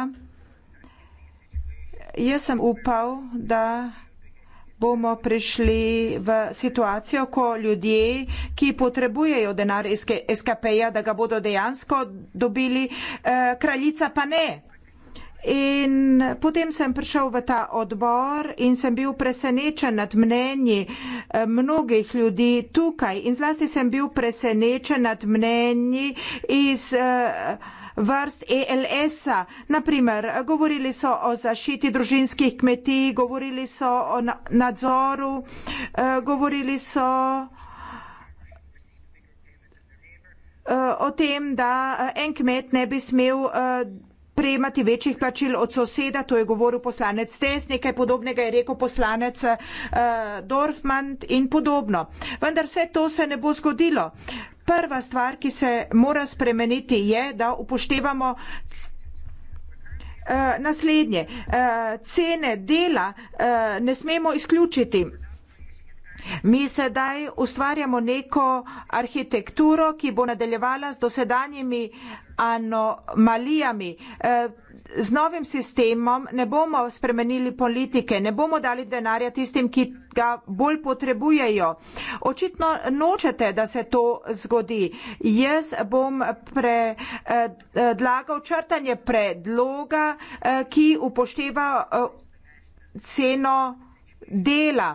Jaz sem upal, da bomo prišli v situacijo, ko ljudje, ki potrebujejo denar SKP-ja, da ga bodo dejansko dobili, eh, kraljica pa ne. In potem sem prišel v ta odbor in sem bil presenečen nad mnenji eh, mnogih ljudi tukaj in zlasti sem bil presenečen nad mnenji iz eh, vrst ELS-a. Naprimer, govorili so o zašiti družinskih kmetij, govorili so o nadzoru, eh, govorili so o tem, da en kmet ne bi smel prejemati večjih plačil od soseda, to je govoril poslanec Tes, nekaj podobnega je rekel poslanec uh, Dorfman in podobno. Vendar vse to se ne bo zgodilo. Prva stvar, ki se mora spremeniti, je, da upoštevamo. Uh, naslednje, uh, cene dela uh, ne smemo izključiti. Mi sedaj ustvarjamo neko arhitekturo, ki bo nadaljevala z dosedanjimi anomalijami. Eh, z novim sistemom ne bomo spremenili politike, ne bomo dali denarja tistim, ki ga bolj potrebujejo. Očitno nočete, da se to zgodi. Jaz bom predlagal črtanje predloga, eh, ki upošteva eh, ceno dela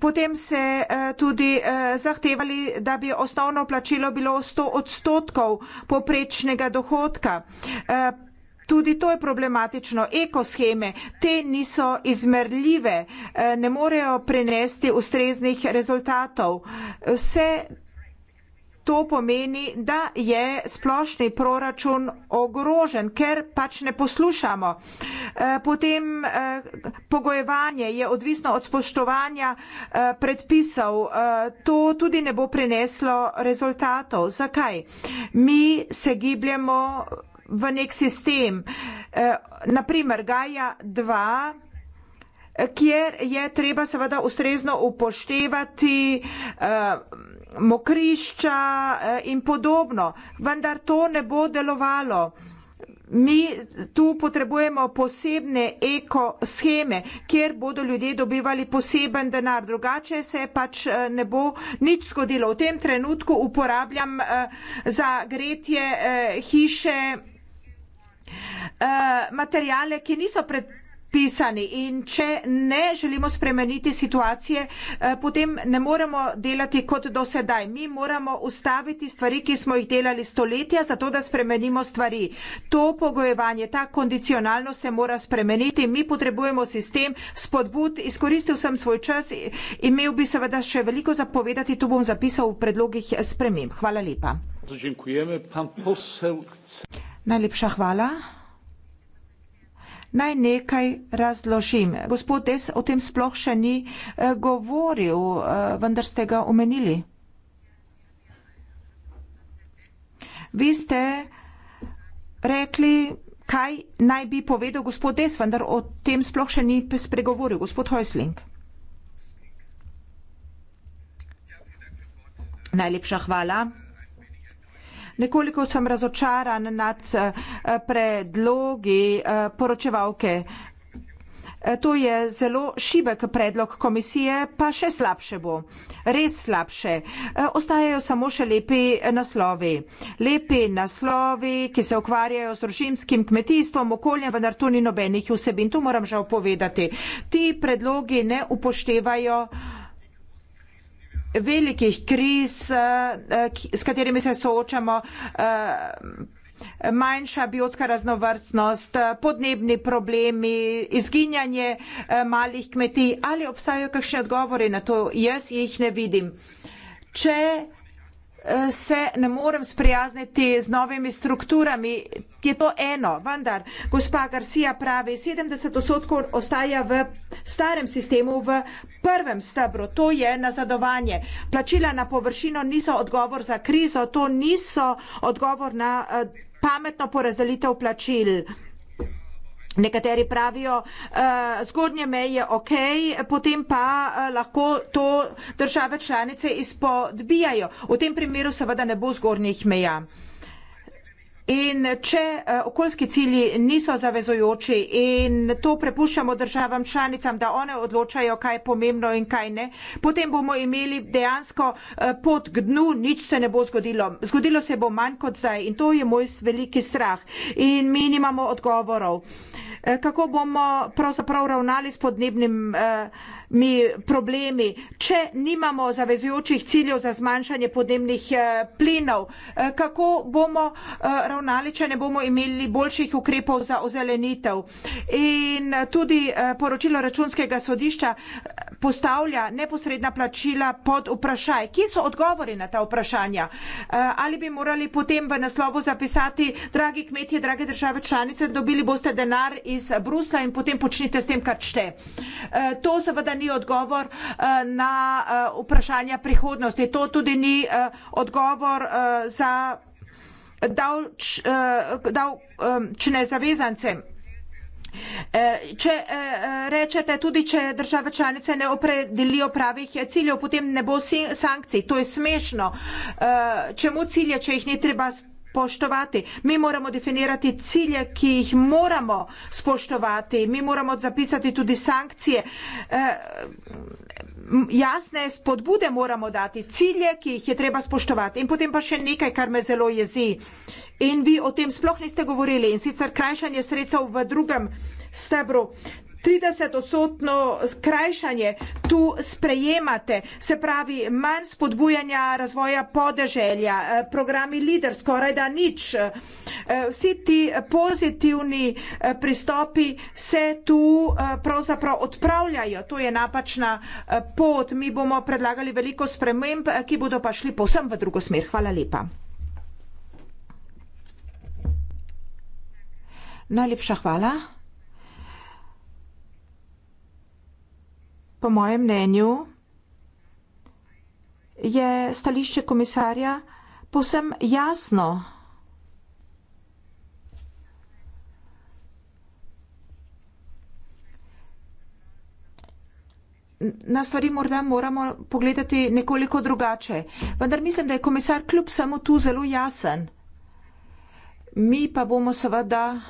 potem se eh, tudi eh, zahtevali, da bi osnovno plačilo bilo 100 odstotkov poprečnega dohodka. Eh, tudi to je problematično. Ekosheme, te niso izmerljive, ne morejo prenesti ustreznih rezultatov. Vse to pomeni, da je splošni proračun ogrožen, ker pač ne poslušamo. Eh, potem eh, pogojevanje je odvisno od spoštovanja eh, predpisov. To tudi ne bo prineslo rezultatov. Zakaj? Mi se gibljemo v nek sistem. Naprimer, Gaja 2 kjer je treba seveda ustrezno upoštevati uh, mokrišča eh, in podobno, vendar to ne bo delovalo. Mi tu potrebujemo posebne ekosheme, kjer bodo ljudje dobivali poseben denar, drugače se pač eh, ne bo nič zgodilo. V tem trenutku uporabljam eh, za gretje hiše materijale, ki niso predpisane predpisani. In če ne želimo spremeniti situacije, eh, potem ne moremo delati kot do sedaj. Mi moramo ustaviti stvari, ki smo jih delali stoletja, zato da spremenimo stvari. To pogojevanje, ta kondicionalno se mora spremeniti. Mi potrebujemo sistem spodbud. Izkoristil sem svoj čas, imel bi seveda še veliko zapovedati, to bom zapisal v predlogih sprememb. Hvala lepa. Najlepša hvala. Naj nekaj razložim. Gospod Des o tem sploh še ni eh, govoril, eh, vendar ste ga omenili. Vi ste rekli, kaj naj bi povedal gospod Des, vendar o tem sploh še ni spregovoril, gospod Hojsling. Najlepša hvala. Nekoliko sem razočaran nad eh, predlogi eh, poročevalke. Eh, to je zelo šibek predlog komisije, pa še slabše bo. Res slabše. Ostajajo samo še lepi naslovi. Lepi naslovi, ki se ukvarjajo s rožimskim kmetijstvom, okoljem, vendar tu ni nobenih vsebin. To moram žal povedati. Ti predlogi ne upoštevajo velikih kriz, eh, eh, s katerimi se soočamo, eh, manjša biotska raznovrstnost, podnebni problemi, izginjanje malih kmetij, ali obstajajo kakšne odgovore na to? Jaz jih ne vidim. Če se ne morem sprijazniti z novimi strukturami. Je to eno, vendar, gospa Garcia pravi, 70 odstotkov ostaja v starem sistemu, v prvem stebru, to je nazadovanje. Plačila na površino niso odgovor za krizo, to niso odgovor na eh, pametno porazdelitev plačil. Nekateri pravijo, uh, zgodnje meje ok, potem pa uh, lahko to države članice izpodbijajo. V tem primeru seveda ne bo zgornjih meja. In če eh, okoljski cilji niso zavezojoči in to prepuščamo državam članicam, da one odločajo, kaj je pomembno in kaj ne, potem bomo imeli dejansko eh, pot k dnu, nič se ne bo zgodilo. Zgodilo se bo manj kot zdaj in to je moj veliki strah. In mi nimamo odgovorov, eh, kako bomo pravzaprav ravnali s podnebnim. Eh, mi problemi, če nimamo zavezujočih ciljev za zmanjšanje podnebnih eh, plinov, eh, kako bomo eh, ravnali, če ne bomo imeli boljših ukrepov za ozelenitev. In tudi poročilo računskega sodišča postavlja neposredna plačila pod vprašaj. Kje so odgovori na ta vprašanja? Ali bi morali potem v naslovu zapisati, dragi kmetje, drage države članice, dobili boste denar iz Brusla in potem počnite s tem, kar čte. To seveda ni odgovor eh, na eh, vprašanja prihodnosti. To tudi ni eh, odgovor za davč, davčne zavezance. Če rečete, tudi če države članice ne opredelijo pravih ciljev, potem ne bo sankcij. To je smešno. Čemu cilje, če jih ni treba spremljati? poštovati. Mi moramo definirati cilje, ki jih moramo spoštovati. Mi moramo zapisati tudi sankcije. E, jasne spodbude moramo dati, cilje, ki jih je treba spoštovati. In potem pa še nekaj, kar me zelo jezi. In vi o tem sploh niste govorili. In sicer krajšanje sredstev v drugem stebru. 30-odstotno skrajšanje tu sprejemate, se pravi manj spodbujanja razvoja podeželja, eh, programi lider skoraj da nič. Eh, vsi ti pozitivni eh, pristopi se tu pravzaprav odpravljajo. To je napačna pot. Mi bomo predlagali veliko sprememb, ki bodo pa šli povsem v drugo smer. Hvala lepa. Najlepša hvala. po mojem mnenju, je stališče komisarja povsem jasno. Na stvari morda moramo pogledati nekoliko drugače, vendar mislim, da je komisar kljub samo tu zelo jasen. Mi pa bomo seveda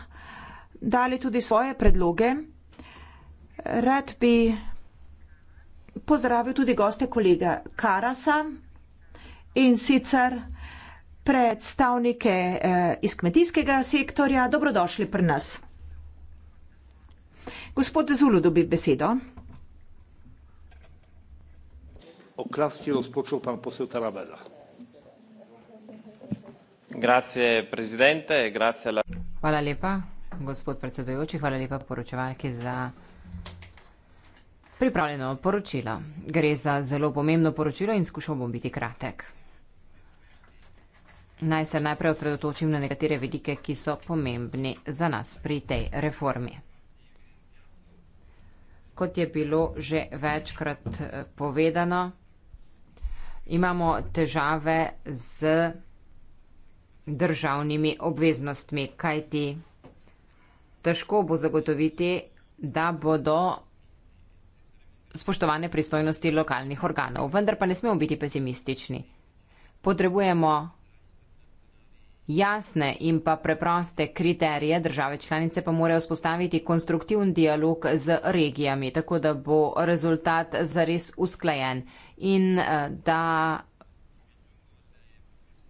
dali tudi svoje predloge. Rad bi pozdravil tudi goste kolega Karasa in sicer predstavnike eh, iz kmetijskega sektorja. Dobrodošli pri nas. Gospod Zulu dobi besedo. Oklasti gospodu pan posel Tarabela. Grazie, presidente, grazie la... Hvala lepa, gospod predsedujoči, hvala lepa poročevalki za Pripravljeno poročilo. Gre za zelo pomembno poročilo in skušal bom biti kratek. Naj se najprej osredotočim na nekatere vedike, ki so pomembni za nas pri tej reformi. Kot je bilo že večkrat eh, povedano, imamo težave z državnimi obveznostmi, kajti težko bo zagotoviti, da bodo spoštovane pristojnosti lokalnih organov. Vendar pa ne smemo biti pesimistični. Potrebujemo jasne in pa preproste kriterije. Države članice pa morajo spostaviti konstruktivn dialog z regijami, tako da bo rezultat zares usklajen in eh, da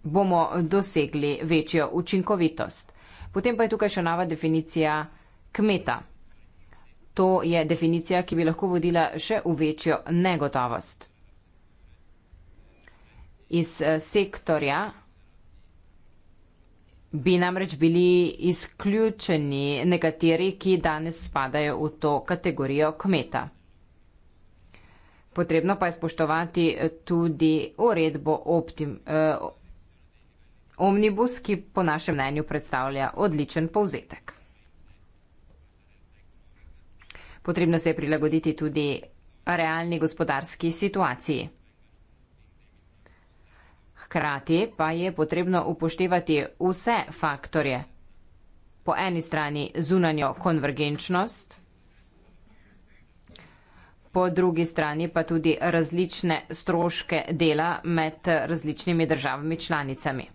bomo dosegli večjo učinkovitost. Potem pa je tukaj še nova definicija kmeta. To je definicija, ki bi lahko vodila še v večjo negotovost. Iz eh, sektorja bi namreč bili izključeni nekateri, ki danes spadajo v to kategorijo kmeta. Potrebno pa je spoštovati tudi uredbo Optim, eh, Omnibus, ki po našem mnenju predstavlja odličen povzetek potrebno se je prilagoditi tudi realni gospodarski situaciji. Hkrati pa je potrebno upoštevati vse faktorje. Po eni strani zunanjo konvergenčnost, po drugi strani pa tudi različne stroške dela med različnimi državami članicami.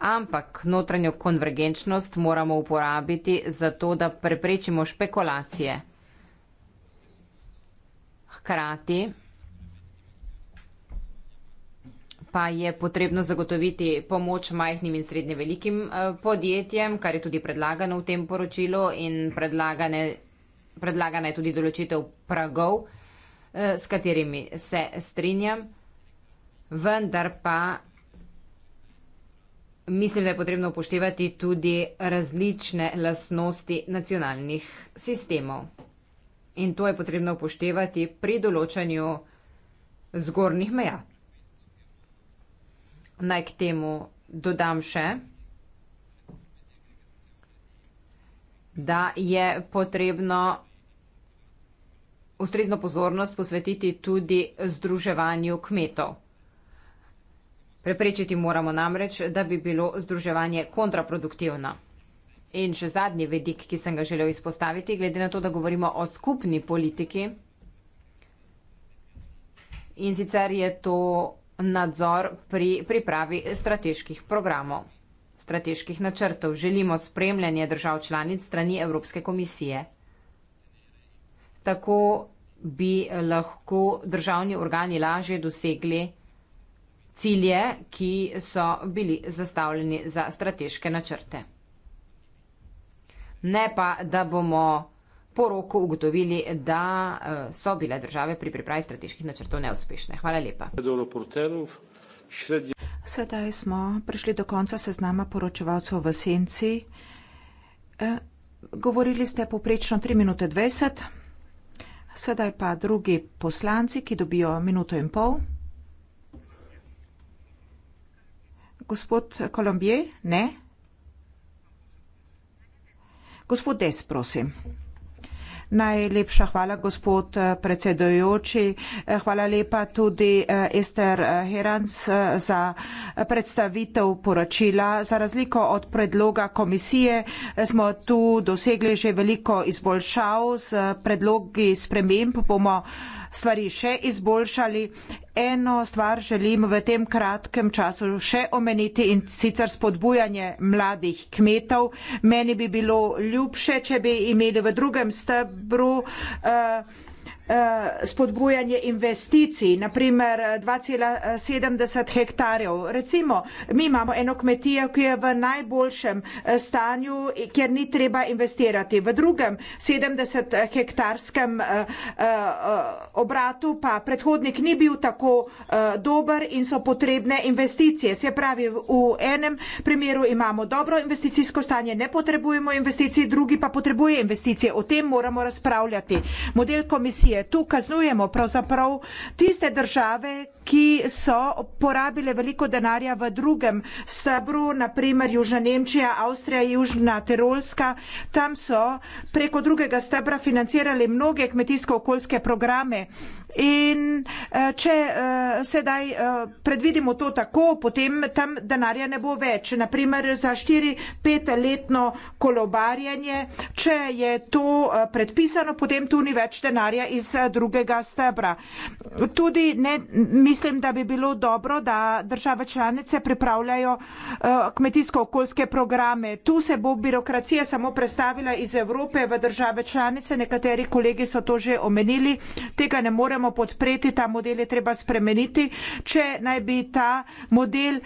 Ampak notranjo konvergenčnost moramo uporabiti za to, da preprečimo špekulacije. Hkrati pa je potrebno zagotoviti pomoč majhnim in srednje velikim eh, podjetjem, kar je tudi predlagano v tem poročilu in predlagana je tudi določitev pragov, eh, s katerimi se strinjam, vendar pa Mislim, da je potrebno upoštevati tudi različne lasnosti nacionalnih sistemov. In to je potrebno upoštevati pri določanju zgornjih meja. Naj k temu dodam še, da je potrebno ustrezno pozornost posvetiti tudi združevanju kmetov. Preprečiti moramo namreč, da bi bilo združevanje kontraproduktivno. In še zadnji vedik, ki sem ga želel izpostaviti, glede na to, da govorimo o skupni politiki, in sicer je to nadzor pri pripravi strateških programov, strateških načrtov. Želimo spremljanje držav članic strani Evropske komisije. Tako bi lahko državni organi lažje dosegli, cilje, ki so bili zastavljeni za strateške načrte. Ne pa, da bomo po roku ugotovili, da eh, so bile države pri pripravi strateških načrtov neuspešne. Hvala lepa. Sedaj smo prišli do konca seznama poročevalcev v Senci. Eh, govorili ste poprečno 3 minute 20, sedaj pa drugi poslanci, ki dobijo minuto in pol. Gospod Kolombije, ne? Gospod Des, prosim. Najlepša hvala, gospod eh, predsedojoči. Eh, hvala lepa tudi eh, Ester Herans za predstavitev poročila. Za razliko od predloga komisije smo tu dosegli že veliko izboljšav. Z predlogi sprememb bomo stvari še izboljšali. Eno stvar želim v tem kratkem času še omeniti in sicer spodbujanje mladih kmetov. Meni bi bilo ljubše, če bi imeli v drugem stebru. Uh, Eh, spodbujanje investicij, naprimer 2,70 eh, hektarjev. Recimo, mi imamo eno kmetijo, ki je v najboljšem eh, stanju, kjer ni treba investirati. V drugem 70 hektarskem obratu pa predhodnik ni bil tako dober in so potrebne investicije. Se pravi, v enem primeru imamo dobro investicijsko stanje, ne potrebujemo investicij, drugi pa potrebuje investicije. O tem moramo razpravljati. Model komisije tu kaznujemo pravzaprav tiste države, ki so porabile veliko denarja v drugem stebru, naprimer Južna Nemčija, Avstrija, Južna Tirolska. Tam so preko drugega stebra financirali mnoge kmetijsko-okoljske programe. In eh, če eh, sedaj eh, predvidimo to tako, potem tam denarja ne bo več. Naprimer, za 4-5 letno kolobarjanje, če je to predpisano, potem tu ni več denarja iz drugega stebra. Tudi ne, mi mislim, da bi bilo dobro, da države članice pripravljajo eh, kmetijsko-okoljske programe. Tu se bo birokracija samo predstavila iz Evrope v države članice. Nekateri kolegi so to že omenili. Tega ne moremo podpreti, ta model je treba spremeniti. Če naj bi ta model eh,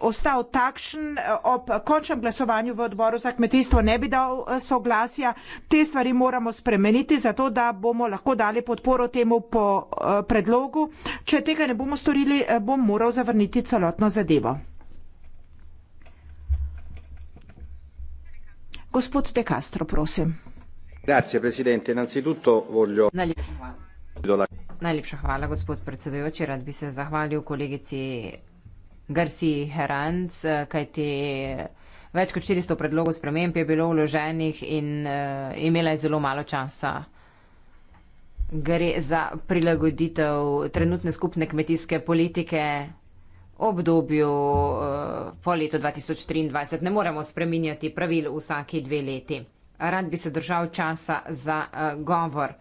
ostal takšen, eh, ob končnem glasovanju v odboru za kmetijstvo ne bi dal soglasja, te stvari moramo spremeniti, zato da bomo lahko dali podporo temu po predlogu. Če tega ne bomo storili, eh, bom moral zavrniti celotno zadevo. Gospod De Castro, prosim. Grazie, presidente. Innanzitutto voglio... Najlepša hvala, gospod predsedujoči. Rad bi se zahvalil kolegici Garci Heranc, kajti več kot 400 predlogov sprememb je bilo vloženih in eh, imela je zelo malo časa gre za prilagoditev trenutne skupne kmetijske politike obdobju eh, po letu 2023. Ne moremo spreminjati pravil vsaki dve leti. Rad bi se držal časa za eh, govor,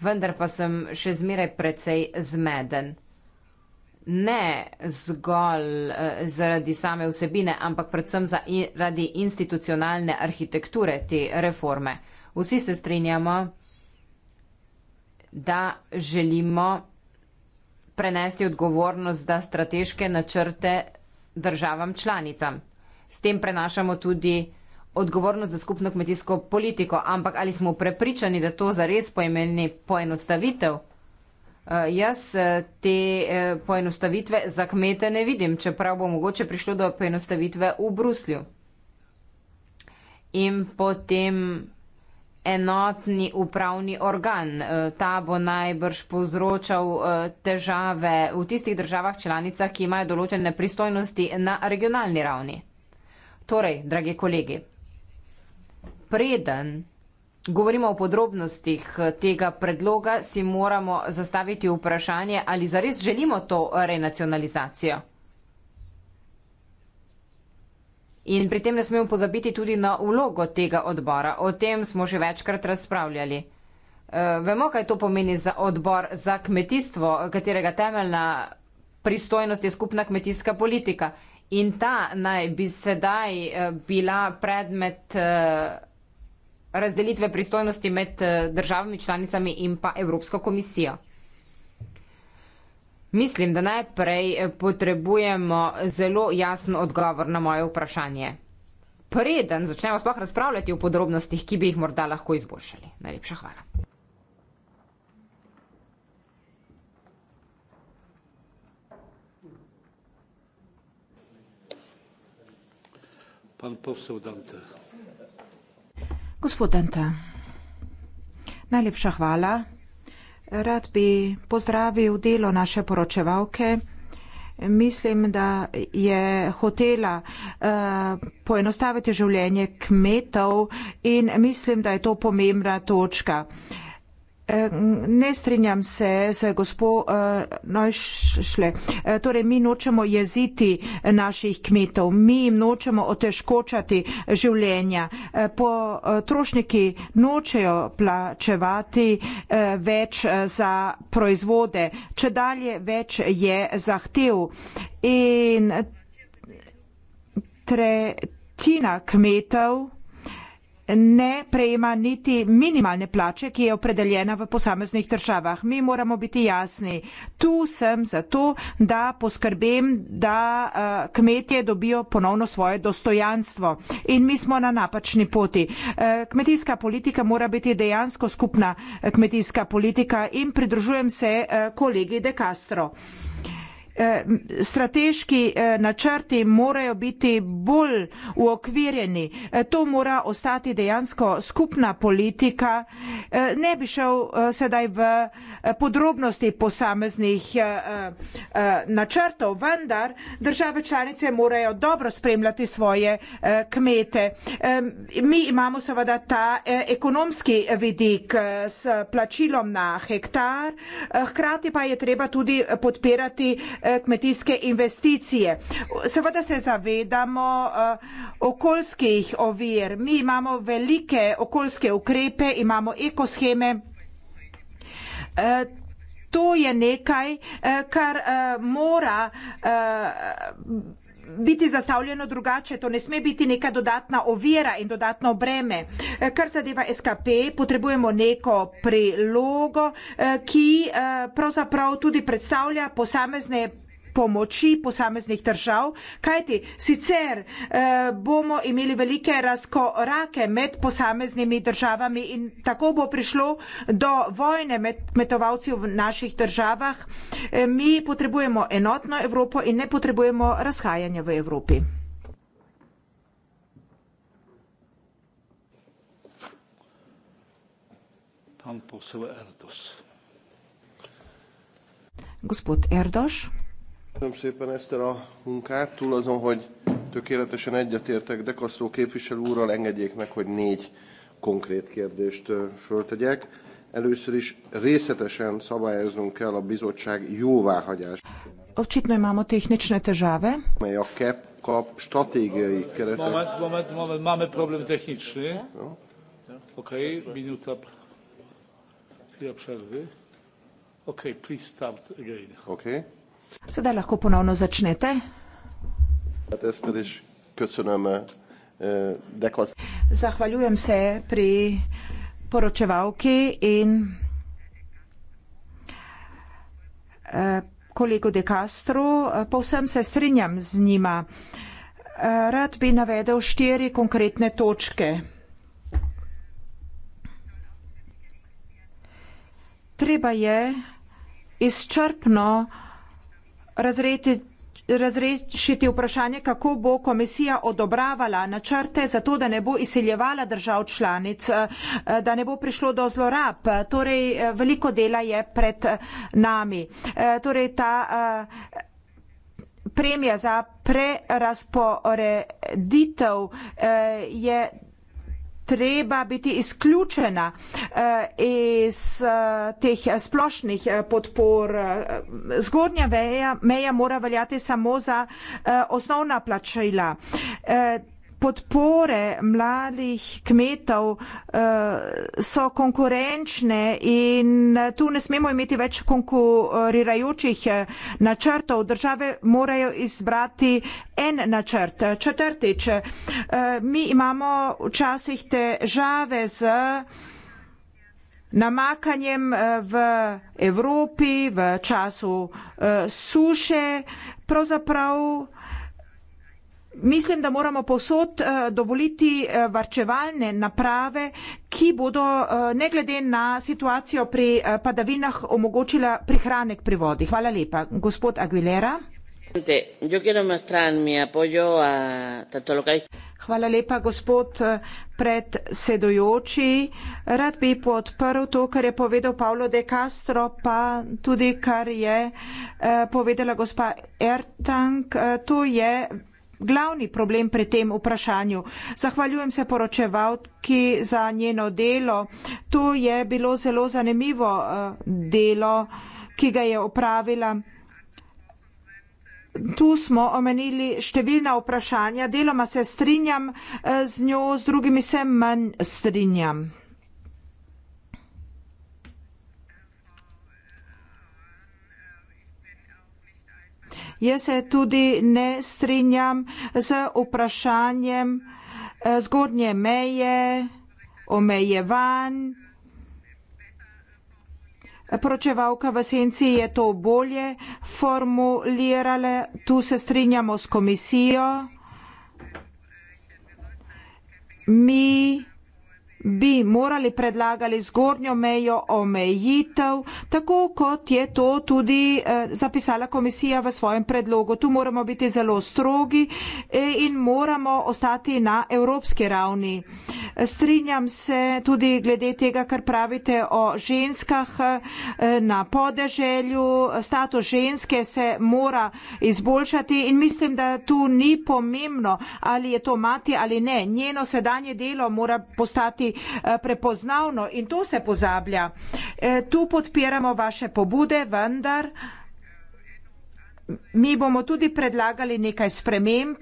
vendar pa sem še zmeraj precej zmeden. Ne zgolj eh, zaradi same vsebine, ampak predvsem zaradi institucionalne arhitekture te reforme. Vsi se strinjamo, da želimo prenesti odgovornost za strateške načrte državam članicam. S tem prenašamo tudi odgovornost za skupno kmetijsko politiko, ampak ali smo prepričani, da to zares pojmeni poenostavitev? Uh, jaz eh, te uh, poenostavitve za kmete ne vidim, čeprav bo mogoče prišlo do poenostavitve v Bruslju. In potem enotni upravni organ. E, ta bo najbrž povzročal e, težave v tistih državah članicah, ki imajo določene pristojnosti na regionalni ravni. Torej, dragi kolegi, preden govorimo o podrobnostih e, tega predloga, si moramo zastaviti vprašanje, ali zares želimo to renacionalizacijo. In pri tem ne smemo pozabiti tudi na vlogo tega odbora. O tem smo že večkrat razpravljali. Eh, vemo, kaj to pomeni za odbor za kmetijstvo, katerega temeljna pristojnost je skupna kmetijska politika. In ta naj bi sedaj eh, bila predmet eh, razdelitve pristojnosti med državami članicami in pa Evropsko komisijo. Mislim, da najprej eh, potrebujemo zelo jasen odgovor na moje vprašanje. Preden začnemo sploh razpravljati o podrobnostih, ki bi jih morda lahko izboljšali. Najlepša hvala. Gospod Dante, najlepša hvala rad bi pozdravil delo naše poročevalke. Mislim, da je hotela uh, poenostaviti življenje kmetov in mislim, da je to pomembna točka. Uh, ne strinjam se z gospo eh, Nojšle. Eh, torej, mi nočemo jeziti naših kmetov, mi jim nočemo otežkočati življenja. Eh, potrošniki nočejo plačevati več za proizvode, če dalje več je zahtev. In tretjina kmetov, ne prejema niti minimalne plače, ki je opredeljena v posameznih državah. Mi moramo biti jasni. Tu sem zato, da poskrbim, da eh, kmetje dobijo ponovno svoje dostojanstvo. In mi smo na napačni poti. Eh, kmetijska politika mora biti dejansko skupna eh, kmetijska politika in pridružujem se kolegi De Castro. Eh, strateški eh, načrti morajo biti bolj uokvirjeni. Eh, to mora ostati dejansko skupna politika. Ne bi šel sedaj v podrobnosti posameznih načrtov, vendar države članice morajo dobro spremljati svoje kmete. Mi imamo seveda ta ekonomski vidik s plačilom na hektar, hkrati pa je treba tudi podpirati Eh, kmetijske investicije. Seveda se zavedamo eh, okoljskih ovir. Mi imamo velike okoljske ukrepe, imamo ekosheme. Eh, to je nekaj, kar mora biti zastavljeno drugače, to ne sme biti neka dodatna ovira in dodatno breme. Eh, kar zadeva SKP, potrebujemo neko prilogo, eh, ki eh, pravzaprav tudi predstavlja posamezne pomoči posameznih držav, kajti sicer eh, bomo imeli velike razkorake med posameznimi državami in tako bo prišlo do vojne med metovalci v naših državah. Eh, mi potrebujemo enotno Evropo in ne potrebujemo razhajanja v Evropi. Gospod Erdoš. Köszönöm szépen, Eszter, a munkát. Túl azon, hogy tökéletesen egyetértek Dekasztó képviselő úrral, engedjék meg, hogy négy konkrét kérdést föltegyek. Először is részletesen szabályoznunk kell a bizottság jóváhagyást. Očitno imamo tehnične težave. Meja kep kap strategiji kerete. Moment, moment, moment, imamo problem tehnični. No. Ok, minuta, hvila prerve. Ok, please start again. Ok. Ok. Sedaj lahko ponovno začnete. Eh, Zahvaljujem se pri poročevalki in eh, kolegu De Castro. Povsem se strinjam z njima. Eh, rad bi navedel štiri konkretne točke. Treba je izčrpno razreti razrešiti vprašanje, kako bo komisija odobravala načrte za to, da ne bo izseljevala držav članic, eh, da ne bo prišlo do zlorab. Torej, eh, veliko dela je pred eh, nami. Torej, ta premija za prerasporeditev je treba biti izključena eh, iz eh, teh eh, splošnih podpor. Zgodnja meja mora veljati samo za osnovna plačila podpore mladih kmetov eh, so konkurenčne in tu ne smemo imeti več konkurirajočih eh, načrtov. Države morajo izbrati en načrt. Četrtič, eh, mi imamo včasih težave z namakanjem v Evropi v času suše. Pravzaprav Mislim, da moramo posod eh, dovoliti eh, varčevalne naprave, ki bodo eh, ne glede na situacijo pri padavinah omogočila prihranek pri vodi. Hvala lepa. Gospod Aguilera. Hvala lepa, gospod predsedujoči. Rad bi podprl to, kar je povedal Paolo de Castro, pa tudi, kar je povedala gospa Ertang. To je glavni problem pri tem vprašanju. Zahvaljujem se poročevalki za njeno delo. To je bilo zelo zanimivo eh, delo, ki ga je opravila. Tu smo omenili številna vprašanja, deloma se strinjam eh, z njo, z drugimi se manj strinjam. Jaz se tudi ne strinjam z vprašanjem eh, zgodnje meje, omejevanj. Pročevalka v senci je to bolje formulirala, tu se strinjamo s komisijo. Mi bi morali predlagali zgornjo mejo omejitev, tako kot je to tudi eh, zapisala komisija v svojem predlogu. Tu moramo biti zelo strogi eh, in moramo ostati na evropski ravni. Eh, strinjam se tudi glede tega, kar pravite o ženskah na podeželju. Status ženske se mora izboljšati in mislim, da tu ni pomembno, ali je to mati ali ne. Njeno sedanje delo mora postati Eh, prepoznavno in to se pozablja. Eh, tu podpiramo vaše pobude, vendar mi bomo tudi predlagali nekaj sprememb.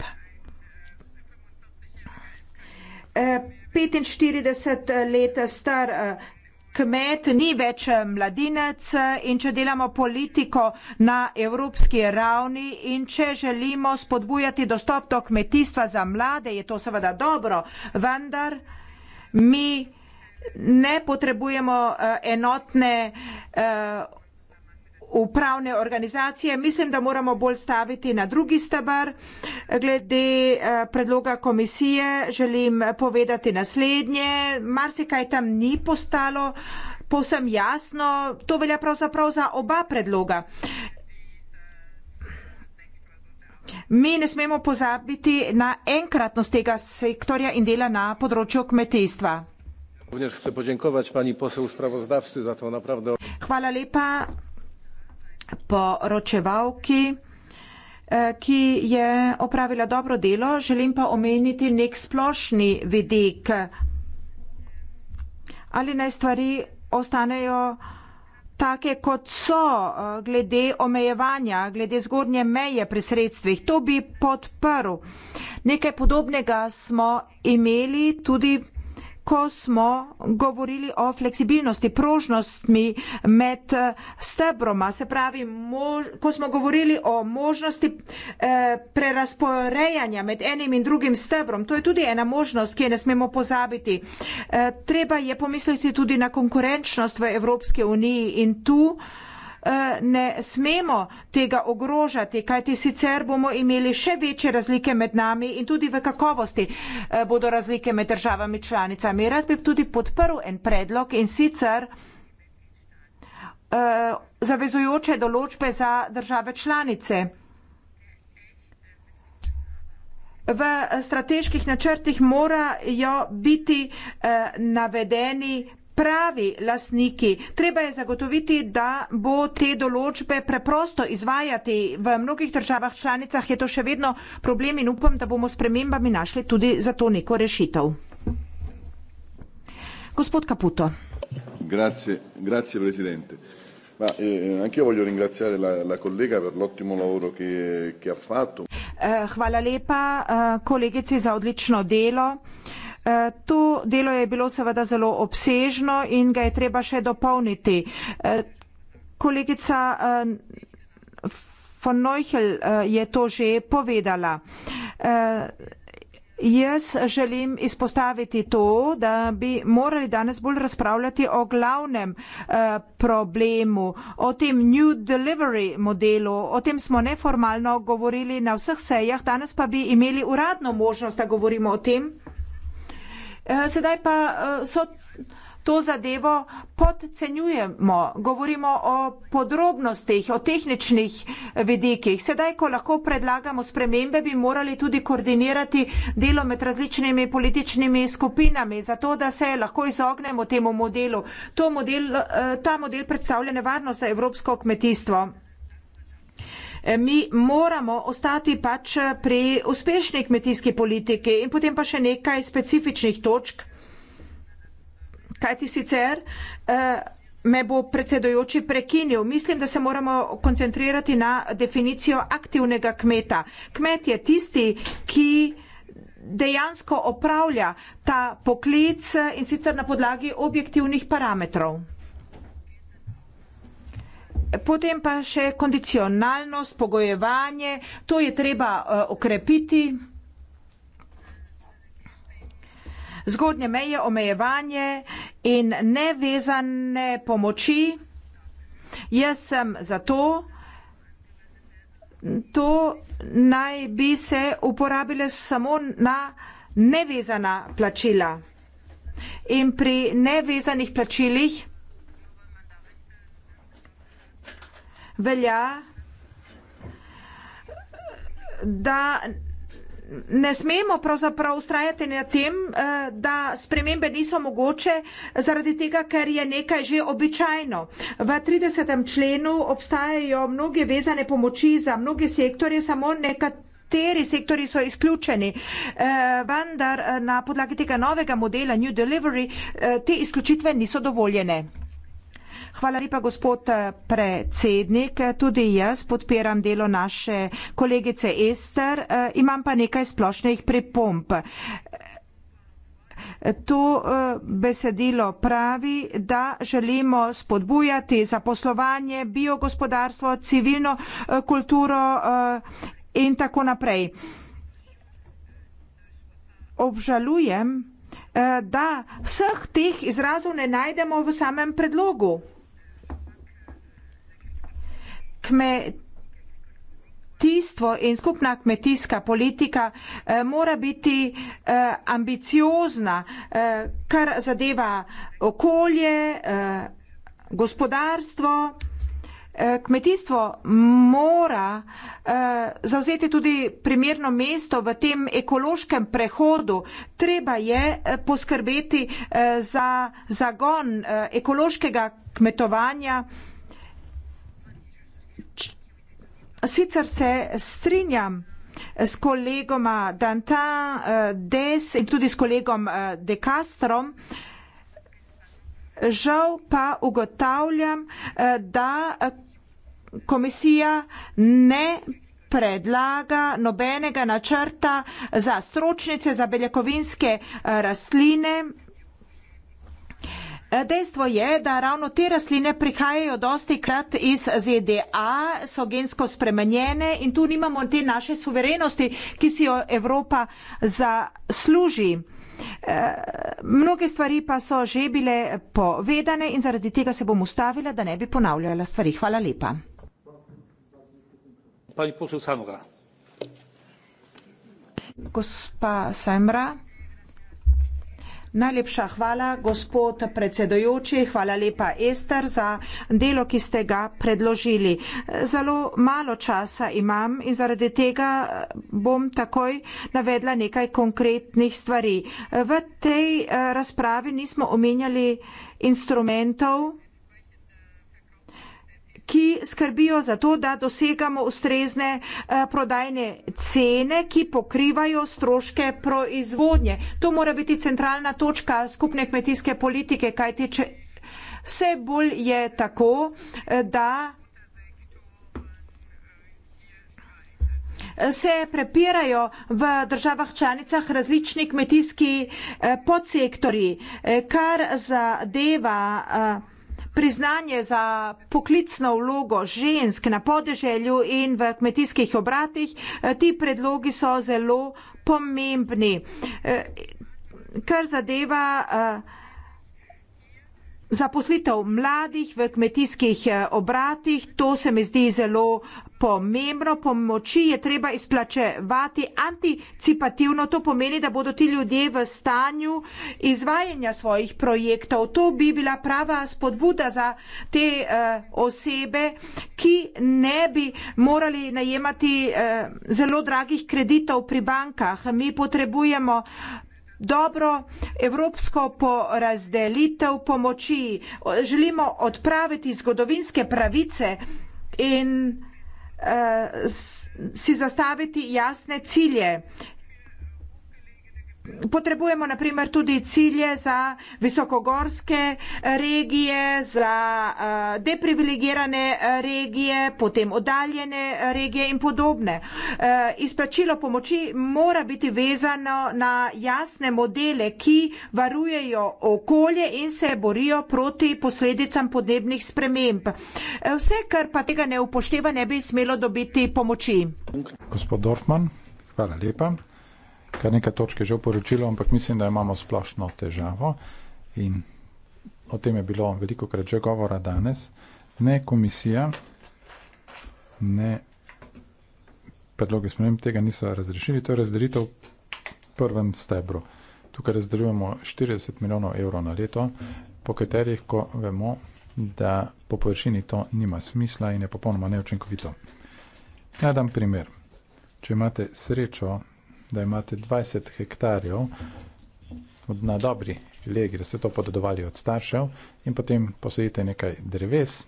45 eh, let star kmet ni več mladinec in če delamo politiko na evropski ravni in če želimo spodbujati dostop do kmetijstva za mlade, je to seveda dobro, vendar mi ne potrebujemo eh, enotne eh, upravne organizacije. Mislim, da moramo bolj staviti na drugi stebr. Glede eh, predloga komisije želim povedati naslednje. Marsikaj tam ni postalo. Povsem jasno, to velja pravzaprav za oba predloga. Mi ne smemo pozabiti na enkratnost tega sektorja in dela na področju kmetijstva. Hvala lepa poročevalki, eh, ki je opravila dobro delo. Želim pa omeniti nek splošni vidik. Ali naj stvari ostanejo take kot so eh, glede omejevanja, glede zgornje meje pri sredstvih. To bi podprl. Nekaj podobnega smo imeli tudi ko smo govorili o fleksibilnosti, prožnostmi med eh, stebroma, se pravi, mož, ko smo govorili o možnosti eh, prerasporejanja med enim in drugim stebrom. To je tudi ena možnost, ki je ne smemo pozabiti. Eh, treba je pomisliti tudi na konkurenčnost v Evropske uniji in tu. Eh, ne smemo tega ogrožati, kajti sicer bomo imeli še večje razlike med nami in tudi v kakovosti eh, bodo razlike med državami članicami. Rad bi tudi podprl en predlog in sicer eh, zavezujoče določbe za države članice. V strateških načrtih morajo biti navedeni pravi lastniki. Treba je zagotoviti, da bo te določbe preprosto izvajati. V mnogih državah članicah je to še vedno problem in upam, da bomo s premembami našli tudi za to neko rešitev. Gospod Caputo. Grazie, grazie presidente. Ma eh, eh anche io voglio ringraziare la, la collega per l'ottimo lavoro che, che ha fatto. Eh, hvala lepa, eh, collegici, za odlično delo. Eh, Eh, to delo je bilo seveda zelo obsežno in ga je treba še dopolniti. Eh, kolegica eh, von Neuchel je to že povedala. Jaz želim izpostaviti to, da bi morali danes bolj razpravljati o glavnem problemu, o tem New Delivery modelu. O tem smo neformalno govorili na vseh sejah, danes pa bi imeli uradno možnost, da govorimo o tem. Eh, sedaj pa eh, so to zadevo podcenjujemo, govorimo o podrobnostih, o tehničnih eh, vidikih. Sedaj, ko lahko predlagamo spremembe, bi morali tudi koordinirati delo med različnimi političnimi skupinami, zato da se lahko izognemo temu modelu. Model, ta model predstavlja nevarnost za evropsko kmetijstvo. Eh, mi moramo ostati pač eh, pri uspešni kmetijski politiki in potem pa še nekaj specifičnih točk. Kaj ti sicer eh, me bo predsedojoči prekinil? Mislim, da se moramo koncentrirati na definicijo aktivnega kmeta. Kmet je tisti, ki dejansko opravlja ta poklic in sicer na podlagi objektivnih parametrov potem pa še kondicionalnost, pogojevanje, to je treba eh, okrepiti. Zgodnje meje, omejevanje in nevezane pomoči. Jaz sem za to. To naj bi se uporabile samo na nevezana plačila. In pri nevezanih plačilih velja, da ne smemo pravzaprav ustrajati na tem, eh, da spremembe niso mogoče zaradi tega, ker je nekaj že običajno. V 30. členu obstajajo mnoge vezane pomoči za mnoge sektorje, samo nekatere. Teri sektori so izključeni, eh, vendar eh, na podlagi tega novega modela New Delivery te izključitve niso dovoljene. Hvala lepa, gospod eh, predsednik. Tudi jaz podpiram delo naše kolegice Ester. Eh, imam pa nekaj splošnih pripomp. To eh, besedilo pravi, da želimo spodbujati zaposlovanje, biogospodarstvo, civilno kulturo in tako naprej. Obžalujem, da vseh teh izrazov ne najdemo v samem predlogu kmetijstvo in skupna kmetijska politika eh, mora biti eh, ambiciozna, eh, kar zadeva okolje, gospodarstvo. Kmetijstvo mora zauzeti tudi primerno mesto v tem ekološkem prehodu. Treba je poskrbeti za zagon ekološkega kmetovanja. Sicer se strinjam eh, s kolegoma Dantan, eh, Des in tudi s kolegom eh, De Castrom, žal pa ugotavljam, da komisija ne predlaga nobenega načrta za stročnice, za beljakovinske rastline, Dejstvo je, da ravno te rastline prihajajo dosti krat iz ZDA, so gensko spremenjene in tu nimamo te naše suverenosti, ki si jo Evropa zasluži. Eh, mnoge stvari pa so že bile povedane in zaradi tega se bom ustavila, da ne bi ponavljala stvari. Hvala lepa. Gospa Semra. Najlepša hvala, gospod predsedojoči, hvala lepa, Ester, za delo, ki ste ga predložili. Zelo malo časa imam in zaradi tega bom takoj navedla nekaj konkretnih stvari. V tej eh, razpravi nismo omenjali instrumentov, ki skrbijo za to, da dosegamo ustrezne eh, prodajne cene, ki pokrivajo stroške proizvodnje. To mora biti centralna točka skupne kmetijske politike, kaj teče. Vse bolj je tako, eh, da se prepirajo v državah članicah različni kmetijski eh, podsektori, kar zadeva priznanje za poklicno vlogo žensk na podeželju in v kmetijskih obratih. Eh, ti predlogi so zelo pomembni. Eh, kar zadeva eh, zaposlitev mladih v kmetijskih obratih, to se mi zdi zelo pomembno, pomoči je treba izplačevati anticipativno, to pomeni, da bodo ti ljudje v stanju izvajanja svojih projektov. To bi bila prava spodbuda za te uh, osebe, ki ne bi morali najemati uh, zelo dragih kreditov pri bankah. Mi potrebujemo dobro evropsko porazdelitev pomoči. Želimo odpraviti zgodovinske pravice in Eh, si zastaviti jasne cilje, potrebujemo naprimer tudi cilje za visokogorske eh, regije, za eh, deprivilegirane eh, regije, potem oddaljene regije in podobne. Izplačilo pomoči mora biti vezano na jasne modele, ki varujejo okolje in se borijo proti posledicam podnebnih sprememb. Vse, kar pa tega ne upošteva, ne bi smelo dobiti pomoči. Gospod Dorfman, hvala lepa kar nekaj točk je že oporočilo, ampak mislim, da imamo splošno težavo in o tem je bilo veliko krat že govora danes. Ne komisija, ne predloge sprememb tega niso razrešili, to je razdelitev v prvem stebru. Tukaj razdeljujemo 40 milijonov evrov na leto, po katerih, ko vemo, da po površini to nima smisla in je popolnoma neučinkovito. Naj dam primer. Če imate srečo, da imate 20 hektarjev na dobri legi, da ste to podedovali od staršev in potem posadite nekaj dreves,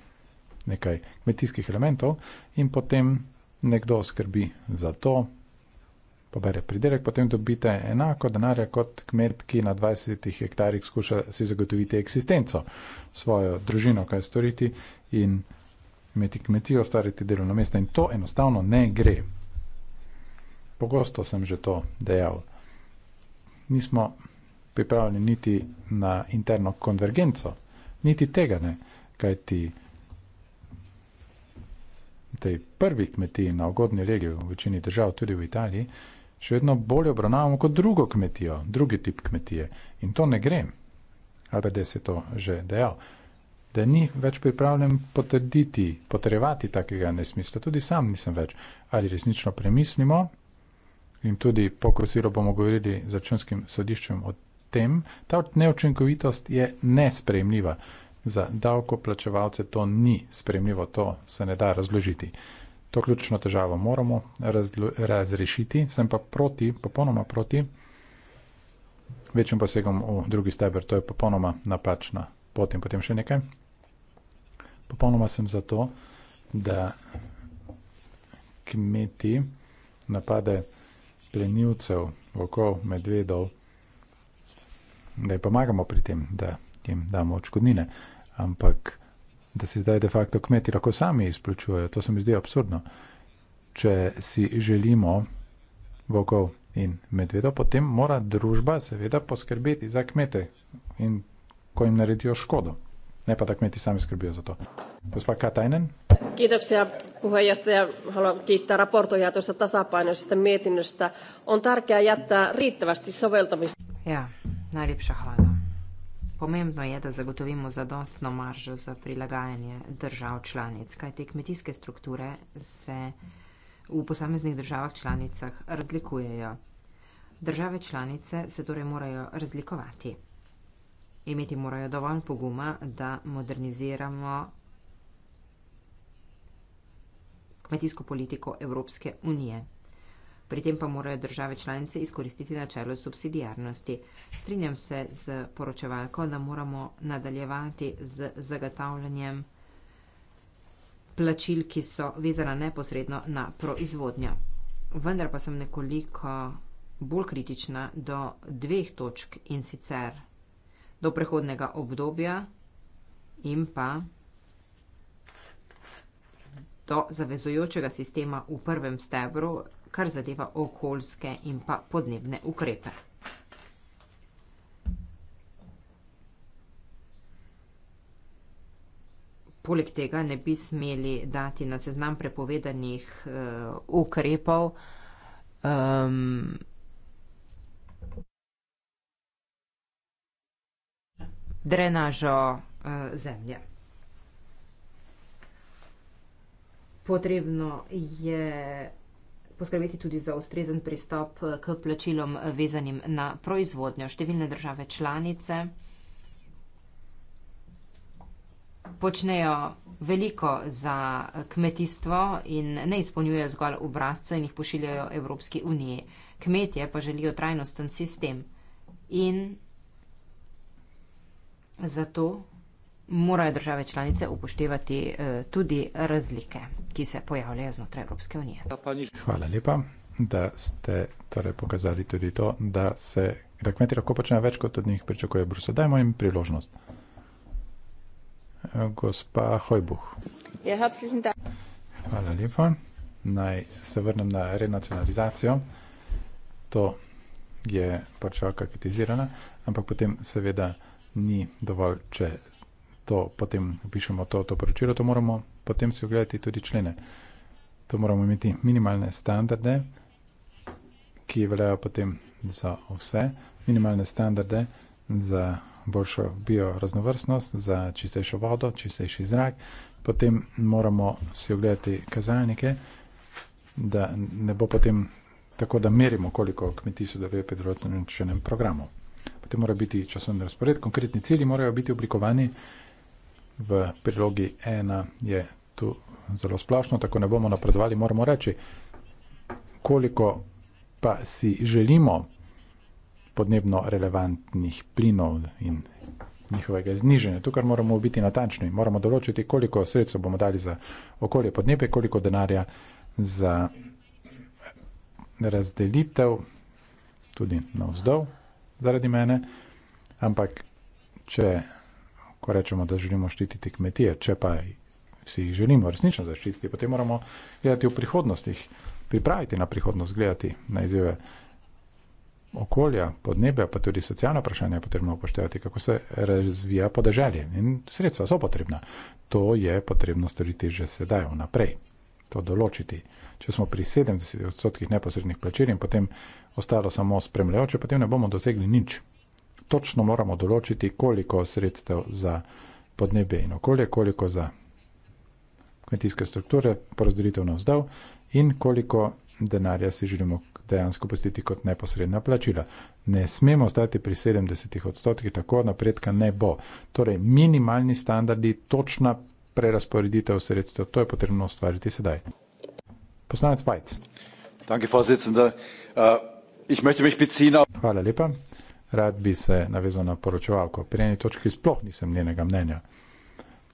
nekaj kmetijskih elementov in potem nekdo skrbi za to, pobere pridelek, potem dobite enako denarja kot kmet, ki na 20 hektarjih skuša si zagotoviti eksistenco, svojo družino, kaj storiti in imeti kmetijo, ustvariti delovno mesto in to enostavno ne gre. Pogosto sem že to dejal. Nismo pripravljeni niti na interno konvergenco, niti tega ne, kaj ti tej prvi kmetiji na ugodni regiji v večini držav, tudi v Italiji, še vedno bolje obravnavamo kot drugo kmetijo, drugi tip kmetije. In to ne gre. ABD se to že dejal. Da ni več pripravljen potrditi, potrevati takega nesmisla. Tudi sam nisem več. Ali resnično premislimo, in tudi po kosilu bomo govorili z računskim sodiščem o tem. Ta neučinkovitost je nespremljiva. Za davkoplačevalce to ni spremljivo, to se ne da razložiti. To ključno težavo moramo razrešiti, sem pa proti, popolnoma proti večjim posegom v drugi steber, to je popolnoma napačna pot in potem še nekaj. Popolnoma sem za to, da kmeti napade plenilcev, volkov, medvedov, da jim pomagamo pri tem, da jim damo očkodnine, ampak da se zdaj de facto kmeti lahko sami izplačujejo. To se mi zdi absurdno. Če si želimo volkov in medvedov, potem mora družba seveda poskrbeti za kmete in ko jim naredijo škodo. Ne pa da kmeti sami skrbijo za to. Gospa Katajnen, Kiitoksia puheenjohtaja. Haluan kiittää raportoja tuosta tasapainoisesta mietinnöstä. On tärkeää jättää riittävästi soveltamista. Ja, najlepša hvala. Pomembno je, da zagotovimo zadostno maržo za prilagajanje držav članic, kajti kmetijske strukture se v posameznih državah članicah razlikujejo. Države članice se torej morajo razlikovati. Imeti morajo dovolj poguma, da moderniziramo kmetijsko politiko Evropske unije. Pri tem pa morajo države članice izkoristiti načelo subsidijarnosti. Strinjam se z poročevalko, da moramo nadaljevati z zagotavljanjem plačil, ki so vezana neposredno na proizvodnja. Vendar pa sem nekoliko bolj kritična do dveh točk in sicer do prehodnega obdobja in pa do zavezojočega sistema v prvem stebru, kar zadeva okoljske in pa podnebne ukrepe. Poleg tega ne bi smeli dati na seznam prepovedanih uh, ukrepov um, drenažo uh, zemlje. potrebno je poskrbeti tudi za ustrezen pristop k plačilom vezanim na proizvodnjo. Številne države članice počnejo veliko za kmetijstvo in ne izpolnjujejo zgolj obrazce in jih pošiljajo Evropski uniji. Kmetje pa želijo trajnosten sistem in zato morajo države članice upoštevati eh, tudi razlike, ki se pojavljajo znotraj Evropske unije. Hvala lepa, da ste torej pokazali tudi to, da se da kmeti lahko počnejo več, kot od njih pričakuje Brusel. Dajmo jim priložnost. Eh, gospa Hojbuh. Ja, Hvala lepa. Naj se vrnem na renacionalizacijo. To je pač kritizirana, ampak potem seveda ni dovolj, če to potem pišemo, to, to poročilo, to moramo potem si ogledati tudi člene. To moramo imeti minimalne standarde, ki veljajo potem za vse, minimalne standarde za boljšo bioraznovrstnost, za čistejšo vodo, čistejši zrak. Potem moramo si ogledati kazalnike, da ne bo potem tako, da merimo, koliko kmetij se deluje pri določenem programu. Potem mora biti časovni razpored, konkretni cilji morajo biti oblikovani v prilogi ena je tu zelo splošno, tako ne bomo napredovali, moramo reči, koliko pa si želimo podnebno relevantnih plinov in njihovega zniženja. Tukaj moramo biti natančni, moramo določiti, koliko sredstva bomo dali za okolje podnebe, koliko denarja za razdelitev, tudi na vzdolj zaradi mene, ampak če ko rečemo, da želimo ščititi kmetije, če pa vsi jih želimo resnično zaščititi, potem moramo gledati v prihodnost, jih pripraviti na prihodnost, gledati na izzive okolja, podnebja, pa tudi socialno vprašanje je potrebno upoštevati, kako se razvija podeželje in sredstva so potrebna. To je potrebno storiti že sedaj vnaprej, to določiti. Če smo pri 70 odstotkih neposrednih plačil in potem ostalo samo spremljajoče, potem ne bomo dosegli nič točno moramo določiti, koliko sredstev za podnebje in okolje, koliko za kmetijske strukture, porazdelitev na vzdal in koliko denarja si želimo dejansko postiti kot neposredna plačila. Ne smemo ostati pri 70 odstotkih, tako napredka ne bo. Torej, minimalni standardi, točna prerasporeditev sredstev, to je potrebno ustvariti sedaj. Poslanec Vajc. Äh, Hvala lepa rad bi se navezal na poročevalko. Pri eni točki sploh nisem njenega mnenja.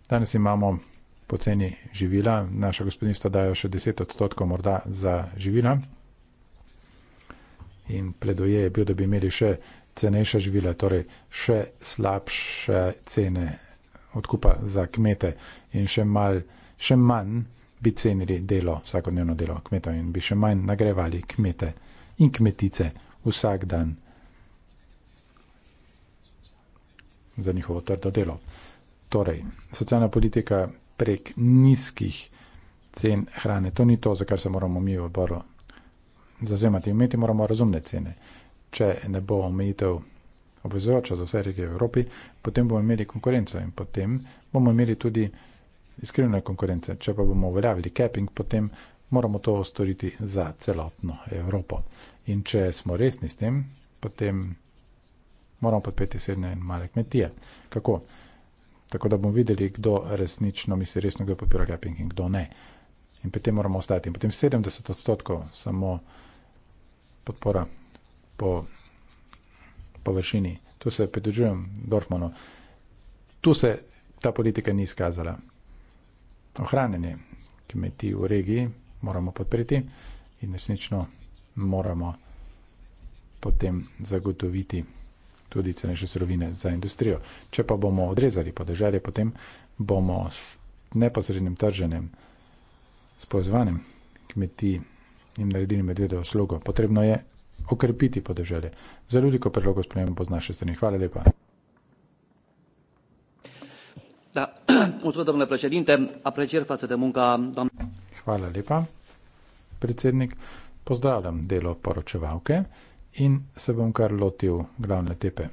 Danes imamo poceni živila, naša gospodinstva dajo še 10 odstotkov morda za živila in predoje je bil, da bi imeli še cenejša živila, torej še slabše cene odkupa za kmete in še, mal, še manj bi cenili delo, vsakodnevno delo kmetov in bi še manj nagrevali kmete in kmetice vsak dan. za njihovo trdo delo. Torej, socialna politika prek nizkih cen hrane, to ni to, za kar se moramo mi v oboru zazemati. Imeti moramo razumne cene. Če ne bo omejitev obvezujoča za vse regije v Evropi, potem bomo imeli konkurenco in potem bomo imeli tudi iskrivne konkurence. Če pa bomo uveljavili capping, potem moramo to storiti za celotno Evropo. In če smo resni s tem, potem moramo podpreti srednje in male kmetije. Kako? Tako da bomo videli, kdo resnično misli resno, kdo podpira gaping in kdo ne. In potem moramo ostati. In potem 70 odstotkov samo podpora po površini. Tu se pridružujem Dorfmanu. Tu se ta politika ni izkazala. Ohranjanje kmetij v regiji moramo podpreti in resnično moramo potem zagotoviti tudi cenejše surovine za industrijo. Če pa bomo odrezali podeželje, potem bomo s neposrednim trženjem, s povezovanjem kmetij in naredili medvedovo slugo. Potrebno je okrepiti podeželje. Za veliko predlogov spremem bo z naše strani. Hvala lepa. Da, odzvo, domne plečerinte, a plečer face de munca, domne. Hvala lepa, predsednik. Pozdravljam delo poročevalke in se bom kar lotil glavne tepe.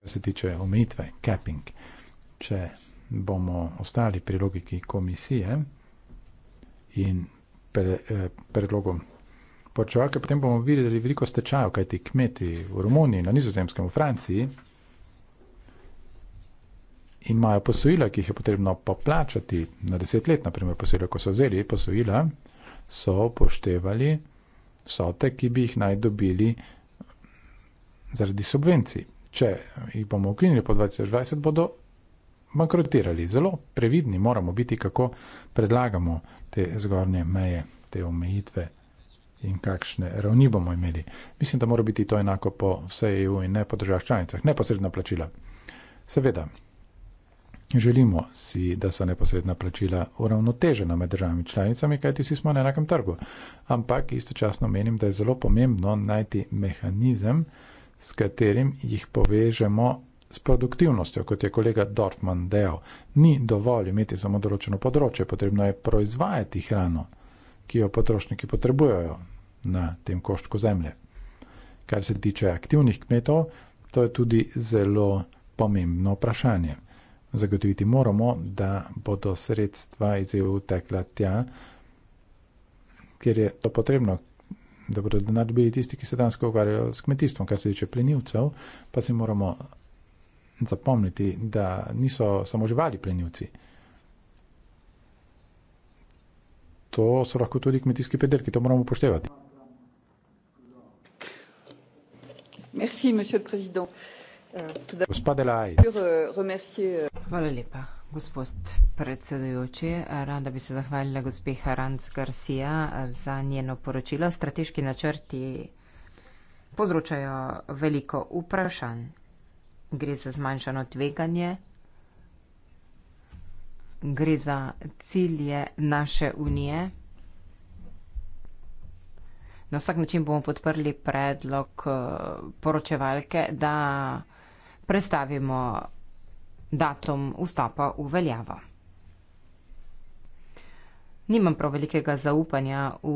Kar se tiče omejitve, capping, če bomo ostali pri logiki komisije in pre, eh, predlogom porčevalke, potem bomo videli veliko stečajev, kaj ti kmeti v Romuniji, na nizozemskem, v Franciji, imajo posojila, ki jih je potrebno poplačati na deset let, naprimer posojila, ko so vzeli posojila, so poštevali vsote, ki bi jih naj dobili zaradi subvencij. Če jih bomo ukinili po 2020, bodo bankrotirali. Zelo previdni moramo biti, kako predlagamo te zgornje meje, te omejitve in kakšne ravni bomo imeli. Mislim, da mora biti to enako po vsej EU in ne po državah članicah, neposredna plačila. Seveda. Želimo si, da so neposredna plačila uravnotežena med državami članicami, kajti vsi smo na enakem trgu. Ampak istočasno menim, da je zelo pomembno najti mehanizem, s katerim jih povežemo s produktivnostjo, kot je kolega Dorfman dejal. Ni dovolj imeti samo določeno področje, potrebno je proizvajati hrano, ki jo potrošniki potrebujejo na tem koščku zemlje. Kar se tiče aktivnih kmetov, to je tudi zelo pomembno vprašanje zagotoviti moramo, da bodo sredstva iz EU tekla tja, kjer je to potrebno, da bodo denar dobili tisti, ki se danes ukvarjajo s kmetijstvom. Kar se tiče plenilcev, pa si moramo zapomniti, da niso samo živali plenilci. To so lahko tudi kmetijski pederki, to moramo upoštevati. Merci, monsieur le président. Euh, tout d'abord, je remercier. Euh Hvala lepa, gospod predsedujoči. Rada bi se zahvalila gospe Haranc Garcia za njeno poročilo. Strateški načrti povzročajo veliko vprašanj. Gre za zmanjšano tveganje, gre za cilje naše unije. Na vsak način bomo podprli predlog eh, poročevalke, da prestavimo datum vstopa v veljavo. Nimam prav velikega zaupanja v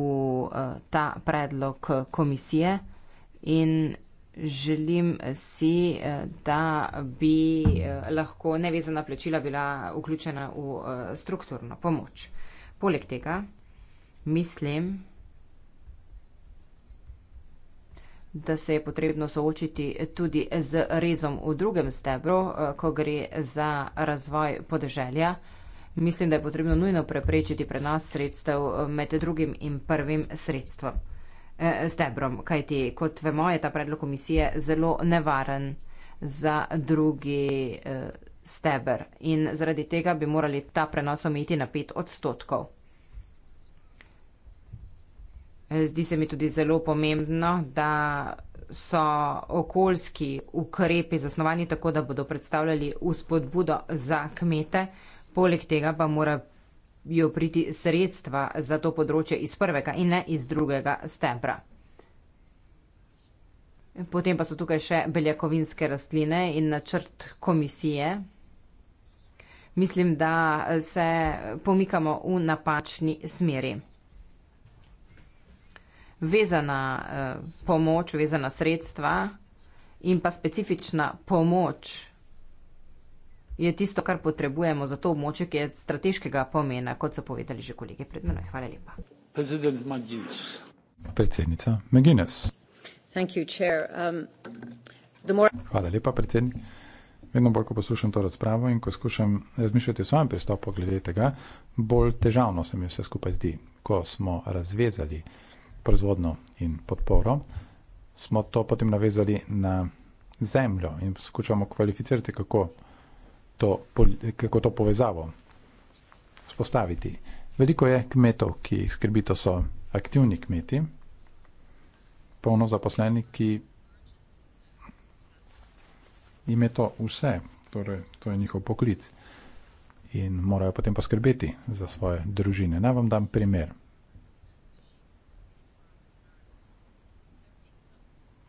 eh, ta predlog eh, komisije in želim si, eh, da bi lahko nevezana plačila bila vključena v strukturno pomoč. Poleg tega mislim, da se je potrebno soočiti tudi z rezom v drugem stebru, eh, ko gre za razvoj podeželja. Mislim, da je potrebno nujno preprečiti prenos sredstev eh, med drugim in prvim sredstvom, eh, stebrom, kajti, kot vemo, je ta predlog komisije zelo nevaren za drugi steber in zaradi tega bi morali ta prenos omejiti na 5 odstotkov. Zdi se mi tudi zelo pomembno, da so okoljski ukrepi zasnovani tako, da bodo predstavljali uspodbudo za kmete. Poleg tega pa morajo priti sredstva za to področje iz prvega in ne iz drugega stebra. Potem pa so tukaj še beljakovinske rastline in načrt komisije. Mislim, da se pomikamo v napačni smeri vezana eh, pomoč, vezana sredstva in pa specifična pomoč je tisto, kar potrebujemo za to območje, ki je strateškega pomena, kot so povedali že kolege pred menoj. Hvala lepa. Predsednica McGuinness. Um, Hvala lepa, predsednik. Vedno bolj, ko poslušam to razpravo in ko skušam razmišljati o svojem pristopu glede tega, bolj težavno se mi vse skupaj zdi. Ko smo razvezali proizvodno in podporo, smo to potem navezali na zemljo in poskušamo kvalificirati, kako to, kako to povezavo spostaviti. Veliko je kmetov, ki jih skrbi, to so aktivni kmeti, polno zaposleni, ki ime to vse, torej to je njihov poklic in morajo potem poskrbeti za svoje družine. Naj vam dam primer.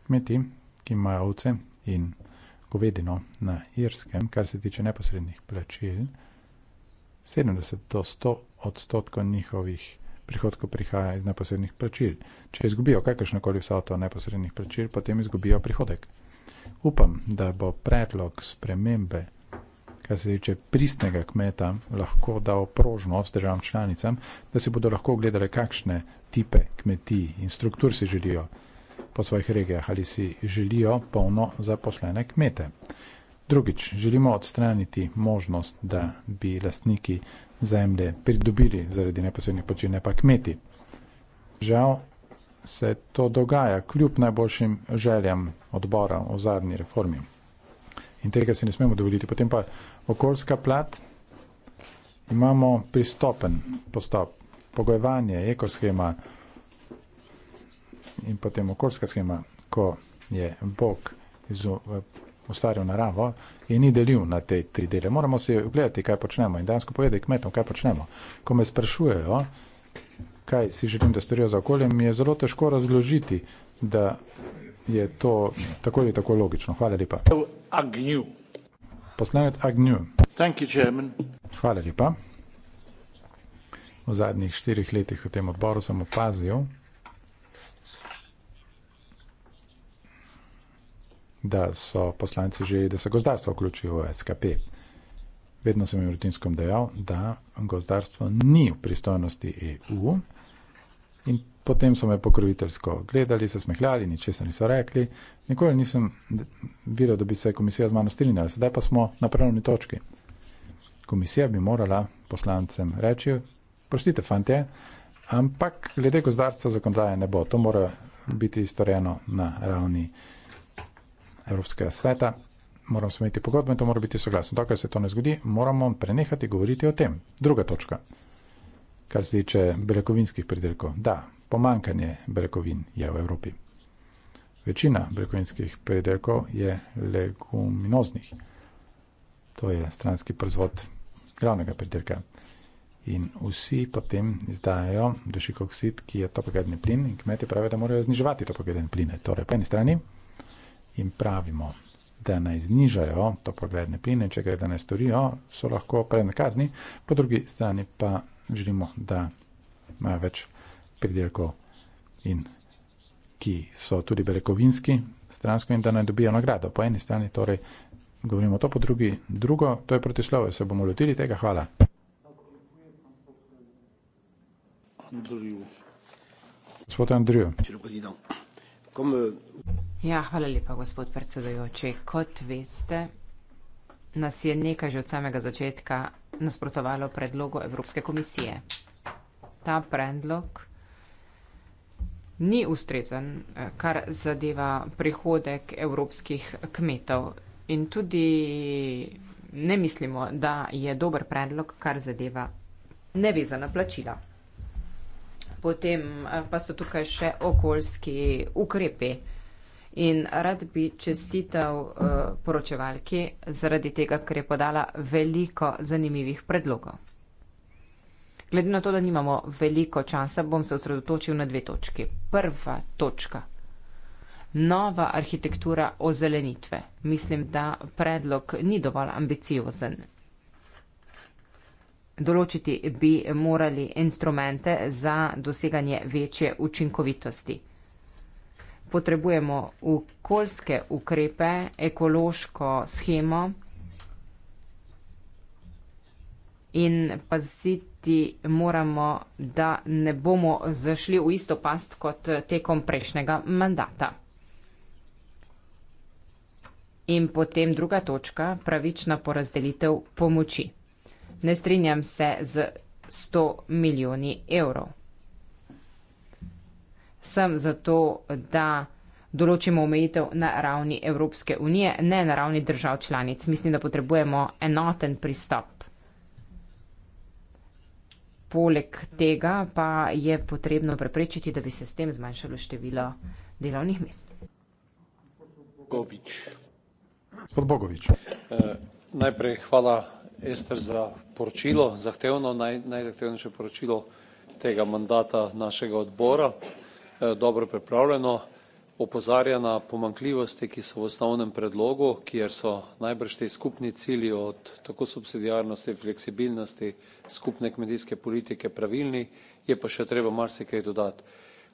kmeti, ki imajo ovce in govedino na irskem, kar se tiče neposrednih plačil, 70 do 100 odstotkov njihovih prihodkov prihaja iz neposrednih plačil. Če izgubijo kakršnokoli vsoto neposrednih plačil, potem izgubijo prihodek. Upam, da bo predlog spremembe, kar se tiče pristnega kmeta, lahko dal prožnost državam članicam, da si bodo lahko ogledali, kakšne tipe kmetij in struktur si želijo po svojih regijah, ali si želijo polno zaposlene kmete. Drugič, želimo odstraniti možnost, da bi lastniki zemlje pridobili zaradi neposrednih plačil, ne pa kmeti. Žal se to dogaja kljub najboljšim željam odbora o zadnji reformi. In tega se ne smemo dovoliti. Potem pa okoljska plat, imamo pristopen postop, pogojevanje, ekoschema, in potem okoljska schema, ko je Bog ustvaril naravo in ni delil na te tri dele. Moramo se ogledati, kaj počnemo in dejansko povedati kmetom, kaj počnemo. Ko me sprašujejo, kaj si želim, da storijo za okolje, mi je zelo težko razložiti, da je to tako ali tako logično. Hvala lepa. Agnew. Poslanec Agnew. Thank you, chairman. Hvala lepa. V zadnjih štirih letih v tem odboru sem opazil, da so poslanci želeli, da se gozdarstvo vključi v SKP. Vedno sem jim rutinskom dejal, da gozdarstvo ni v pristojnosti EU in potem so me pokroviteljsko gledali, se smehljali, ničesar niso rekli. Nikoli nisem videl, da bi se komisija z mano strinjala, sedaj pa smo na pravni točki. Komisija bi morala poslancem reči, prostite, fantje, ampak glede gozdarstva zakonodaje ne bo, to mora biti storjeno na ravni. Evropskega sveta, moramo smeti pogodbe in to mora biti soglasno. Dokaj se to ne zgodi, moramo prenehati govoriti o tem. Druga točka, kar se tiče beljakovinskih pridelkov. Da, pomankanje beljakovin je v Evropi. Večina beljakovinskih pridelkov je leguminoznih. To je stranski proizvod glavnega pridelka. In vsi potem izdajo dušikov oksid, ki je topogedni plin, in kmetje pravijo, da morajo zniževati topogedni plin. Torej, po eni strani in pravimo, da naj znižajo to pogledne pline, če ga ne storijo, so lahko predne kazni, po drugi strani pa želimo, da imajo več pridelkov in ki so tudi belekovinski, stransko in da naj dobijo nagrado. Po eni strani torej govorimo to, po drugi drugo, to je protislovje, se bomo lotili tega, hvala. Andrew. Gospod Andrew. Gospod Andrew. Ja, hvala lepa, gospod predsedujoči. Kot veste, nas je nekaj že od samega začetka nasprotovalo predlogu Evropske komisije. Ta predlog ni ustrezen, kar zadeva prihodek evropskih kmetov. In tudi ne mislimo, da je dober predlog, kar zadeva nevezana plačila potem eh, pa so tukaj še okoljski ukrepi. In rad bi čestital eh, poročevalki zaradi tega, ker je podala veliko zanimivih predlogov. Glede na to, da nimamo veliko časa, bom se osredotočil na dve točki. Prva točka. Nova arhitektura ozelenitve. Mislim, da predlog ni dovolj ambiciozen. Določiti bi morali instrumente za doseganje večje učinkovitosti. Potrebujemo okoljske ukrepe, ekološko schemo in paziti moramo, da ne bomo zašli v isto past kot tekom prejšnjega mandata. In potem druga točka, pravična porazdelitev pomoči ne strinjam se z 100 milijoni evrov. Sem zato, da določimo omejitev na ravni Evropske unije, ne na ravni držav članic. Mislim, da potrebujemo enoten pristop. Poleg tega pa je potrebno preprečiti, da bi se s tem zmanjšalo število delovnih mest. Bogovič. Bogovič. Eh, najprej hvala Ester, za poročilo, zahtevno, naj, najzahtevnejše poročilo tega mandata našega odbora. E, dobro pripravljeno, opozarja na pomankljivosti, ki so v osnovnem predlogu, kjer so najbrž te skupni cilji od tako subsidijarnosti, fleksibilnosti, skupne kmetijske politike pravilni, je pa še treba marsikaj dodati.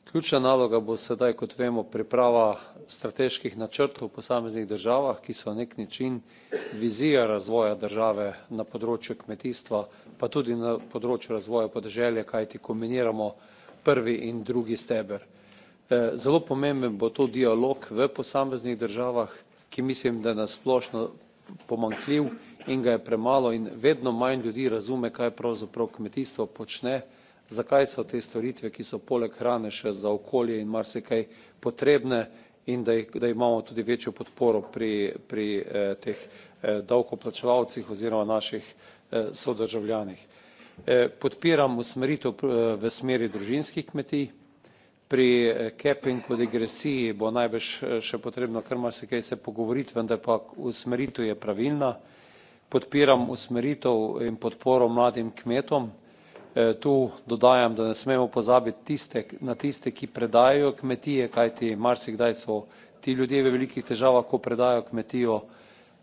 Ključna naloga bo sedaj, kot vemo, priprava strateških načrtov v posameznih državah, ki so nek način vizija razvoja države na področju kmetijstva, pa tudi na področju razvoja podeželja, kajti kombiniramo prvi in drugi steber. Eh, zelo pomemben bo to dialog v posameznih državah, ki mislim, da je nasplošno pomankljiv in ga je premalo in vedno manj ljudi razume, kaj pravzaprav kmetijstvo počne, zakaj so te storitve, ki so poleg hrane še za okolje in marsikaj potrebne in da, da imamo tudi večjo podporo pri, pri eh, teh eh, davkoplačevalcih oziroma naših eh, sodržavljanih. Eh, podpiram usmeritev eh, v smeri družinskih kmetij. Pri kepingu, eh, degresiji bo najbrž eh, še potrebno kar marsikaj se pogovoriti, vendar pa usmeritev je pravilna. Podpiram usmeritev in podporo mladim kmetom. Eh, tu dodajam, da ne smemo pozabiti tiste, na tiste, ki predajajo kmetije, kajti marsikdaj so ti ljudje v velikih težavah, ko predajo kmetijo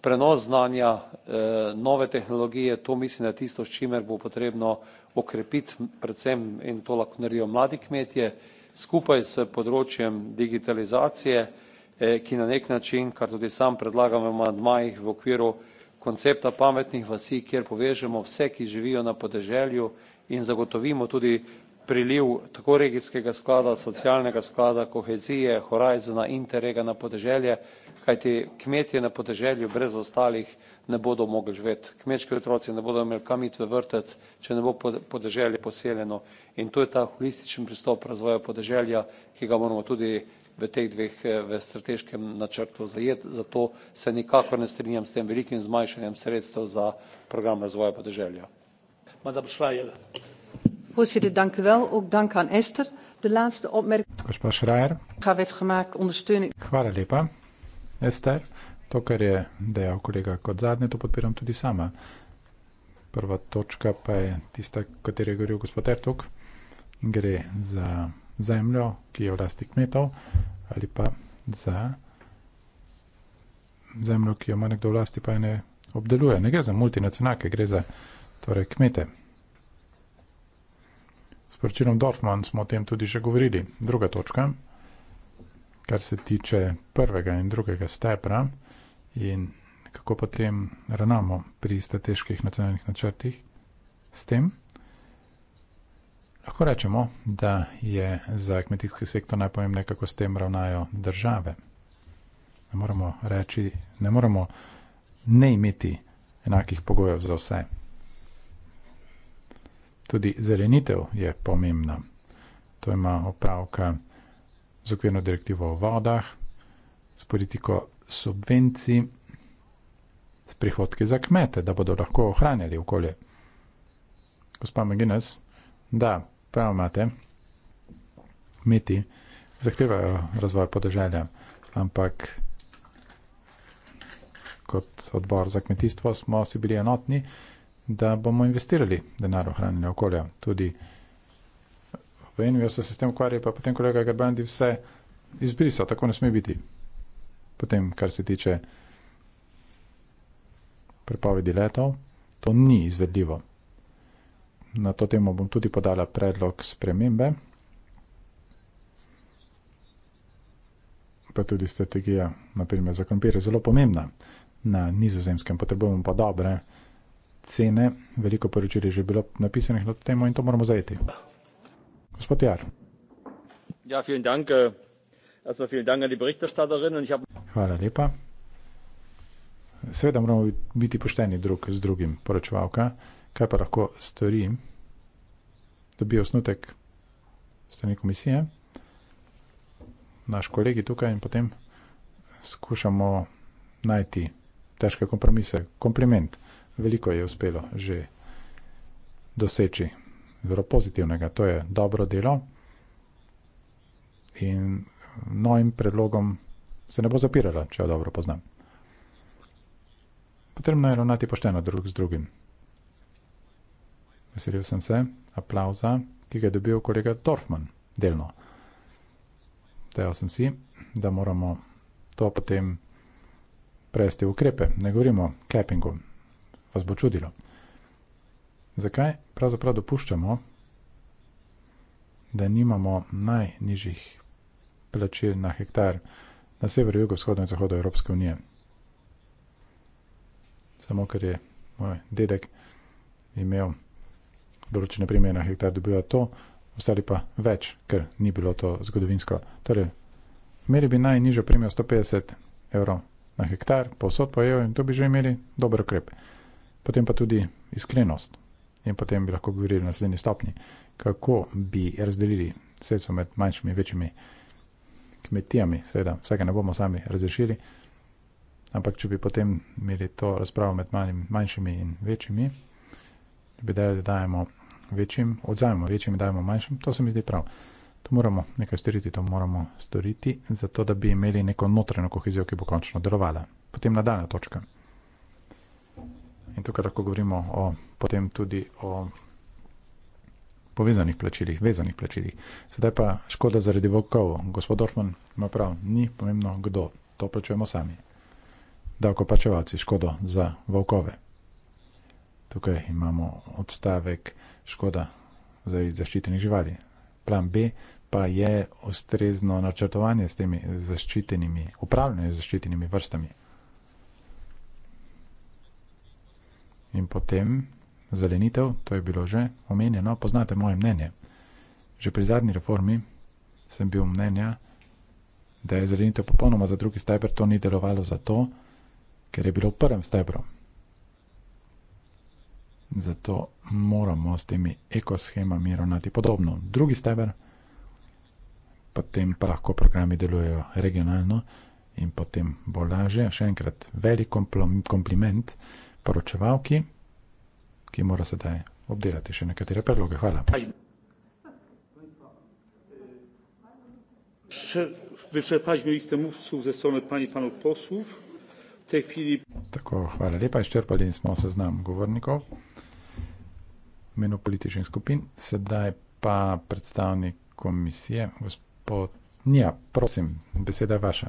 prenos znanja, eh, nove tehnologije, to mislim, da je tisto, s čimer bo potrebno okrepiti predvsem in to lahko naredijo mladi kmetje, skupaj s področjem digitalizacije, eh, ki na nek način, kar tudi sam predlagam v amandmajih v okviru koncepta pametnih vasi, kjer povežemo vse, ki živijo na podeželju in zagotovimo tudi priliv tako regijskega sklada, socialnega sklada, kohezije, Horizona, Interrega na podeželje, kajti kmetje na podeželju brez ostalih ne bodo mogli živeti. Kmečki otroci ne bodo imeli kam iti v vrtec, če ne bo podeželje poseljeno. In to je ta holističen pristop razvoja podeželja, ki ga moramo tudi v teh dveh eh, v strateškem načrtu zajeti. Zato se nikakor ne strinjam s tem velikim zmanjšanjem sredstev za program razvoja podeželja madame Schreier. Voorzitter, dank u wel. Ook dank aan Esther. De laatste opmerking. Gospa Schreier. Ga werd gemaakt ondersteuning. Hvala lepa. Esther, to kar je dejal kolega kot zadnje, to podpiram tudi sama. Prva točka pa je tista, katero je govoril gospod Ertuk. Gre za zemljo, ki je v lasti kmetov ali pa za zemljo, ki jo ima nekdo v lasti, pa je ne obdeluje. Ne gre za multinacionalke, gre za torej kmete. S poročilom Dorfman smo o tem tudi že govorili. Druga točka, kar se tiče prvega in drugega stebra in kako potem ravnamo pri strateških nacionalnih načrtih s tem. Lahko rečemo, da je za kmetijski sektor najpomembnejše, kako s tem ravnajo države. Ne moramo, reči, ne moramo ne imeti enakih pogojev za vse. Tudi zelenitev je pomembna. To ima opravka z okvirno direktivo o vodah, s politiko subvencij, s prihodki za kmete, da bodo lahko ohranjali okolje. Gospa Maginas, da, prav imate, kmeti zahtevajo razvoj podeželja, ampak kot odbor za kmetijstvo smo si bili enotni, da bomo investirali denar v ohranjanje okolja. Tudi v Enviju so se s tem ukvarjali, pa potem kolega Garbandi vse izbrisal, tako ne sme biti. Potem, kar se tiče prepovedi letov, to ni izvedljivo. Na to temo bom tudi podala predlog spremembe, pa tudi strategija, naprimer za krompir, je zelo pomembna na nizozemskem, potrebujemo pa dobre cene, veliko poročil je že bilo napisanih na to temo in to moramo zajeti. Gospod Jar. Ja, vielen dank. Äh, erstmal vielen dank an die Berichterstatterin. Und ich hab... Hvala lepa. Seveda moramo biti pošteni drug z drugim, poročevalka. Kaj pa lahko stori, dobijo osnutek strani komisije, naš kolegi tukaj in potem skušamo najti težke kompromise. Kompliment veliko je uspelo že doseči zelo pozitivnega. To je dobro delo in novim predlogom se ne bo zapirala, če jo dobro poznam. Potrebno je ravnati pošteno drug z drugim. Veselil sem se aplauza, ki ga je dobil kolega Dorfman delno. Dejal sem si, da moramo to potem prevesti v ukrepe. Ne govorimo o kepingu, vas bo čudilo. Zakaj pravzaprav dopuščamo, da nimamo najnižjih plačil na hektar na severu, jugu, vzhodu in zahodu Evropske unije? Samo ker je moj dedek imel določene primere na hektar, dobil to, ostali pa več, ker ni bilo to zgodovinsko. Torej, imeli bi najnižjo premijo 150 evrov na hektar, posod pa je in to bi že imeli dober ukrep potem pa tudi iskrenost. In potem bi lahko govorili na naslednji stopni, kako bi razdelili sredstvo med manjšimi in večjimi kmetijami. Seveda, vsega ne bomo sami razrešili, ampak če bi potem imeli to razpravo med manjim, manjšimi in večjimi, bi dali, da dajemo večjim, odzajemo večjim in dajemo manjšim, to se mi zdi prav. To moramo nekaj storiti, to moramo storiti, zato da bi imeli neko notranjo kohezijo, ki bo končno delovala. Potem nadaljna točka in tukaj lahko govorimo o potem tudi o povezanih plačilih, vezanih plačilih. Sedaj pa škoda zaradi volkov. Gospod Orfman ima prav, ni pomembno, kdo to plačujemo sami. Davkoplačevalci, škodo za volkove. Tukaj imamo odstavek škoda za zaščitenih živali. Plan B pa je ustrezno načrtovanje s temi zaščitenimi, upravljanje z zaščitenimi vrstami. In potem zelenitev, to je bilo že omenjeno, poznate moje mnenje. Že pri zadnji reformi sem bil mnenja, da je zelenitev popolnoma za drugi stebr, to ni delovalo zato, ker je bilo v prvem stebru. Zato moramo s temi ekoshemami ravnati podobno. Drugi stebr, potem pa lahko programi delujejo regionalno in potem bolj laže. Še enkrat, velik kompliment. Kompl kompl kompl kompl kompl kompl kompl poročevalki, ki mora sedaj obdelati še nekatere predloge. Hvala. Vyčerpali smo ze strani pani panov poslov. Tako, hvala lepa, izčrpali smo seznam govornikov, menu političnih skupin. Sedaj pa predstavnik komisije, gospod Nija, prosim, beseda je vaša.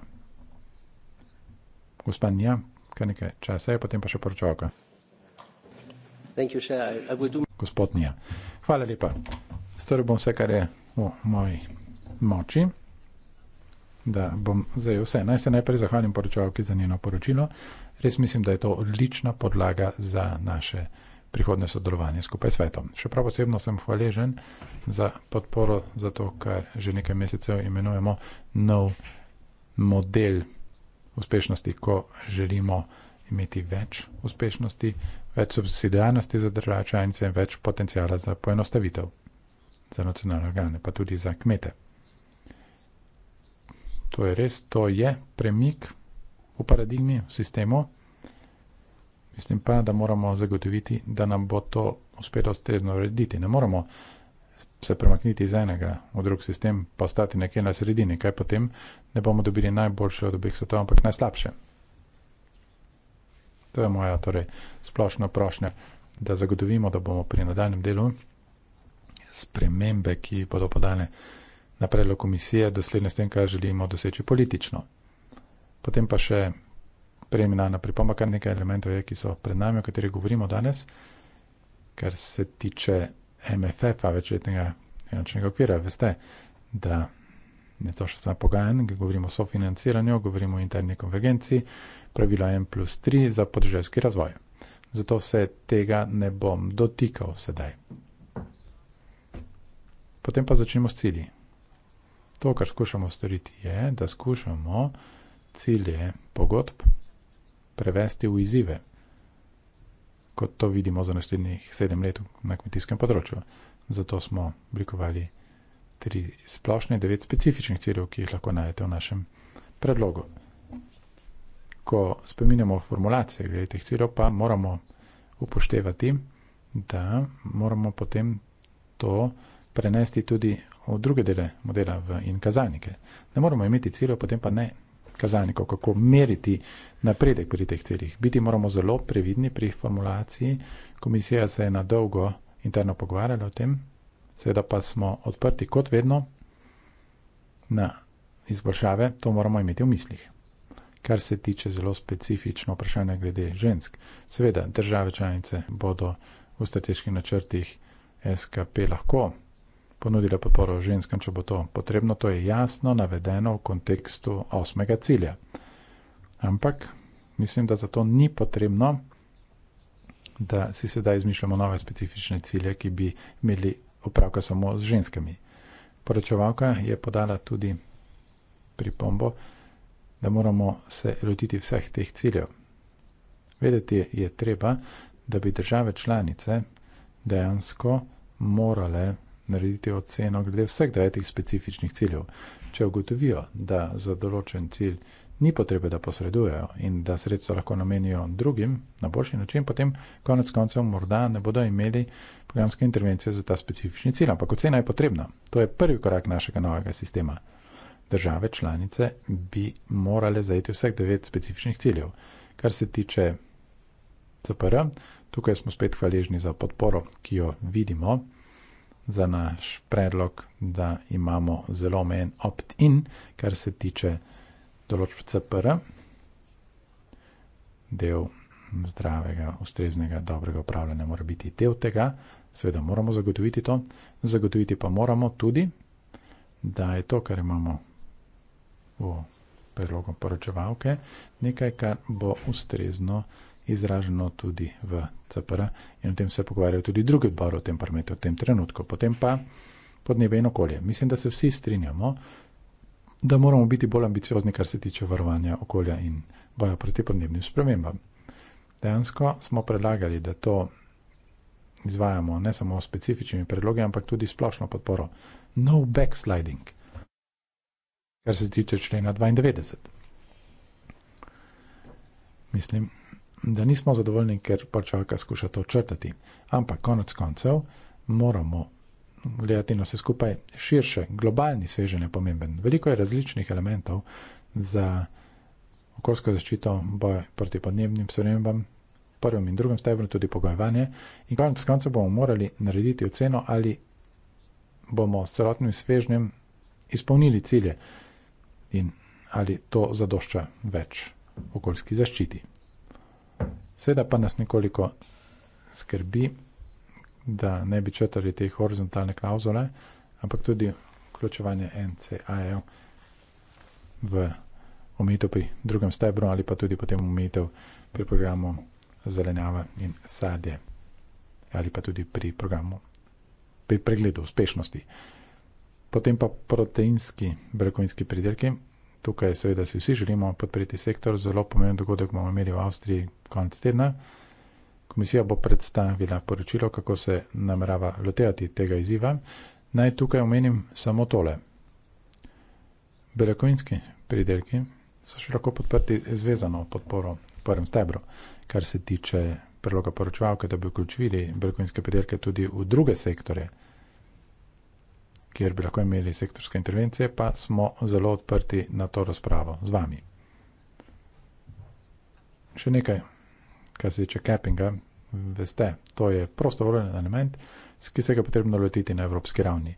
Gospod Nija, kar nekaj časa je, potem pa še poročavka. Gospod Nija, hvala lepa. Storil bom vse, kar je v moji moči. Da bom zdaj vse. Naj se najprej zahvalim poročavki za njeno poročilo. Res mislim, da je to odlična podlaga za naše prihodne sodelovanje skupaj s svetom. Še prav posebno sem hvaležen za podporo za to, kar že nekaj mesecev imenujemo nov model uspešnosti, ko želimo imeti več uspešnosti, več subsidijarnosti za države članice in več potencijala za poenostavitev za nacionalne organe, pa tudi za kmete. To je res, to je premik v paradigmi, v sistemu. Mislim pa, da moramo zagotoviti, da nam bo to uspelo strezno urediti. Ne moramo se premakniti iz enega v drug sistem, pa ostati nekje na sredini. Kaj potem ne bomo dobili najboljše od obeh svetov, ampak najslabše. To je moja torej, splošna prošnja, da zagotovimo, da bomo pri nadaljem delu spremembe, ki bodo podane na predlog komisije, dosledne s tem, kar želimo doseči politično. Potem pa še preliminarna pripomba, kar nekaj elementov je, ki so pred nami, o katerih govorimo danes, kar se tiče MFF-a, večletnega finančnega okvira. Veste, da ne to še sva pogajan, govorimo o sofinanciranju, govorimo o interni konvergenciji, pravila M plus 3 za podrželjski razvoj. Zato se tega ne bom dotikal sedaj. Potem pa začnemo s cilji. To, kar skušamo storiti, je, da skušamo cilje pogodb prevesti v izive, kot to vidimo za naslednjih sedem let na kmetijskem področju. Zato smo oblikovali cilje tri splošne, devet specifičnih ciljev, ki jih lahko najdete v našem predlogu. Ko spominjamo formulacije glede teh ciljev, pa moramo upoštevati, da moramo potem to prenesti tudi v druge dele modela in kazalnike. Ne moramo imeti ciljev, potem pa ne kazalnikov, kako meriti napredek pri teh ciljih. Biti moramo zelo previdni pri formulaciji. Komisija se je na dolgo interno pogovarjala o tem, seveda pa smo odprti kot vedno na izboljšave, to moramo imeti v mislih. Kar se tiče zelo specifično vprašanja glede žensk, seveda države članice bodo v strateških načrtih SKP lahko ponudile podporo ženskam, če bo to potrebno, to je jasno navedeno v kontekstu osmega cilja. Ampak mislim, da zato ni potrebno, da si sedaj izmišljamo nove specifične cilje, ki bi imeli opravka samo z ženskami. Poročevalka je podala tudi pripombo, da moramo se lotiti vseh teh ciljev. Vedeti je treba, da bi države članice dejansko morale narediti oceno glede vseh devetih specifičnih ciljev. Če ugotovijo, da za določen cilj ni potrebe, da posredujejo in da sredstva lahko namenijo drugim na boljši način, potem konec koncev morda ne bodo imeli programske intervencije za ta specifični cilj. Ampak ocena je potrebna. To je prvi korak našega novega sistema. Države članice bi morale zajeti vseh devet specifičnih ciljev. Kar se tiče CPR, tukaj smo spet hvaležni za podporo, ki jo vidimo za naš predlog, da imamo zelo omejen opt-in, kar se tiče določb CPR, del zdravega, ustreznega, dobrega upravljanja mora biti del tega, seveda moramo zagotoviti to, zagotoviti pa moramo tudi, da je to, kar imamo v predlogu poročevalke, nekaj, kar bo ustrezno izraženo tudi v CPR in o tem se pogovarjajo tudi drugi odbori v tem parmetu, v tem trenutku. Potem pa podnebje in okolje. Mislim, da se vsi strinjamo, da moramo biti bolj ambiciozni, kar se tiče varovanja okolja in boja proti podnebnim spremembam. Dejansko smo predlagali, da to izvajamo ne samo s specifičnimi predlogi, ampak tudi splošno podporo. No backsliding, kar se tiče člena 92. Mislim, da nismo zadovoljni, ker pač človek skuša to črtati. Ampak konec koncev moramo gledati na vse skupaj širše, globalni sveženj je pomemben. Veliko je različnih elementov za okoljsko zaščito, boj proti podnebnim spremembam, prvem in drugem stebru tudi pogojevanje in konec koncev bomo morali narediti oceno, ali bomo s celotnim svežnjem izpolnili cilje in ali to zadošča več okoljski zaščiti. Seveda pa nas nekoliko skrbi, da ne bi črtali te horizontalne klauzule, ampak tudi vključevanje NCAL v omejitev pri drugem stebru ali pa tudi potem omejitev pri programu zelenjava in sadje ali pa tudi pri programu pri pregledu uspešnosti. Potem pa proteinski brekovinski pridelki. Tukaj seveda si vsi želimo podpreti sektor, zelo pomemben dogodek bomo imeli v Avstriji konec tedna. Komisija bo predstavila poročilo, kako se namerava lotevati tega izziva. Naj tukaj omenim samo tole. Beljakovinski pridelki so široko podprti zvezano podporo v prvem stebru, kar se tiče preloga poročevalke, da bi vključili beljakovinske pridelke tudi v druge sektore, kjer bi lahko imeli sektorske intervencije, pa smo zelo odprti na to razpravo z vami. Še nekaj kar se tiče cappinga, veste, to je prostovoljen element, ki se ga je potrebno lotiti na evropski ravni.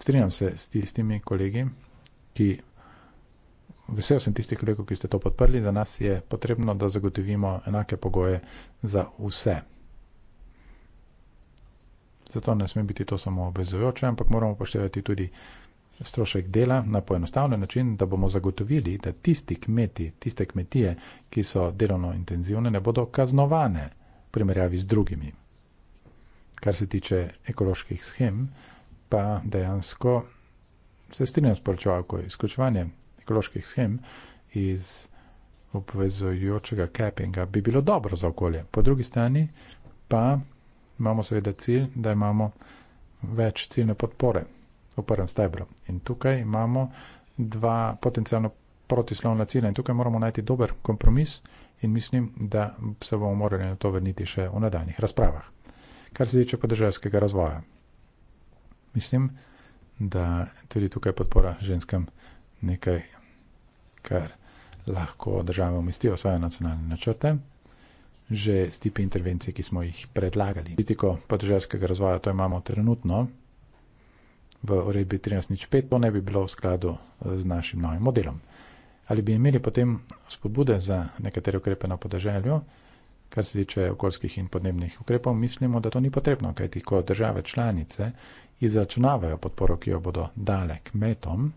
Strinjam se s tistimi kolegi, ki. Vesel sem tistih kolegov, ki ste to podprli. Za nas je potrebno, da zagotovimo enake pogoje za vse. Zato ne sme biti to samo obvezujoče, ampak moramo poštevati tudi strošek dela na poenostavljen način, da bomo zagotovili, da tisti kmeti, tiste kmetije, ki so delovno intenzivne, ne bodo kaznovane v primerjavi z drugimi. Kar se tiče ekoloških schem, pa dejansko se strinjam s poročevalko izključevanje ekoloških schem iz obvezujočega capinga bi bilo dobro za okolje. Po drugi strani pa imamo seveda cilj, da imamo več ciljne podpore v prvem stebru. In tukaj imamo dva potencijalno protislovna cilja in tukaj moramo najti dober kompromis in mislim, da se bomo morali na to vrniti še v nadaljnih razpravah. Kar se tiče podeželjskega razvoja, mislim, da tudi tukaj podpora ženskem nekaj, kar lahko države umestijo v svoje nacionalne načrte, že s tipi intervencij, ki smo jih predlagali. Politiko podeželjskega razvoja, to imamo trenutno, v uredbi 13.05, to ne bi bilo v skladu z našim novim modelom. Ali bi imeli potem spodbude za nekatere ukrepe na podeželju, kar se tiče okoljskih in podnebnih ukrepov, mislimo, da to ni potrebno, kajti ko države članice izračunavajo podporo, ki jo bodo dale kmetom,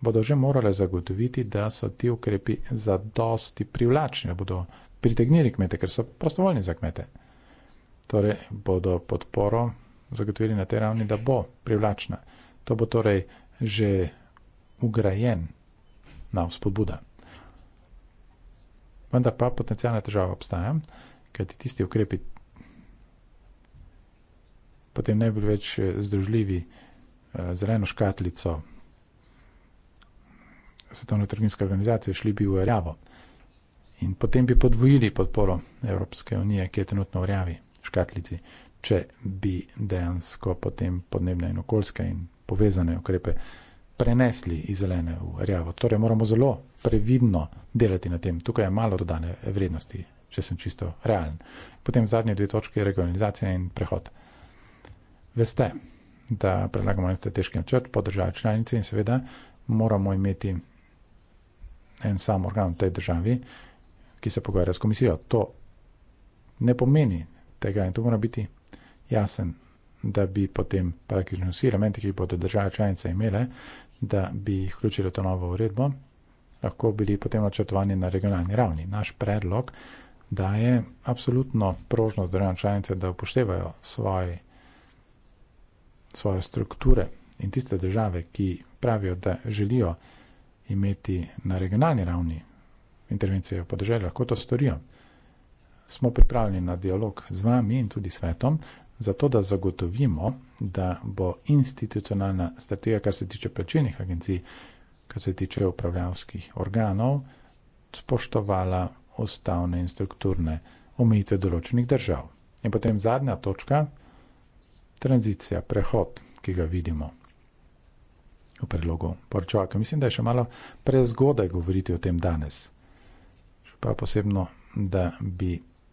bodo že morale zagotoviti, da so ti ukrepi za dosti privlačni, da bodo pritegnili kmete, ker so prostovoljni za kmete. Torej bodo podporo zagotovili na tej ravni, da bo privlačna. To bo torej že ugrajen na vzpodbuda. Vendar pa potencijalna težava obstaja, kajti tisti ukrepi potem ne bi bili več eh, združljivi eh, z zeleno škatlico Svetovne trgovinske organizacije, šli bi v rjavo. In potem bi podvojili podporo Evropske unije, ki je trenutno v rjavi škatlici če bi dejansko potem podnebne in okoljske in povezane ukrepe prenesli iz zelene v rjavo. Torej moramo zelo previdno delati na tem. Tukaj je malo dodane vrednosti, če sem čisto realen. Potem zadnje dve točke, regionalizacija in prehod. Veste, da predlagamo en strateški načrt po državi članici in seveda moramo imeti en sam organ v tej državi, ki se pogovarja s komisijo. To ne pomeni tega in to mora biti jasen, da bi potem praktično vsi elementi, ki bodo države članice imele, da bi jih vključili v to novo uredbo, lahko bili potem načrtovani na regionalni ravni. Naš predlog daje absolutno prožnost državam članice, da upoštevajo svoje, svoje strukture in tiste države, ki pravijo, da želijo imeti na regionalni ravni intervencije v podeželju, lahko to storijo. Smo pripravljeni na dialog z vami in tudi svetom, zato da zagotovimo, da bo institucionalna strategija, kar se tiče plačilnih agencij, kar se tiče upravljavskih organov, spoštovala ustavne in strukturne omejitve določenih držav. In potem zadnja točka, tranzicija, prehod, ki ga vidimo. V predlogu poročila. Mislim, da je še malo prezgodaj govoriti o tem danes. Še prav posebno, da bi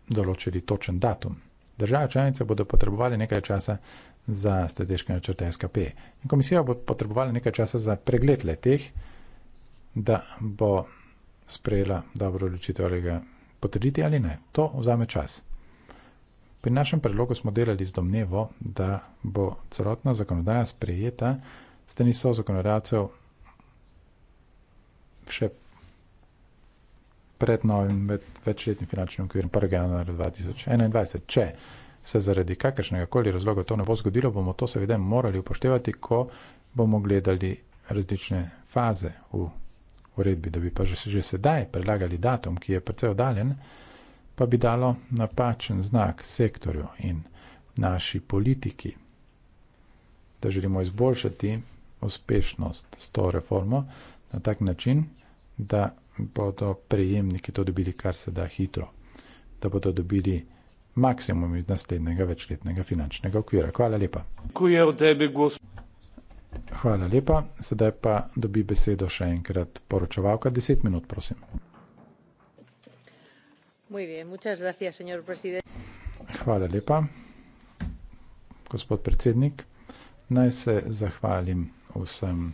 določili točen datum. Države članice bodo potrebovali nekaj časa za strateške načrte SKP. In komisija bo potrebovala nekaj časa za pregled leteh, da bo sprejela dobro odločitev ali ga potrditi ali ne. To vzame čas. Pri našem predlogu smo delali z domnevo, da bo celotna zakonodaja sprejeta, stani so zakonodajalcev še pred novim več, večletnim finančnim okvirom 1. januarja 2021. Če se zaradi kakršnega koli razloga to ne bo zgodilo, bomo to seveda morali upoštevati, ko bomo gledali različne faze v uredbi, da bi pa že, že sedaj predlagali datum, ki je precej oddaljen, pa bi dalo napačen znak sektorju in naši politiki, da želimo izboljšati uspešnost s to reformo na tak način, da bodo prejemniki to dobili kar se da hitro, da bodo dobili maksimum iz naslednjega večletnega finančnega okvira. Hvala lepa. Hvala lepa, sedaj pa dobi besedo še enkrat poročevalka. Deset minut, prosim. Hvala lepa, gospod predsednik. Naj se zahvalim vsem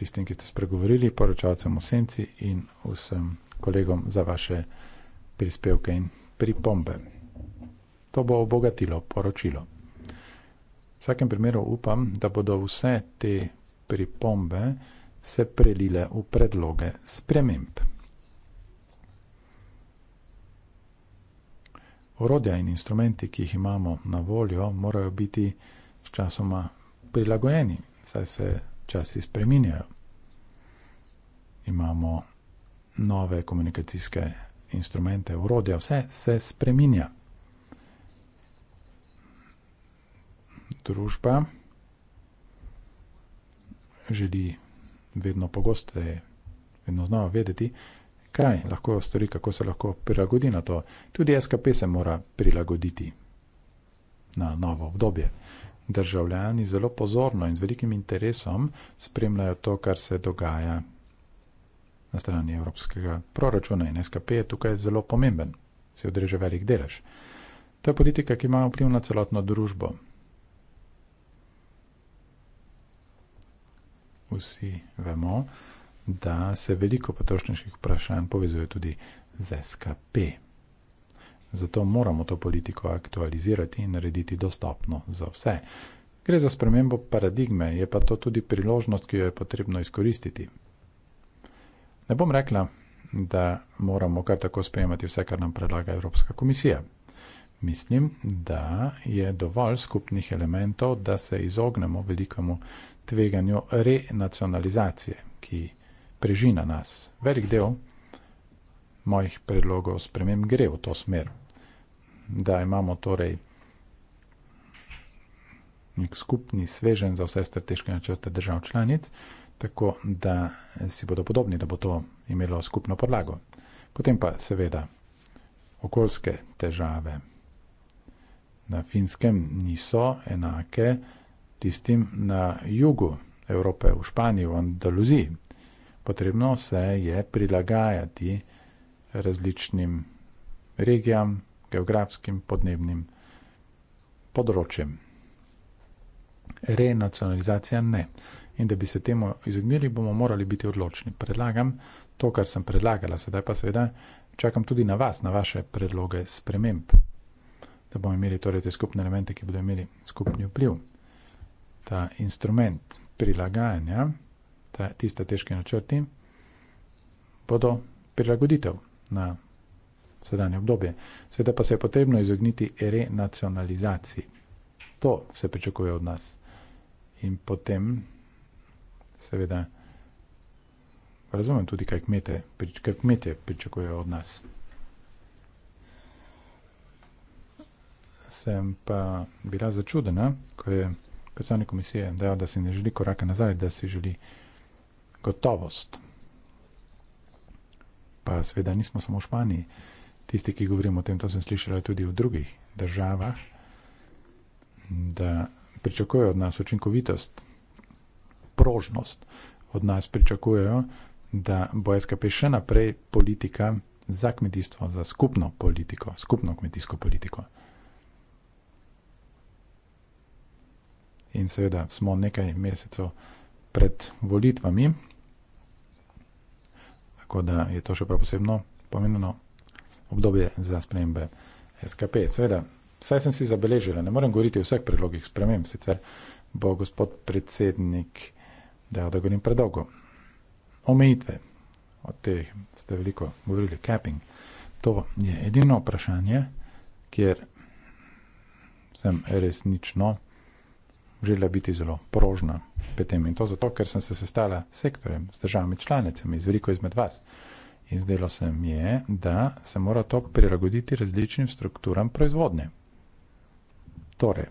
tistim, ki ste spregovorili, poročavcem v senci in vsem kolegom za vaše prispevke in pripombe. To bo obogatilo poročilo. V vsakem primeru upam, da bodo vse te pripombe se prelile v predloge sprememb. Orodja in instrumenti, ki jih imamo na voljo, morajo biti sčasoma prilagojeni, saj se časi spreminjajo. Imamo nove komunikacijske instrumente, urodja, vse se spreminja. Družba želi vedno pogosteje, vedno znova vedeti, kaj lahko stori, kako se lahko prilagodi na to. Tudi SKP se mora prilagoditi na novo obdobje državljani zelo pozorno in z velikim interesom spremljajo to, kar se dogaja na strani evropskega proračuna in SKP je tukaj zelo pomemben, se odreže velik delež. To je politika, ki ima vpliv na celotno družbo. Vsi vemo, da se veliko potrošniških vprašanj povezuje tudi z SKP. Zato moramo to politiko aktualizirati in narediti dostopno za vse. Gre za spremembo paradigme, je pa to tudi priložnost, ki jo je potrebno izkoristiti. Ne bom rekla, da moramo kar tako sprejemati vse, kar nam predlaga Evropska komisija. Mislim, da je dovolj skupnih elementov, da se izognemo velikemu tveganju renacionalizacije, ki preži na nas. Velik del mojih predlogov sprememb gre v to smer da imamo torej nek skupni svežen za vse strateške načrte držav članic, tako da si bodo podobni, da bo to imelo skupno podlago. Potem pa seveda okoljske težave na finskem niso enake tistim na jugu Evrope, v Španiji, v Andaluziji. Potrebno se je prilagajati različnim regijam, geografskim podnebnim področjem. Renacionalizacija ne. In da bi se temu izognili, bomo morali biti odločni. Predlagam to, kar sem predlagala, sedaj pa seveda čakam tudi na vas, na vaše predloge sprememb, da bomo imeli torej te skupne elemente, ki bodo imeli skupni vpliv. Ta instrument prilagajanja, ta, tiste težke načrti, bodo prilagoditev na sedanje obdobje. Seveda pa se je potrebno izogniti renacionalizaciji. To se pričakuje od nas. In potem, seveda, razumem tudi, kaj kmete, prič, kaj kmete pričakujejo od nas. Sem pa bila začudena, ko je predsednik komisije dejal, da si ne želi koraka nazaj, da si želi gotovost. Pa seveda nismo samo v Španiji tisti, ki govorimo o tem, to sem slišala tudi v drugih državah, da pričakujejo od nas učinkovitost, prožnost, od nas pričakujejo, da bo SKP še naprej politika za kmetijstvo, za skupno politiko, skupno kmetijsko politiko. In seveda smo nekaj mesecev pred volitvami, tako da je to še prav posebno pomembno obdobje za spremembe SKP. Seveda, vse sem si zabeležila, ne morem govoriti o vseh predlogih sprememb, sicer bo gospod predsednik dejal, da govorim predolgo. Omejitve, o teh ste veliko govorili, capping, to je edino vprašanje, kjer sem resnično želela biti zelo prožna pri tem in to zato, ker sem se sestala s sektorjem, s državami članicami, z veliko izmed vas. In zdelo se mi je, da se mora to prilagoditi različnim strukturam proizvodnje. Torej,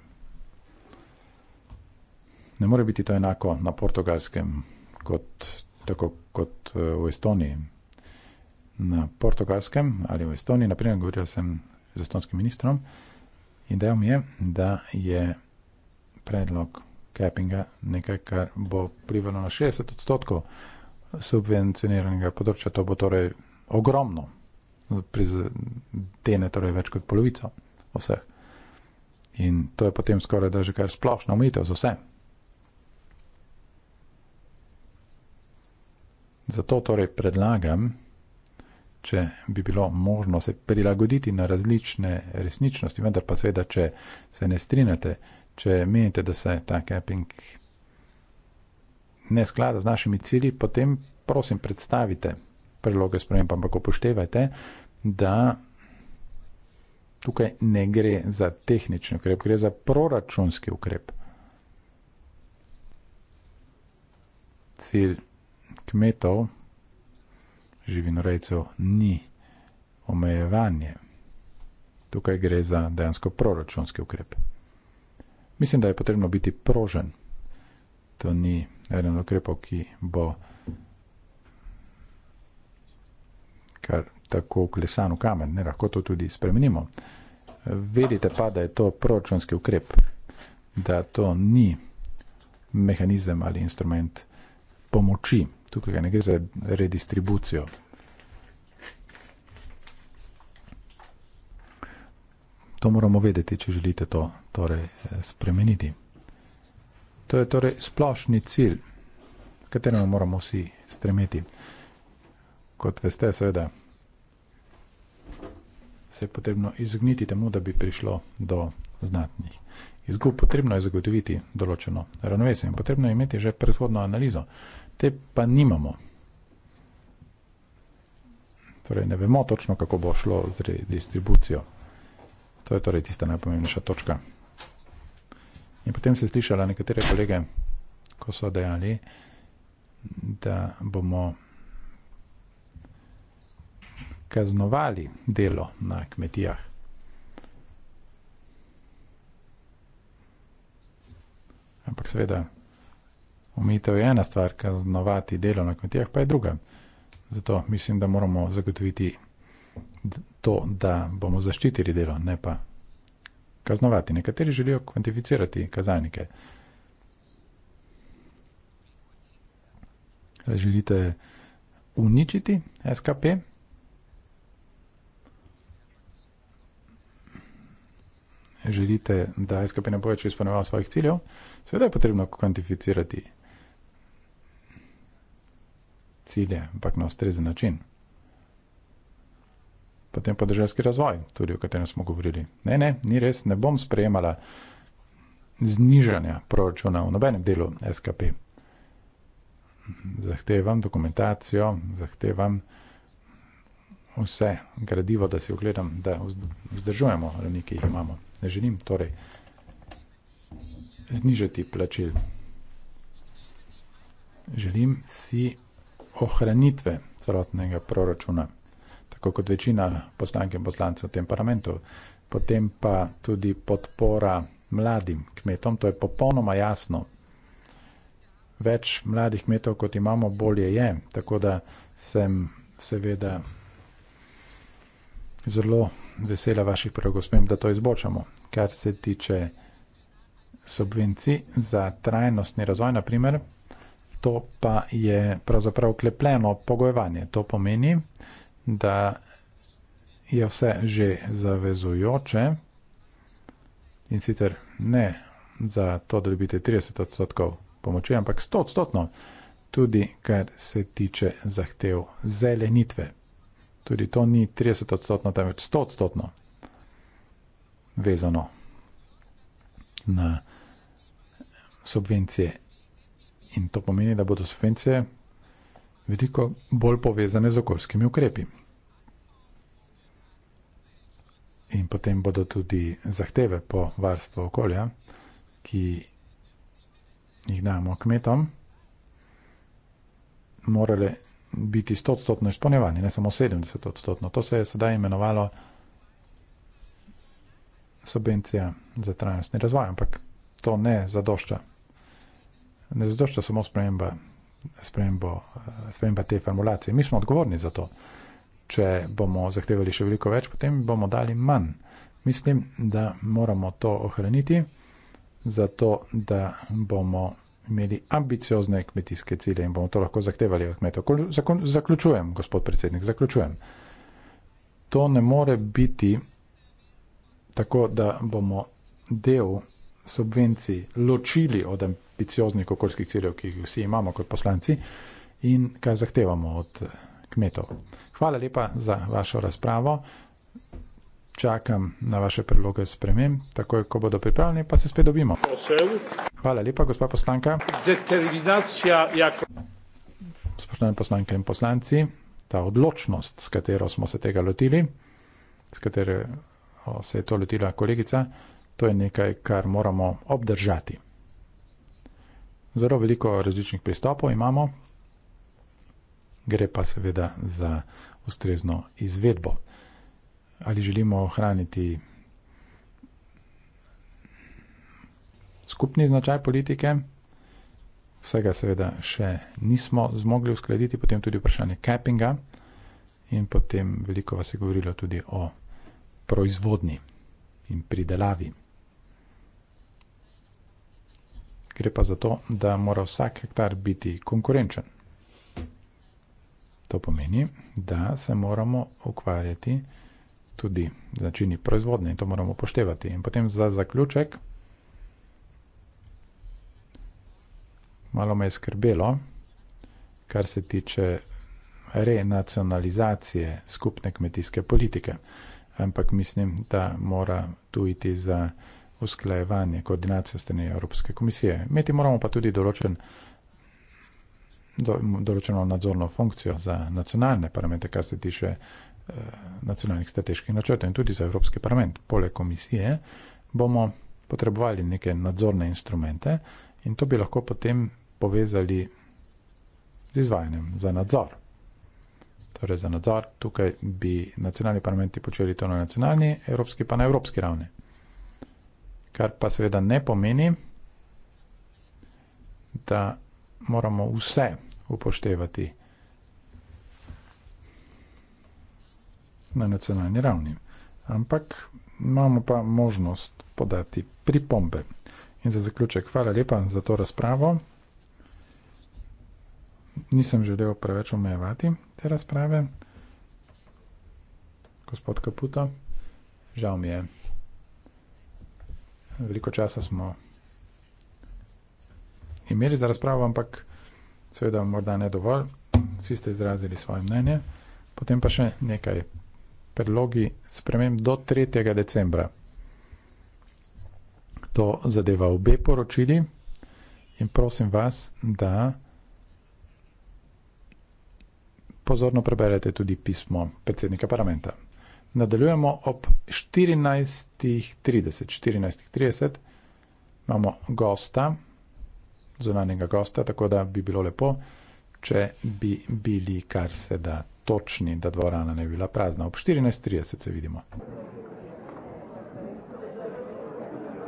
ne more biti to enako na portugalskem, kot, tako kot eh, v Estoniji. Na portugalskem ali v Estoniji, naprimer, govoril sem z estonskim ministrom in dejal mi je, da je predlog capinga nekaj, kar bo vplivalo na 60 odstotkov subvencioniranega področja, to bo torej ogromno, prizadene torej več kot polovico vseh. In to je potem skoraj da že kar splošno omejitev za vse. Zato torej predlagam, če bi bilo možno se prilagoditi na različne resničnosti, vendar pa seveda, če se ne strinjate, če menite, da se ta capping ne sklada z našimi cilji, potem prosim predstavite predloge sprememb, ampak upoštevajte, da tukaj ne gre za tehnični ukrep, gre za proračunski ukrep. Cilj kmetov, živinorejcev, ni omejevanje. Tukaj gre za dejansko proračunski ukrep. Mislim, da je potrebno biti prožen. To ni eden od ukrepov, ki bo kar tako uklesan v kamen, ne lahko to tudi spremenimo. Vedite pa, da je to proračunski ukrep, da to ni mehanizem ali instrument pomoči. Tukaj ne gre za redistribucijo. To moramo vedeti, če želite to torej, eh, spremeniti. To je torej splošni cilj, kateremu moramo vsi stremeti. Kot veste, seveda, se je potrebno izogniti temu, da bi prišlo do znatnih izgub. Potrebno je zagotoviti določeno ravnovesje in potrebno je imeti že predhodno analizo. Te pa nimamo. Torej, ne vemo točno, kako bo šlo z redistribucijo. To je torej tista najpomembnejša točka. In potem sem slišala nekatere kolege, ko so dejali, da bomo kaznovali delo na kmetijah. Ampak seveda, omejitev je ena stvar, kaznovati delo na kmetijah, pa je druga. Zato mislim, da moramo zagotoviti to, da bomo zaščitili delo, ne pa kaznovati. Nekateri želijo kvantificirati kazalnike. Želite uničiti SKP? Želite, da SKP ne bo več izpolnjeval svojih ciljev? Seveda je potrebno kvantificirati cilje, ampak na ustrezen način potem pa državski razvoj, tudi o katerem smo govorili. Ne, ne, ni res, ne bom sprejemala znižanja proračuna v nobenem delu SKP. Zahtevam dokumentacijo, zahtevam vse gradivo, da si ogledam, da vzdržujemo ravni, ki jih imamo. Ne želim torej znižati plačil. Želim si ohranitve celotnega proračuna tako kot večina poslank in poslancev v tem parlamentu, potem pa tudi podpora mladim kmetom, to je popolnoma jasno. Več mladih kmetov, kot imamo, bolje je, tako da sem seveda zelo vesela vaših pregospem, da to izboljšamo. Kar se tiče subvencij za trajnostni razvoj, na primer, to pa je pravzaprav klepljeno pogojevanje. To pomeni, da je vse že zavezujoče in sicer ne za to, da dobite 30 odstotkov pomoči, ampak 100 odstotno, tudi kar se tiče zahtev zelenitve. Tudi to ni 30 odstotno, temveč 100 odstotno vezano na subvencije. In to pomeni, da bodo subvencije veliko bolj povezane z okoljskimi ukrepi. In potem bodo tudi zahteve po varstvu okolja, ki jih dajemo kmetom, morale biti 100% izpolnjevanje, ne samo 70%. To se je sedaj imenovalo subvencija za trajnostni razvoj, ampak to ne zadošča. Ne zadošča samo sprememba sprememba te formulacije. Mi smo odgovorni za to. Če bomo zahtevali še veliko več, potem bomo dali manj. Mislim, da moramo to ohraniti, zato da bomo imeli ambiciozne kmetijske cilje in bomo to lahko zahtevali od kmetov. Zaključujem, gospod predsednik, zaključujem. To ne more biti tako, da bomo del subvencij ločili od ambicioznih okoljskih ciljev, ki jih vsi imamo kot poslanci in kaj zahtevamo od kmetov. Hvala lepa za vašo razpravo. Čakam na vaše predloge spremem, takoj ko bodo pripravljeni, pa se spet dobimo. Hvala lepa, gospa poslanka. Determinacija jako. Spoštovane poslanke in poslanci, ta odločnost, s katero smo se tega lotili, s katero se je to lotila kolegica, to je nekaj, kar moramo obdržati zelo veliko različnih pristopov imamo, gre pa seveda za ustrezno izvedbo. Ali želimo ohraniti skupni značaj politike, vsega seveda še nismo zmogli uskladiti, potem tudi vprašanje cappinga in potem veliko vas je govorilo tudi o proizvodni in pridelavi. gre pa za to, da mora vsak hektar biti konkurenčen. To pomeni, da se moramo ukvarjati tudi z načini proizvodnje in to moramo poštevati. In potem za zaključek, malo me je skrbelo, kar se tiče renacionalizacije skupne kmetijske politike. Ampak mislim, da mora tu iti za nekaj, usklajevanje, koordinacijo strani Evropske komisije. Imeti moramo pa tudi določen, do, določeno nadzorno funkcijo za nacionalne parlamente, kar se tiče eh, nacionalnih strateških načrtov in tudi za Evropski parlament. Poleg komisije bomo potrebovali neke nadzorne instrumente in to bi lahko potem povezali z izvajanjem za nadzor. Torej za nadzor tukaj bi nacionalni parlamenti počeli to na nacionalni, evropski pa na evropski ravni. Kar pa seveda ne pomeni, da moramo vse upoštevati na nacionalni ravni. Ampak imamo pa možnost podati pripombe. In za zaključek, hvala lepa za to razpravo. Nisem želel preveč omejevati te razprave. Gospod Kaputo, žal mi je veliko časa smo imeli za razpravo, ampak seveda morda ne dovolj. Vsi ste izrazili svoje mnenje. Potem pa še nekaj predlogi sprememb do 3. decembra. To zadeva obe poročili in prosim vas, da pozorno preberete tudi pismo predsednika parlamenta nadaljujemo ob 14.30. 14.30 imamo gosta, zunanjega gosta, tako da bi bilo lepo, če bi bili kar se da točni, da dvorana ne bi bila prazna. Ob 14.30 se vidimo.